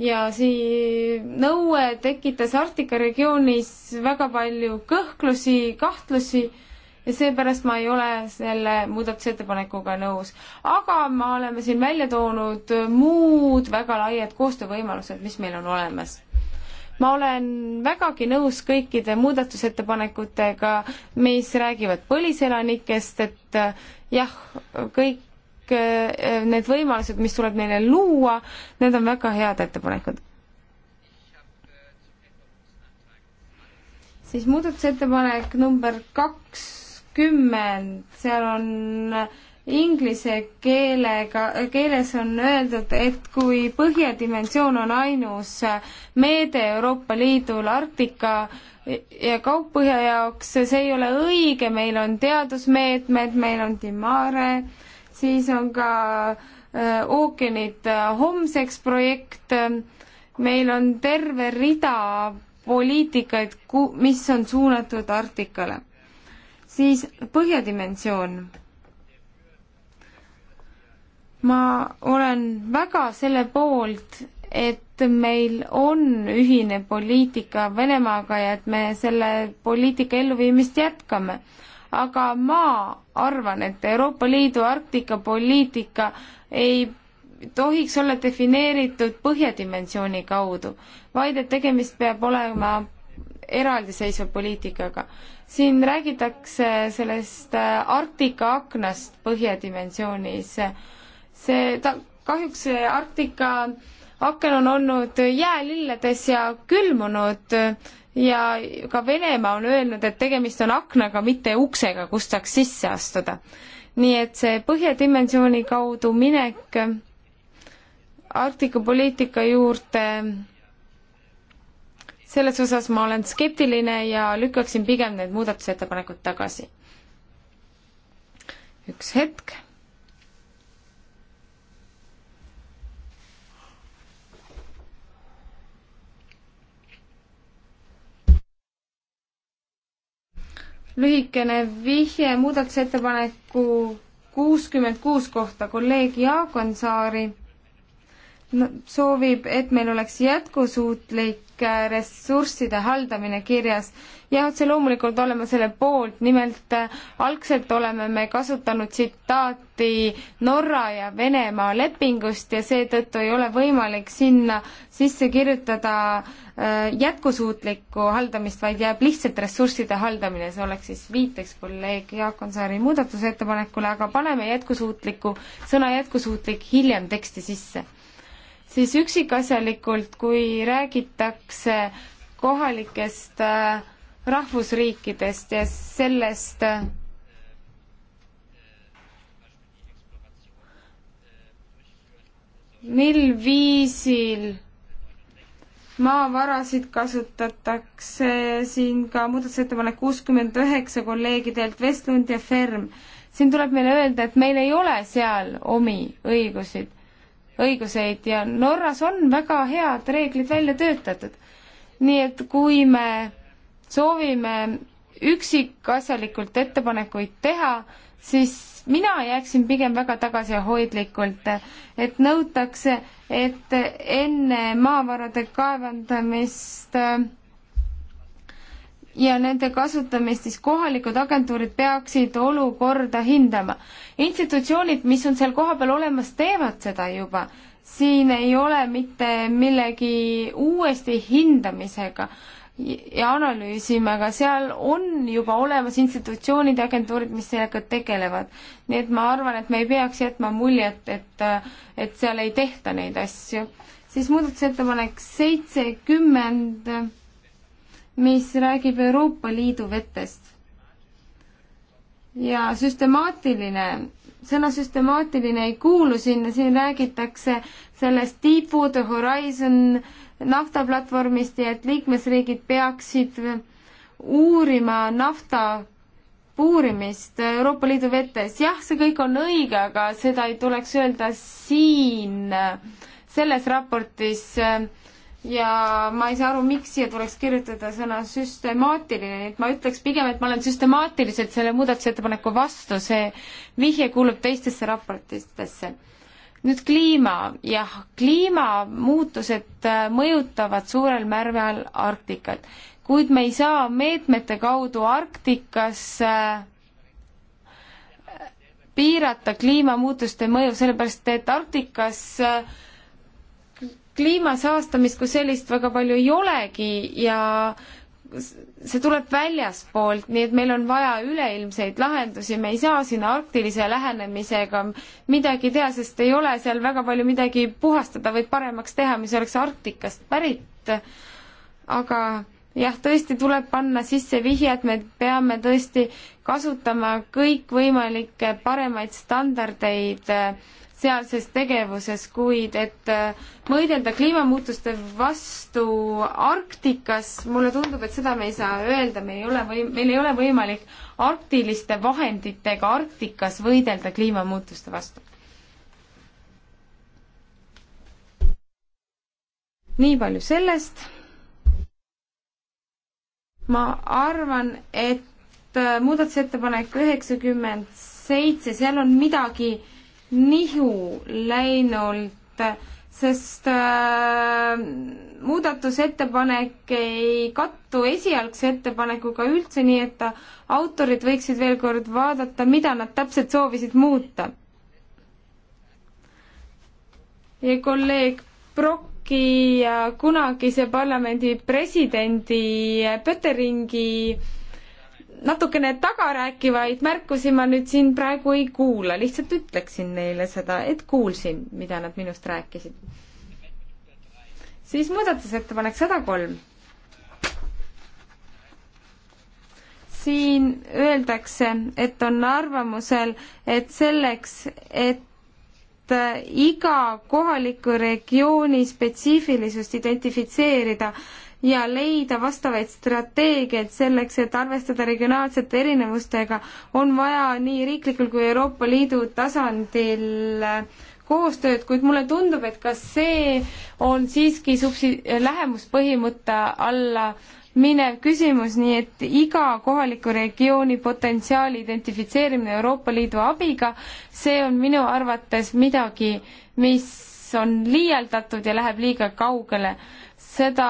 ja see nõue tekitas Arktika regioonis väga palju kõhklusi, kahtlusi ja seepärast ma ei ole selle muudatusettepanekuga nõus. aga me oleme siin välja toonud muud väga laiad koostöövõimalused, mis meil on olemas. ma olen vägagi nõus kõikide muudatusettepanekutega, mis räägivad põliselanikest, et äh, jah, kõik äh, need võimalused, mis tuleb neile luua, need on väga head ettepanekud. siis muudatusettepanek number kaks kümmend, seal on inglise keelega, keeles on öeldud, et kui põhjadimensioon on ainus meede Euroopa Liidul Arktika ja kaugpõhja jaoks, see ei ole õige, meil on teadusmeetmed, meil on Dimare, siis on ka äh, ookeanid äh, homseks projekt, meil on terve rida poliitikaid, mis on suunatud Arktikale siis põhjadimensioon. ma olen väga selle poolt, et meil on ühine poliitika Venemaaga ja et me selle poliitika elluviimist jätkame. aga ma arvan, et Euroopa Liidu Arktika poliitika ei tohiks olla defineeritud põhjadimensiooni kaudu, vaid et tegemist peab olema eraldiseisva poliitikaga. siin räägitakse sellest äh, Arktika aknast põhjadimensioonis. see, ta, kahjuks see Arktika aken on olnud jäälilledes ja külmunud ja ka Venemaa on öelnud, et tegemist on aknaga, mitte uksega, kust saaks sisse astuda. nii et see põhjadimensiooni kaudu minek Arktika poliitika juurde selles osas ma olen skeptiline ja lükkaksin pigem need muudatusettepanekud tagasi. üks hetk. lühikene vihje muudatusettepaneku kuuskümmend kuus kohta kolleeg Jaak Ansaari no, soovib, et meil oleks jätkusuutlik ning ressursside haldamine kirjas. jah, otse loomulikult oleme selle poolt, nimelt äh, algselt oleme me kasutanud tsitaati Norra ja Venemaa lepingust ja seetõttu ei ole võimalik sinna sisse kirjutada äh, jätkusuutlikku haldamist, vaid jääb lihtsalt ressursside haldamine, see oleks siis viiteks kolleeg Jaak Ansaari muudatusettepanekule, aga paneme jätkusuutliku, sõna jätkusuutlik hiljem teksti sisse siis üksikasjalikult, kui räägitakse kohalikest äh, rahvusriikidest ja sellest, mil viisil maavarasid kasutatakse siin ka muudatusettepanek kuuskümmend üheksa kolleegidelt Vestlund ja Ferm. siin tuleb meile öelda, et meil ei ole seal omi õigusid õiguseid ja Norras on väga head reeglid välja töötatud. nii et kui me soovime üksikasjalikult ettepanekuid teha, siis mina jääksin pigem väga tagasihoidlikult, et nõutakse, et enne maavarade kaevandamist äh, ja nende kasutamist, siis kohalikud agentuurid peaksid olukorda hindama. institutsioonid, mis on seal kohapeal olemas, teevad seda juba. siin ei ole mitte millegi uuesti hindamisega ja analüüsime, aga seal on juba olemas institutsioonid ja agentuurid, mis sellega tegelevad. nii et ma arvan, et me ei peaks jätma muljet, et, et seal ei tehta neid asju. siis muudatusettepanek seitsekümmend mis räägib Euroopa Liidu vetest. ja süstemaatiline, sõna süstemaatiline ei kuulu sinna, siin räägitakse sellest Deepwater Horizon naftaplatvormist ja et liikmesriigid peaksid uurima nafta puurimist Euroopa Liidu vetes, jah, see kõik on õige, aga seda ei tuleks öelda siin selles raportis äh, ja ma ei saa aru, miks siia tuleks kirjutada sõna süstemaatiline, nii et ma ütleks pigem, et ma olen süstemaatiliselt selle muudatusettepaneku vastu, see vihje kuulub teistesse raportitesse. nüüd kliima, jah, kliimamuutused äh, mõjutavad suurel määral Arktikat, kuid me ei saa meetmete kaudu Arktikas äh, piirata kliimamuutuste mõju, sellepärast et Arktikas äh, kliima saastamist kui sellist väga palju ei olegi ja see tuleb väljaspoolt, nii et meil on vaja üleilmseid lahendusi, me ei saa siin arktilise lähenemisega midagi teha, sest ei ole seal väga palju midagi puhastada või paremaks teha, mis oleks Arktikast pärit. aga jah, tõesti tuleb panna sisse vihje, et me peame tõesti kasutama kõikvõimalikke paremaid standardeid äh, sealses tegevuses, kuid et äh, võidelda kliimamuutuste vastu Arktikas, mulle tundub, et seda me ei saa öelda, meil ei ole või-, meil ei ole võimalik arktiliste vahenditega Arktikas võidelda kliimamuutuste vastu. nii palju sellest. ma arvan, et äh, muudatusettepanek üheksakümmend seitse, seal on midagi äh, nihu läinud, sest äh, muudatusettepanek ei kattu esialgse ettepanekuga üldse, nii et autorid võiksid veel kord vaadata, mida nad täpselt soovisid muuta. ja kolleeg Brocki ja kunagise parlamendi presidendi Pötteringi äh, natukene tagarääkivaid märkusi ma nüüd siin praegu ei kuula, lihtsalt ütleksin neile seda, et kuulsin, mida nad minust rääkisid. siis muudatusettepanek sada kolm. siin öeldakse, et on arvamusel, et selleks, et iga kohaliku regiooni spetsiifilisust identifitseerida, ja leida vastavaid strateegiaid selleks, et arvestada regionaalsete erinevustega, on vaja nii riiklikul kui Euroopa Liidu tasandil äh, koostööd, kuid mulle tundub, et kas see on siiski subsi-, lähemuspõhimõtte alla minev küsimus, nii et iga kohaliku regiooni potentsiaali identifitseerimine Euroopa Liidu abiga, see on minu arvates midagi, mis on liialdatud ja läheb liiga kaugele seda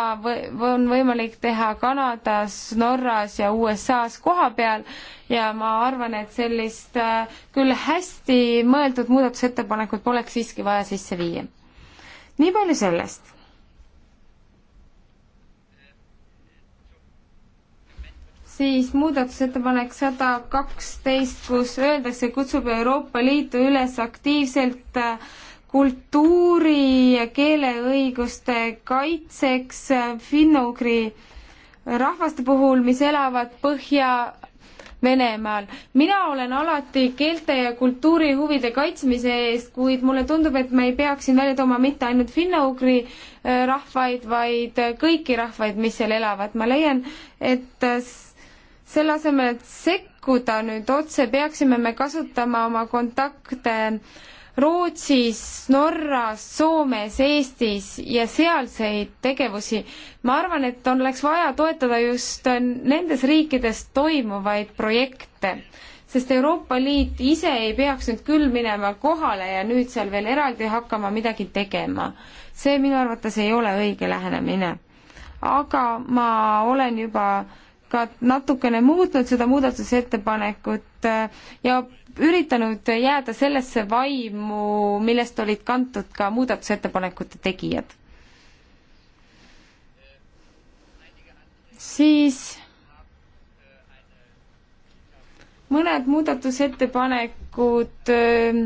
on võimalik teha Kanadas, Norras ja USA-s kohapeal ja ma arvan, et sellist äh, küll hästi mõeldud muudatusettepanekut poleks siiski vaja sisse viia. nii palju sellest. siis muudatusettepanek sada kaksteist, kus öeldakse, kutsub Euroopa Liitu üles aktiivselt äh, kultuuri ja keeleõiguste kaitseks finno-ugri rahvaste puhul, mis elavad Põhja Venemaal. mina olen alati keelte ja kultuuri huvide kaitsmise eest, kuid mulle tundub, et me ei peaks siin välja tooma mitte ainult finno-ugri äh, rahvaid, vaid kõiki rahvaid, mis seal elavad. ma leian, et selle asemel, et sekkuda nüüd otse, peaksime me kasutama oma kontakte äh, Rootsis, Norras, Soomes, Eestis ja sealseid tegevusi. ma arvan, et on, oleks vaja toetada just nendes riikides toimuvaid projekte, sest Euroopa Liit ise ei peaks nüüd küll minema kohale ja nüüd seal veel eraldi hakkama midagi tegema. see minu arvates ei ole õige lähenemine. aga ma olen juba ka natukene muutnud seda muudatusettepanekut äh, ja üritanud jääda sellesse vaimu, millest olid kantud ka muudatusettepanekute tegijad. siis mõned muudatusettepanekud äh,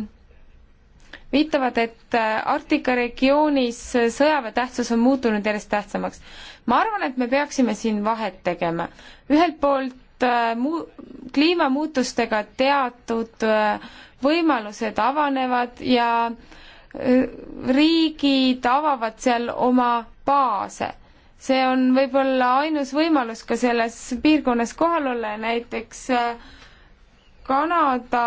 viitavad, et äh, Arktika regioonis sõjaväe tähtsus on muutunud järjest tähtsamaks. ma arvan, et me peaksime siin vahet tegema. ühelt poolt Äh, mu-, kliimamuutustega teatud äh, võimalused avanevad ja äh, riigid avavad seal oma baase. see on võib-olla ainus võimalus ka selles piirkonnas kohal olla ja näiteks Kanada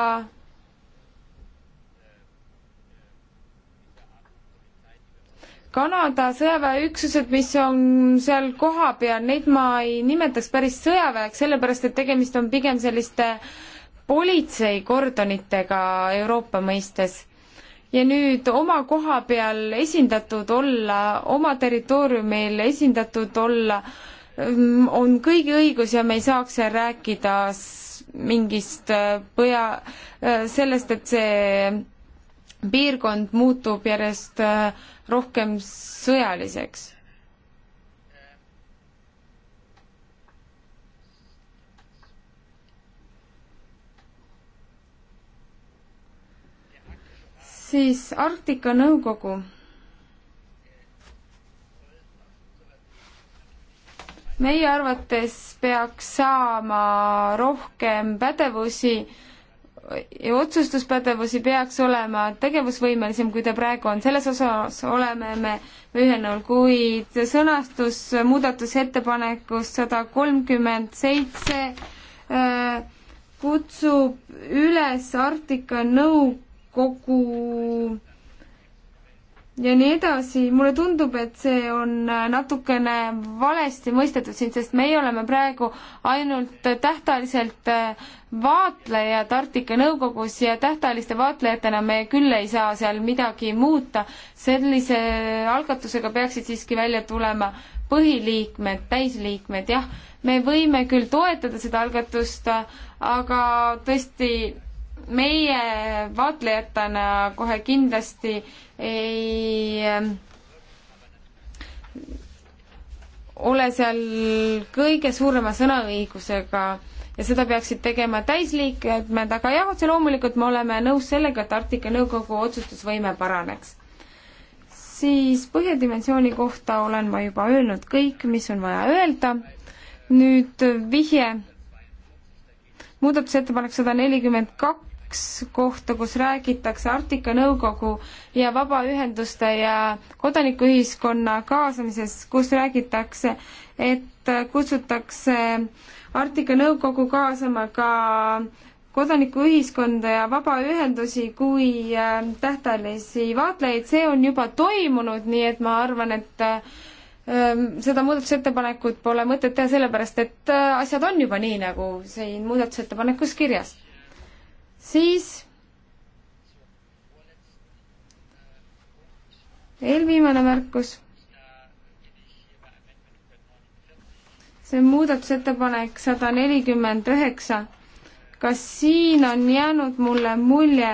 Kanada sõjaväeüksused, mis on seal kohapeal, neid ma ei nimetaks päris sõjaväeks, sellepärast et tegemist on pigem selliste politseikordonitega Euroopa mõistes ja nüüd oma koha peal esindatud olla, oma territooriumil esindatud olla, mm, on kõigi õigus ja me ei saaks seal rääkida mingist äh, põja, äh, sellest, et see piirkond muutub järjest äh, rohkem sõjaliseks. siis Arktika Nõukogu meie arvates peaks saama rohkem pädevusi ja otsustuspädevusi peaks olema tegevusvõimelisem, kui ta praegu on, selles osas oleme me ühel nõul, kuid sõnastus muudatusettepanekust sada kolmkümmend seitse äh, kutsub üles Arktika Nõukogu ja nii edasi, mulle tundub, et see on natukene valesti mõistetud siin, sest meie oleme praegu ainult tähtajaliselt äh, vaatlejad Arktika Nõukogus ja tähtajaliste vaatlejatena me küll ei saa seal midagi muuta. sellise algatusega peaksid siiski välja tulema põhiliikmed, täisliikmed, jah, me võime küll toetada seda algatust, aga tõesti meie vaatlejatena kohe kindlasti ei äh, ole seal kõige suurema sõnaõigusega ja seda peaksid tegema täisliikmed, aga jah, otse loomulikult me oleme nõus sellega, et Arktika Nõukogu otsustusvõime paraneks. siis põhjadimensiooni kohta olen ma juba öelnud kõik, mis on vaja öelda. nüüd vihje muudatusettepanek sada nelikümmend kaks, kaks kohta, kus räägitakse Arktika Nõukogu ja vabaühenduste ja kodanikuühiskonna kaasamisest, kus räägitakse, et kutsutakse Arktika Nõukogu kaasama ka kodanikuühiskonda ja vabaühendusi kui äh, tähtajalisi vaatlejaid, see on juba toimunud, nii et ma arvan, et ähm, seda muudatusettepanekut pole mõtet teha, sellepärast et äh, asjad on juba nii, nagu siin muudatusettepanekus kirjas siis eelviimane märkus. see muudatusettepanek sada nelikümmend üheksa. kas siin on jäänud mulle mulje,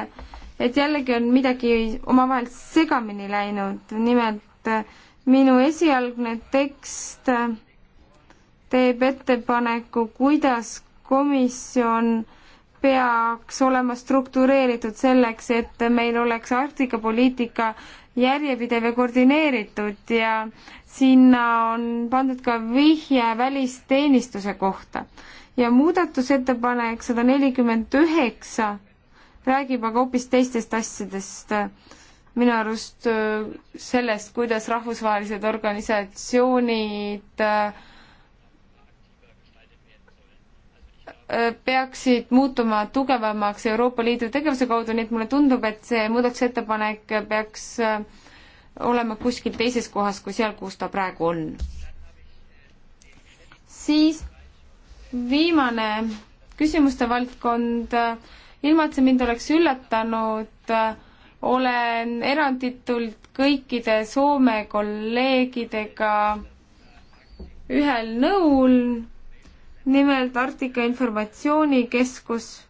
et jällegi on midagi omavahel segamini läinud, nimelt äh, minu esialgne tekst äh, teeb ettepaneku, kuidas komisjon äh, peaks olema struktureeritud selleks, et meil oleks Arktika poliitika järjepidev ja koordineeritud ja sinna on pandud ka vihje välisteenistuse kohta. ja muudatusettepanek sada nelikümmend üheksa räägib aga hoopis teistest asjadest, minu arust sellest, kuidas rahvusvahelised organisatsioonid äh, Äh, peaksid muutuma tugevamaks Euroopa Liidu tegevuse kaudu, nii et mulle tundub, et see muudatusettepanek peaks äh, olema kuskil teises kohas kui seal, kus ta praegu on. siis viimane küsimuste valdkond, ilma et see mind oleks üllatanud, olen eranditult kõikide Soome kolleegidega ühel nõul nimelt Arktika Informatsioonikeskus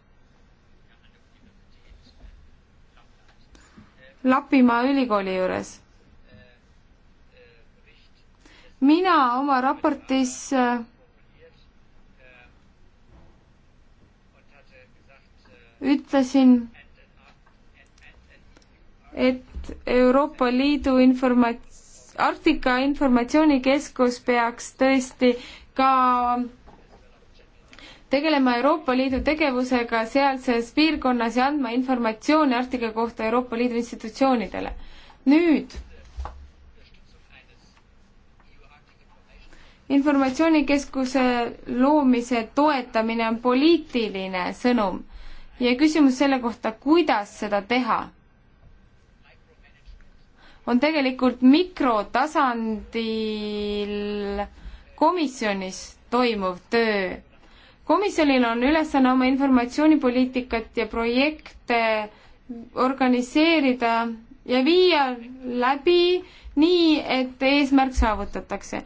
Lapimaa ülikooli juures. mina oma raportis äh, ütlesin, et Euroopa Liidu informats-, Arktika Informatsioonikeskus peaks tõesti ka tegelema Euroopa Liidu tegevusega sealses piirkonnas ja andma informatsiooni Arktika kohta Euroopa Liidu institutsioonidele. nüüd informatsioonikeskuse loomise toetamine on poliitiline sõnum ja küsimus selle kohta, kuidas seda teha, on tegelikult mikrotasandil komisjonis toimuv töö komisjonil on ülesanne oma informatsioonipoliitikat ja projekte organiseerida ja viia läbi nii, et eesmärk saavutatakse.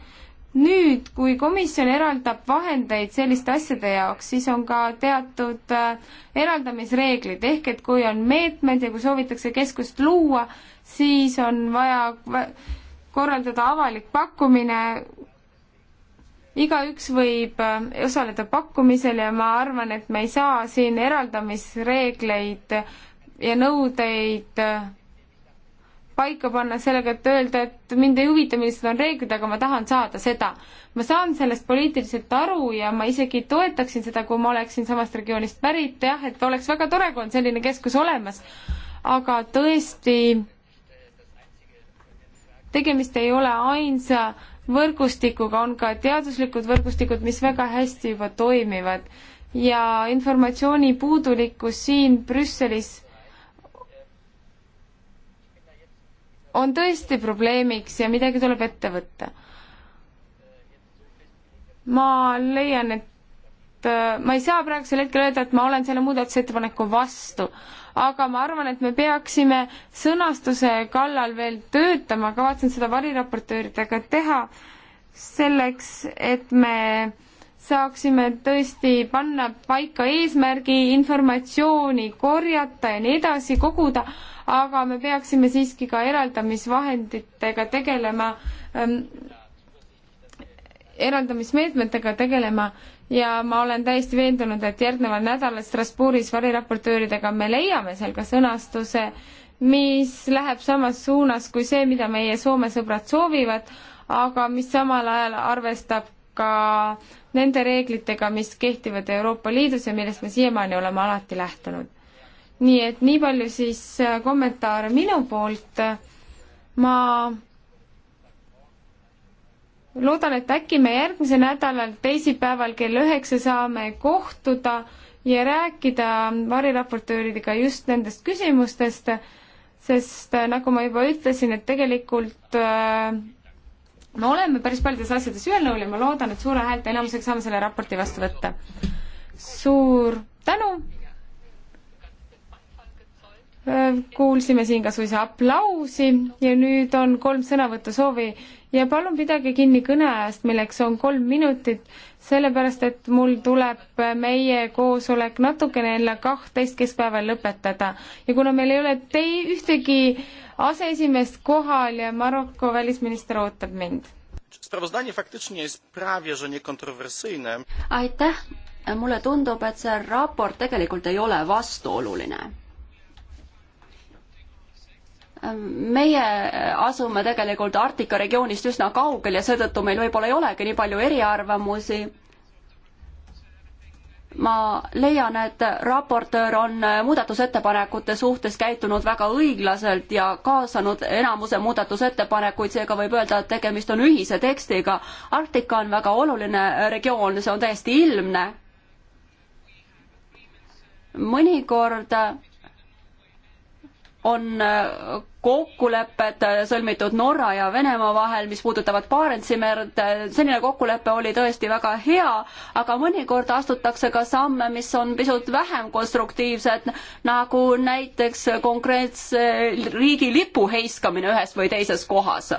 nüüd, kui komisjon eraldab vahendeid selliste asjade jaoks, siis on ka teatud äh, eraldamisreeglid, ehk et kui on meetmed ja kui soovitakse keskust luua, siis on vaja korraldada avalik pakkumine igaüks võib äh, osaleda pakkumisel ja ma arvan, et me ei saa siin eraldamisreegleid ja nõudeid äh, paika panna sellega, et öelda, et mind ei huvita, millised on reeglid, aga ma tahan saada seda. ma saan sellest poliitiliselt aru ja ma isegi toetaksin seda, kui ma oleksin samast regioonist pärit, jah, et oleks väga tore, kui on selline keskus olemas, aga tõesti, tegemist ei ole ainsa võrgustikuga on ka teaduslikud võrgustikud, mis väga hästi juba toimivad ja informatsiooni puudulikkus siin Brüsselis on tõesti probleemiks ja midagi tuleb ette võtta. ma leian, et äh, ma ei saa praegusel hetkel öelda, et ma olen selle muudatusettepaneku vastu, aga ma arvan, et me peaksime sõnastuse kallal veel töötama, kavatsen seda variraportööridega teha, selleks et me saaksime tõesti panna paika eesmärgi, informatsiooni korjata ja nii edasi koguda, aga me peaksime siiski ka eraldamisvahenditega tegelema ähm, eraldamismeetmetega tegelema ja ma olen täiesti veendunud, et järgneval nädalal Strasbourgis variraportööridega me leiame seal ka sõnastuse, mis läheb samas suunas kui see, mida meie Soome sõbrad soovivad, aga mis samal ajal arvestab ka nende reeglitega, mis kehtivad Euroopa Liidus ja millest me siiamaani oleme alati lähtunud. nii et nii palju siis äh, kommentaare minu poolt. ma loodan, et äkki me järgmisel nädalal teisipäeval kell üheksa saame kohtuda ja rääkida variraportööridega just nendest küsimustest, sest äh, nagu ma juba ütlesin, et tegelikult äh, me oleme päris paljudes asjades ühel nõul ja ma loodan, et suure häälte enamusega saame selle raporti vastu võtta. suur tänu! Äh, kuulsime siin ka suisa aplausi ja nüüd on kolm sõnavõtusoovi ja palun pidage kinni kõneajast, milleks on kolm minutit, sellepärast et mul tuleb meie koosolek natukene enne kahtteist keskpäeval lõpetada ja kuna meil ei ole tei-, ühtegi aseesimeest kohal ja Maroko välisminister ootab mind. aitäh, mulle tundub, et see raport tegelikult ei ole vastuoluline meie asume tegelikult Arktika regioonist üsna kaugel ja seetõttu meil võib-olla ei olegi nii palju eriarvamusi. ma leian, et raportöör on muudatusettepanekute suhtes käitunud väga õiglaselt ja kaasanud enamuse muudatusettepanekuid, seega võib öelda, et tegemist on ühise tekstiga. Arktika on väga oluline regioon, see on täiesti ilmne. mõnikord on äh, kokkulepped äh, sõlmitud Norra ja Venemaa vahel, mis puudutavad Barentsi merd, äh, senine kokkulepe oli tõesti väga hea, aga mõnikord astutakse ka samme, mis on pisut vähem konstruktiivsed, nagu näiteks konkreetse riigi lipu heiskamine ühes või teises kohas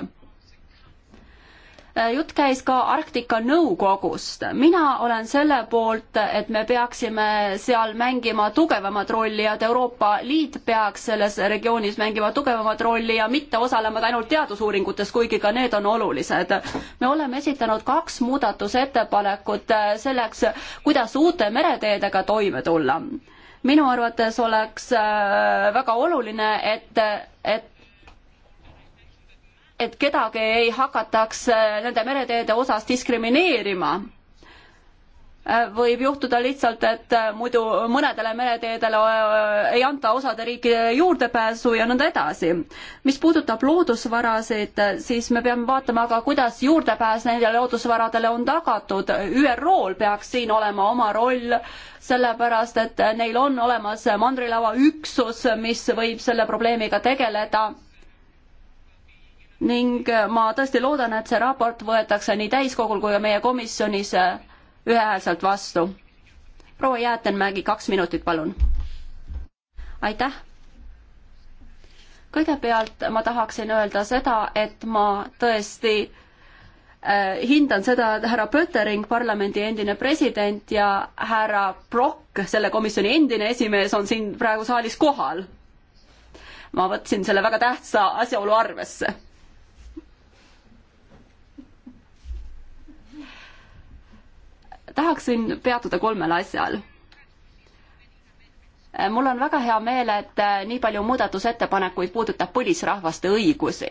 Eh, jutt käis ka Arktika Nõukogust. mina olen selle poolt, et me peaksime seal mängima tugevamat rolli ja et Euroopa Liit peaks selles regioonis mängima tugevamat rolli ja mitte osalema ainult teadusuuringutes, kuigi ka need on olulised. me oleme esitanud kaks muudatusettepanekut eh, selleks, kuidas uute mereteedega toime tulla minu arvates oleks eh, väga oluline, et, et et kedagi ei hakataks äh, nende mereteede osas diskrimineerima äh, võib juhtuda lihtsalt, et äh, muidu mõnedele mereteedele ei anta osade riikide juurdepääsu ja nõnda edasi. mis puudutab loodusvarasid, siis me peame vaatama ka, kuidas juurdepääs nendele loodusvaradele on tagatud. ÜRO-l peaks siin olema oma roll, sellepärast et neil on olemas mandrilava üksus, mis võib selle probleemiga tegeleda ning äh, ma tõesti loodan, et see raport võetakse nii täiskogul kui ka meie komisjonis äh, ühehäälselt vastu. proua Jäätenmägi, kaks minutit, palun. aitäh. kõigepealt ma tahaksin öelda seda, et ma tõesti äh, hindan seda, et härra Pöttering, parlamendi endine president ja härra Brock, selle komisjoni endine esimees, on siin praegu saalis kohal. ma võtsin selle väga tähtsa asjaolu arvesse tahaksin peatuda kolmel asjal. mul on väga hea meel, et äh, nii palju muudatusettepanekuid puudutab põlisrahvaste õigusi.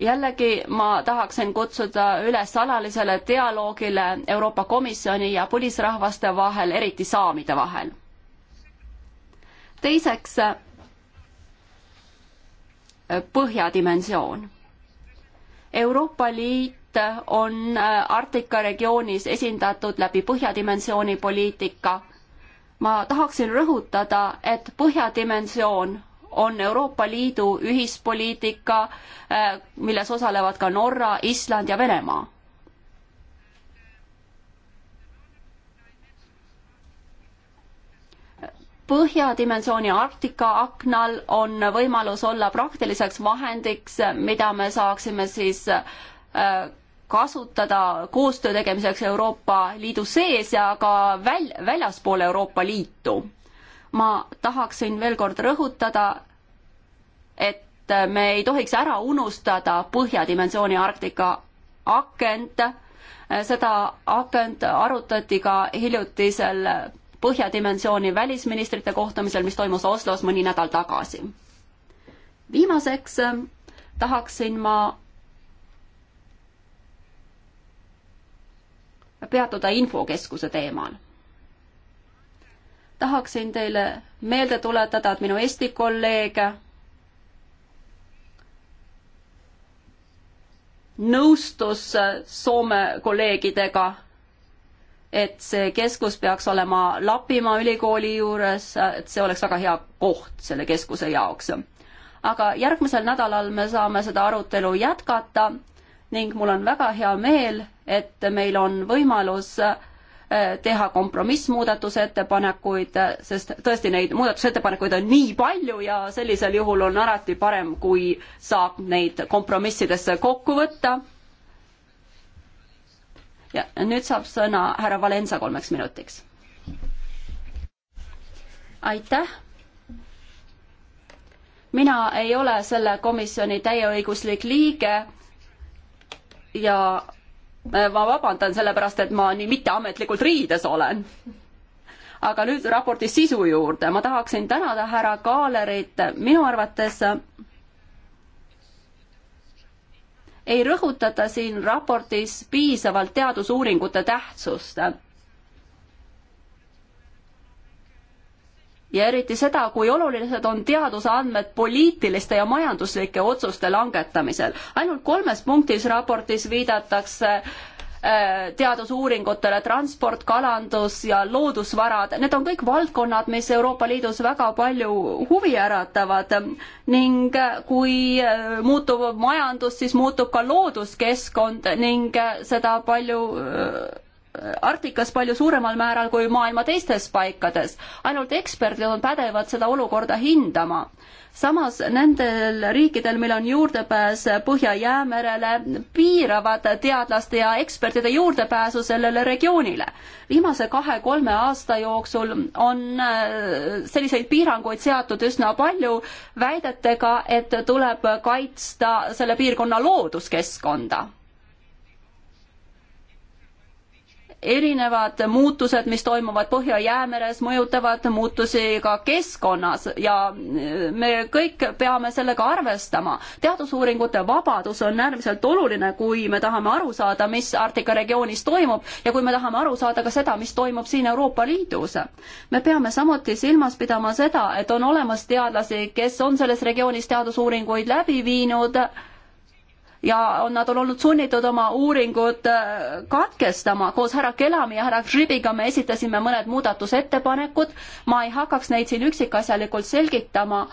jällegi ma tahaksin kutsuda üles alalisele dialoogile Euroopa Komisjoni ja põlisrahvaste vahel, eriti saamide vahel. teiseks, põhjadimensioon. Euroopa Liit Liit on äh, Arktika regioonis esindatud läbi Põhjadimensiooni poliitika. ma tahaksin rõhutada, et Põhjadimensioon on Euroopa Liidu ühispoliitika, äh, milles osalevad ka Norra, Island ja Venemaa. põhjadimensiooni Arktika aknal on võimalus olla praktiliseks vahendiks, mida me saaksime siis äh, kasutada koostöö tegemiseks Euroopa Liidu sees ja ka väl-, väljaspool Euroopa Liitu. ma tahaksin veel kord rõhutada, et me ei tohiks ära unustada Põhjadimensiooni Arktika akent, seda akent arutati ka hiljutisel Põhjadimensiooni välisministrite kohtumisel, mis toimus Oslos mõni nädal tagasi. viimaseks tahaksin ma peatuda infokeskuse teemal. tahaksin teile meelde tuletada, et minu Eesti kolleeg nõustus Soome kolleegidega, et see keskus peaks olema Lapimaa ülikooli juures, et see oleks väga hea koht selle keskuse jaoks. aga järgmisel nädalal me saame seda arutelu jätkata ning mul on väga hea meel, et meil on võimalus äh, teha kompromissmuudatusettepanekuid, sest tõesti neid muudatusettepanekuid on nii palju ja sellisel juhul on alati parem, kui saab neid kompromissidesse kokku võtta. ja nüüd saab sõna härra Valensa kolmeks minutiks. aitäh. mina ei ole selle komisjoni täieõiguslik liige ja Äh, ma vabandan sellepärast, et ma nii mitteametlikult riides olen. aga nüüd raporti sisu juurde, ma tahaksin tänada härra Kaalerit, minu arvates ei rõhutata siin raportis piisavalt teadusuuringute tähtsust ja eriti seda, kui olulised on teadusandmed poliitiliste ja majanduslike otsuste langetamisel. ainult kolmes punktis raportis viidatakse äh, teadusuuringutele, transport, kalandus ja loodusvarad, need on kõik valdkonnad, mis Euroopa Liidus väga palju huvi äratavad ning kui äh, muutub majandus, siis muutub ka looduskeskkond ning äh, seda palju Arktikas palju suuremal määral kui maailma teistes paikades. ainult eksperdid on pädevad seda olukorda hindama. samas nendel riikidel, millel on juurdepääs Põhja-Jäämerele, piiravad teadlaste ja ekspertide juurdepääsu sellele regioonile. viimase kahe-kolme aasta jooksul on äh, selliseid piiranguid seatud üsna palju väidetega, et tuleb kaitsta selle piirkonna looduskeskkonda erinevad muutused, mis toimuvad Põhja-Jäämeres, mõjutavad muutusi ka keskkonnas ja äh, me kõik peame sellega arvestama. teadusuuringute vabadus on äärmiselt oluline, kui me tahame aru saada, mis Arktika regioonis toimub ja kui me tahame aru saada ka seda, mis toimub siin Euroopa Liidus. me peame samuti silmas pidama seda, et on olemas teadlasi, kes on selles regioonis teadusuuringuid läbi viinud ja nad on olnud sunnitud oma uuringud äh, katkestama. koos härra Kelami ja härra Žibiga me esitasime mõned muudatusettepanekud, ma ei hakkaks neid siin üksikasjalikult selgitama,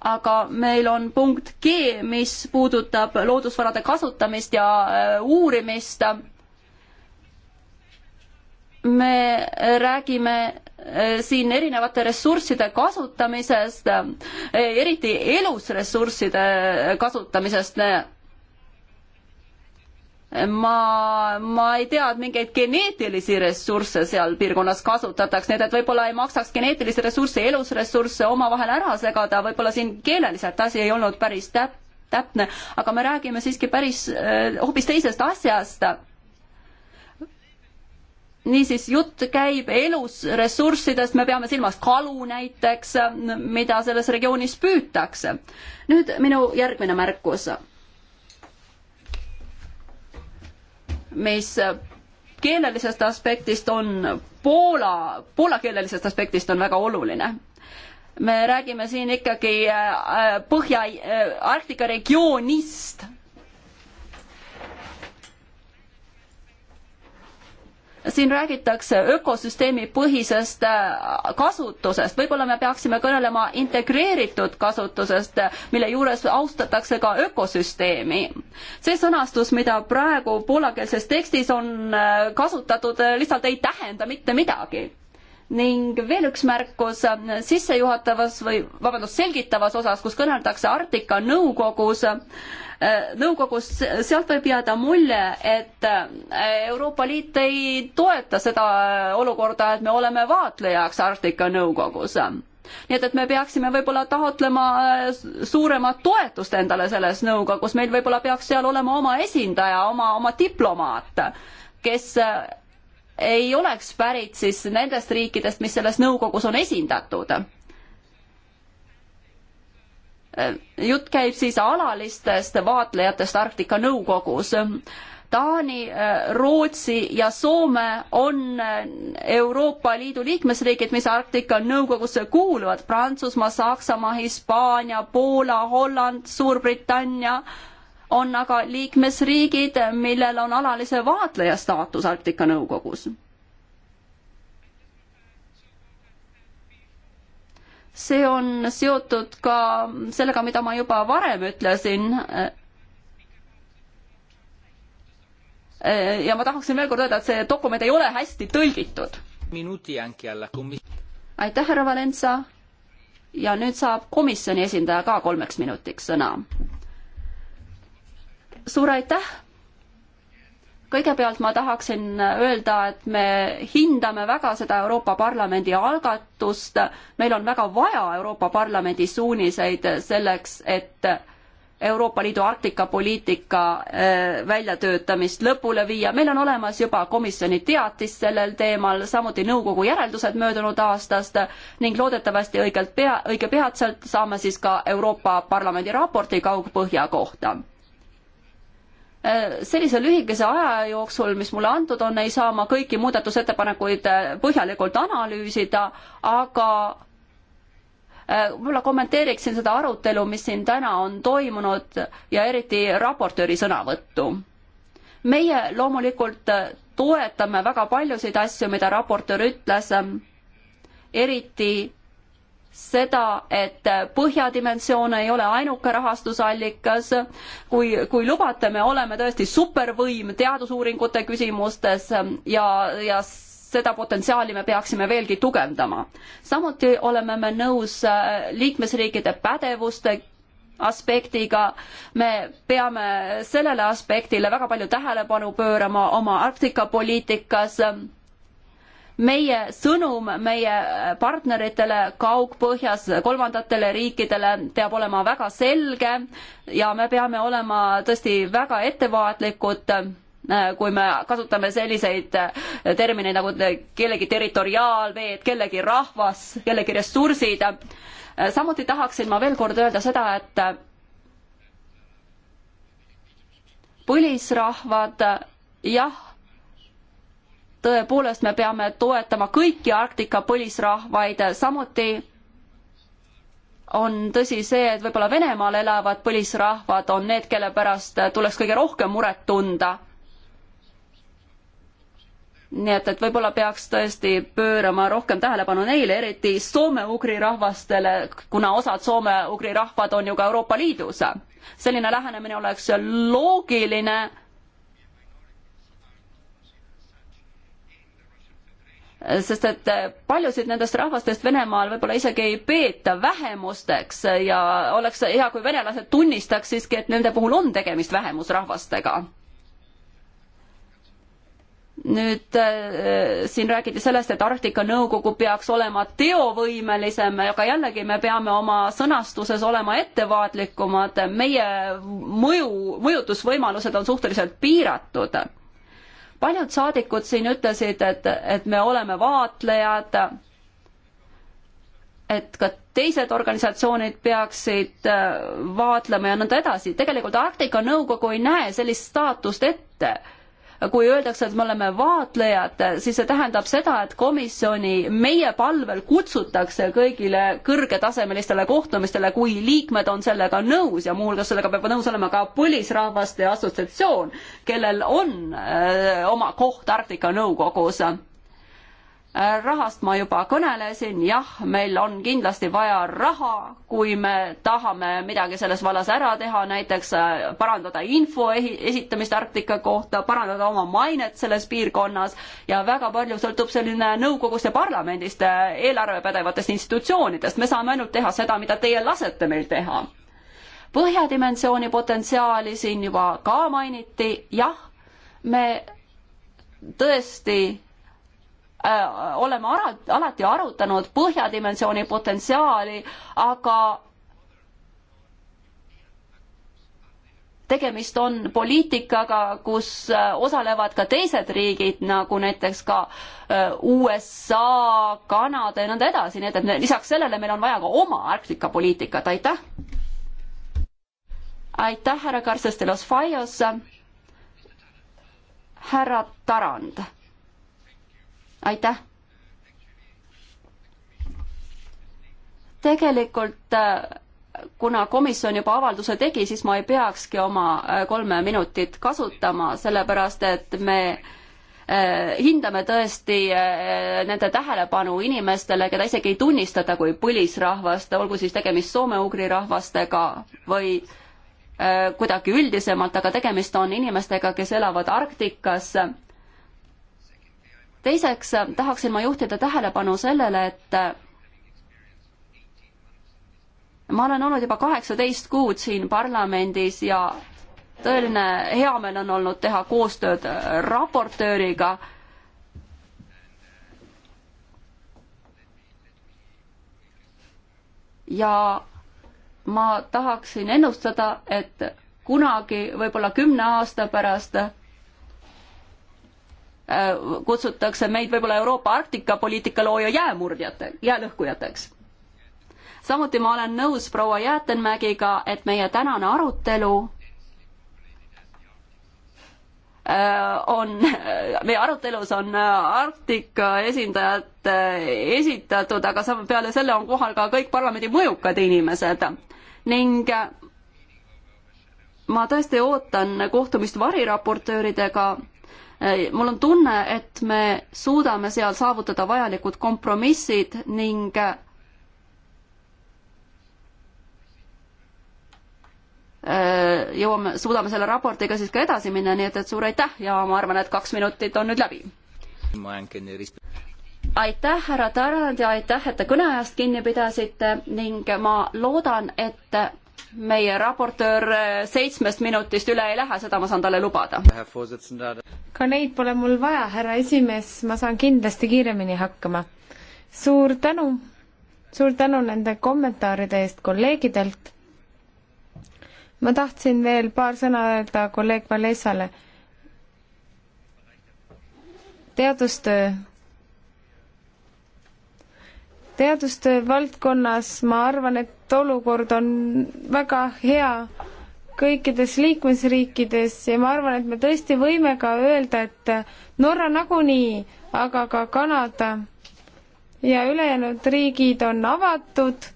aga meil on punkt G, mis puudutab loodusvarade kasutamist ja äh, uurimist. me äh, räägime siin erinevate ressursside kasutamisest, eriti elusressursside kasutamisest ma, ma ei tea, et mingeid geneetilisi ressursse seal piirkonnas kasutatakse, nii et, et võib-olla ei maksaks geneetilisi ressursse, elusressursse omavahel ära segada, võib-olla siin keeleliselt asi ei olnud päris täp-, täpne, aga me räägime siiski päris eh, hoopis teisest asjast. niisiis, jutt käib elusressurssidest, me peame silmas kalu näiteks, mida selles regioonis püütakse. nüüd minu järgmine märkus mis keelelisest aspektist on Poola, poolakeelelisest aspektist on väga oluline. me räägime siin ikkagi äh, Põhja, äh, Arktika regioonist siin räägitakse ökosüsteemi põhisest äh, kasutusest, võib-olla me peaksime kõnelema integreeritud kasutusest, mille juures austatakse ka ökosüsteemi. see sõnastus, mida praegu poolakeelses tekstis on äh, kasutatud, äh, lihtsalt ei tähenda mitte midagi ning veel üks märkus sissejuhatavas või vabandust, selgitavas osas, kus kõneldakse Arktika nõukogus äh, nõukogus, sealt võib jääda mulje, et äh, Euroopa Liit ei toeta seda äh, olukorda, et me oleme vaatlejaks Arktika Nõukogus. nii et, et me peaksime võib-olla taotlema äh, suuremat toetust endale selles nõukogus, meil võib-olla peaks seal olema oma esindaja, oma, oma diplomaat, kes ei oleks pärit siis nendest riikidest, mis selles nõukogus on esindatud Äh, jutt käib siis alalistest vaatlejatest Arktika Nõukogus. Taani, äh, Rootsi ja Soome on äh, Euroopa Liidu liikmesriigid, mis Arktika Nõukogusse kuuluvad. Prantsusmaa, Saksamaa, Hispaania, Poola, Holland, Suurbritannia on aga liikmesriigid, millel on alalise vaatleja staatus Arktika Nõukogus see on seotud ka sellega, mida ma juba varem ütlesin. ja ma tahaksin veel kord öelda, et see dokument ei ole hästi tõlgitud. aitäh, härra Valensa. ja nüüd saab komisjoni esindaja ka kolmeks minutiks sõna. suur aitäh kõigepealt ma tahaksin öelda, et me hindame väga seda Euroopa Parlamendi algatust, meil on väga vaja Euroopa Parlamendi suuniseid selleks, et Euroopa Liidu Arktika-poliitika äh, väljatöötamist lõpule viia. meil on olemas juba komisjoni teatis sellel teemal, samuti nõukogu järeldused möödunud aastast ning loodetavasti õigelt pea, õige peatselt saame siis ka Euroopa Parlamendi raporti kaugpõhja kohta Äh, sellise lühikese aja jooksul, mis mulle antud on, ei saa ma kõiki muudatusettepanekuid äh, põhjalikult analüüsida, aga äh, võib-olla kommenteeriksin seda arutelu, mis siin täna on toimunud ja eriti raportööri sõnavõttu. meie loomulikult toetame väga paljusid asju, mida raportöör ütles, eriti seda, et Põhjadimensioon ei ole ainuke rahastusallikas. kui, kui lubate, me oleme tõesti supervõim teadusuuringute küsimustes ja, ja seda potentsiaali me peaksime veelgi tugevdama. samuti oleme me nõus äh, liikmesriikide pädevuste aspektiga, me peame sellele aspektile väga palju tähelepanu pöörama oma Arktika poliitikas meie sõnum meie partneritele Kaug-Põhjas, kolmandatele riikidele peab olema väga selge ja me peame olema tõesti väga ettevaatlikud, äh, kui me kasutame selliseid äh, termineid nagu kellegi territoriaalveed, kellegi rahvas, kellegi ressursid. Äh, samuti tahaksin ma veel kord öelda seda, et põlisrahvad jah tõepoolest me peame toetama kõiki Arktika põlisrahvaid, samuti on tõsi see, et võib-olla Venemaal elavad põlisrahvad on need, kelle pärast tuleks kõige rohkem muret tunda. nii et, et võib-olla peaks tõesti pöörama rohkem tähelepanu neile, eriti soome-ugri rahvastele, kuna osad soome-ugri rahvad on ju ka Euroopa Liidus. selline lähenemine oleks loogiline sest et paljusid nendest rahvastest Venemaal võib-olla isegi ei peeta vähemusteks ja oleks hea, kui venelased tunnistaks siiski, et nende puhul on tegemist vähemusrahvastega nüüd äh, siin räägiti sellest, et Arktika Nõukogu peaks olema teovõimelisem, aga jällegi me peame oma sõnastuses olema ettevaatlikumad, meie mõju, mõjutusvõimalused on suhteliselt piiratud paljud saadikud siin ütlesid, et, et me oleme vaatlejad, et ka teised organisatsioonid peaksid äh, vaatlema ja nõnda edasi. tegelikult Arktika Nõukogu ei näe sellist staatust ette kui öeldakse, et me oleme vaatlejad, siis see tähendab seda, et komisjoni meie palvel kutsutakse kõigile kõrgetasemelistele kohtumistele, kui liikmed on sellega nõus ja muuhulgas sellega peab nõus olema ka põlisrahvaste assotsiatsioon, kellel on öö, äh, oma koht Arktika Nõukogus rahast ma juba kõnelesin, jah, meil on kindlasti vaja raha, kui me tahame midagi selles vallas ära teha, näiteks äh, parandada info esitamist Arktika kohta, parandada oma mainet selles piirkonnas ja väga palju sõltub selline nõukogust ja parlamendist, äh, eelarvepädevatest institutsioonidest, me saame ainult teha seda, mida teie lasete meil teha. põhjadimensiooni potentsiaali siin juba ka mainiti, jah, me tõesti Äh, oleme ara-, alati arutanud põhjadimensiooni potentsiaali, aga tegemist on poliitikaga, kus äh, osalevad ka teised riigid, nagu näiteks ka äh, USA, Kanada ja nõnda edasi, nii et, et lisaks sellele meil on vaja ka oma Arktika poliitikat, aitäh! aitäh, härra Karstestelos Fajos! härra Tarand aitäh! tegelikult äh, kuna komisjon juba avalduse tegi, siis ma ei peakski oma äh, kolme minutit kasutama, sellepärast et me äh, hindame tõesti nende tähelepanu inimestele, keda isegi ei tunnistata kui põlisrahvast, olgu siis tegemist soome-ugri rahvastega või kuidagi üldisemalt, aga tegemist on inimestega, kes elavad Arktikas teiseks äh, tahaksin ma juhtida tähelepanu sellele, et äh, ma olen olnud juba kaheksateist kuud siin parlamendis ja tõeline heameel on olnud teha koostööd äh, raportööriga. ja ma tahaksin ennustada, et kunagi, võib-olla kümne aasta pärast Äh, kutsutakse meid võib-olla Euroopa Arktika poliitika looja jäämurdjate, jäälõhkujateks. samuti ma olen nõus proua Jäätenmägiga, et meie tänane arutelu äh, on, [laughs] meie arutelus on äh, Arktika esindajad esitatud, aga peale selle on kohal ka kõik parlamendi mõjukad inimesed ning ma tõesti ootan kohtumist variraportööridega Äh, mul on tunne, et me suudame seal saavutada vajalikud kompromissid ning äh, jõuame, suudame selle raportiga siis ka edasi minna, nii et, et suur aitäh ja ma arvan, et kaks minutit on nüüd läbi. aitäh, härra Tarand ja aitäh, et te kõneajast kinni pidasite ning ma loodan, et meie raportöör seitsmest minutist üle ei lähe, seda ma saan talle lubada. ka neid pole mul vaja, härra esimees, ma saan kindlasti kiiremini hakkama. suur tänu, suur tänu nende kommentaaride eest kolleegidelt. ma tahtsin veel paar sõna öelda kolleeg Valesale. teadustöö teadustöö valdkonnas ma arvan, et olukord on väga hea kõikides liikmesriikides ja ma arvan, et me tõesti võime ka öelda, et Norra nagunii, aga ka Kanada ja ülejäänud riigid on avatud,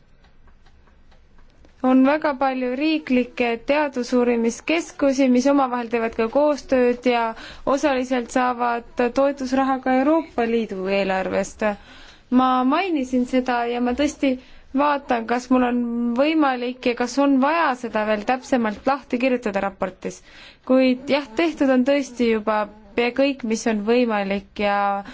on väga palju riiklikke teadusuurimiskeskusi, mis omavahel teevad ka koostööd ja osaliselt saavad toetusraha ka Euroopa Liidu eelarvest. ma mainisin seda ja ma tõesti vaatan, kas mul on võimalik ja kas on vaja seda veel täpsemalt lahti kirjutada raportis. kuid jah, tehtud on tõesti juba pea kõik, mis on võimalik ja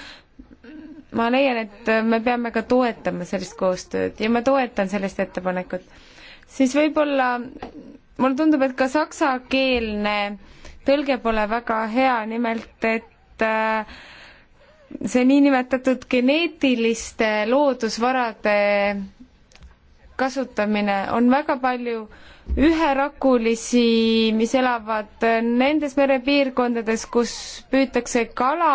ma leian, et me peame ka toetama sellist koostööd ja ma toetan sellist ettepanekut. siis võib-olla mulle tundub, et ka saksakeelne tõlge pole väga hea, nimelt et äh, see niinimetatud geneetiliste loodusvarade kasutamine, on väga palju üherakulisi, mis elavad nendes merepiirkondades, kus püütakse kala,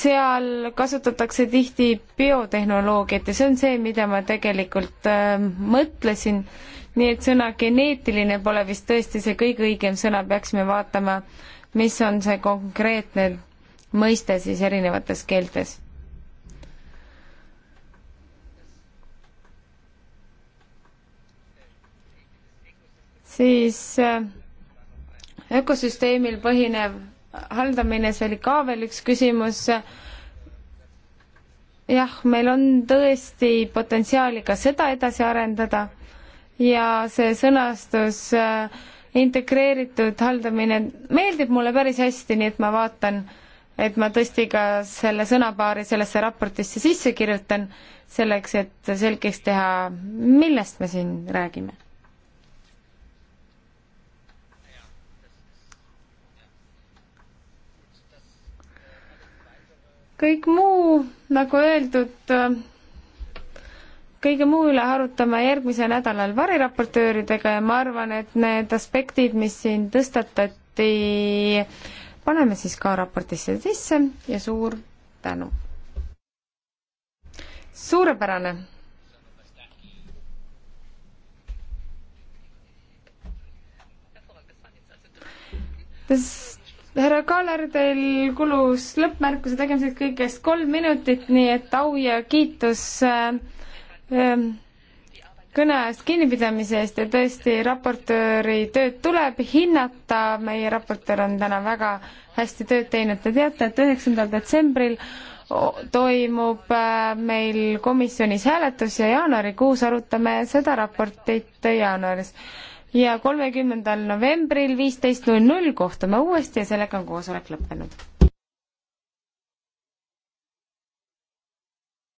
seal kasutatakse tihti biotehnoloogiat ja see on see, mida ma tegelikult äh, mõtlesin. nii et sõna geneetiline pole vist tõesti see kõige õigem sõna, peaksime vaatama, mis on see konkreetne mõiste siis erinevates keeltes siis äh, ökosüsteemil põhinev haldamine, see oli ka veel üks küsimus. jah, meil on tõesti potentsiaali ka seda edasi arendada ja see sõnastus äh, integreeritud haldamine meeldib mulle päris hästi, nii et ma vaatan, et ma tõesti ka selle sõnapaari sellesse raportisse sisse kirjutan, selleks et selgeks teha, millest me siin räägime kõik muu, nagu öeldud, kõige muu üle arutame järgmisel nädalal variraportööridega ja ma arvan, et need aspektid, mis siin tõstatati, paneme siis ka raportisse sisse ja suur tänu! suurepärane! härra Kaalar, teil kulus lõppmärkuse tegemiseks kõigest kolm minutit, nii et au ja kiitus äh, äh, kõne eest kinnipidamise eest ja tõesti, raportööri tööd tuleb hinnata, meie raportöör on täna väga hästi tööd teinud, te teate, et üheksandal detsembril toimub äh, meil komisjonis hääletus ja jaanuarikuus arutame seda raportit jaanuaris ja kolmekümnendal novembril viisteist null null kohtume uuesti ja sellega on koosolek lõppenud.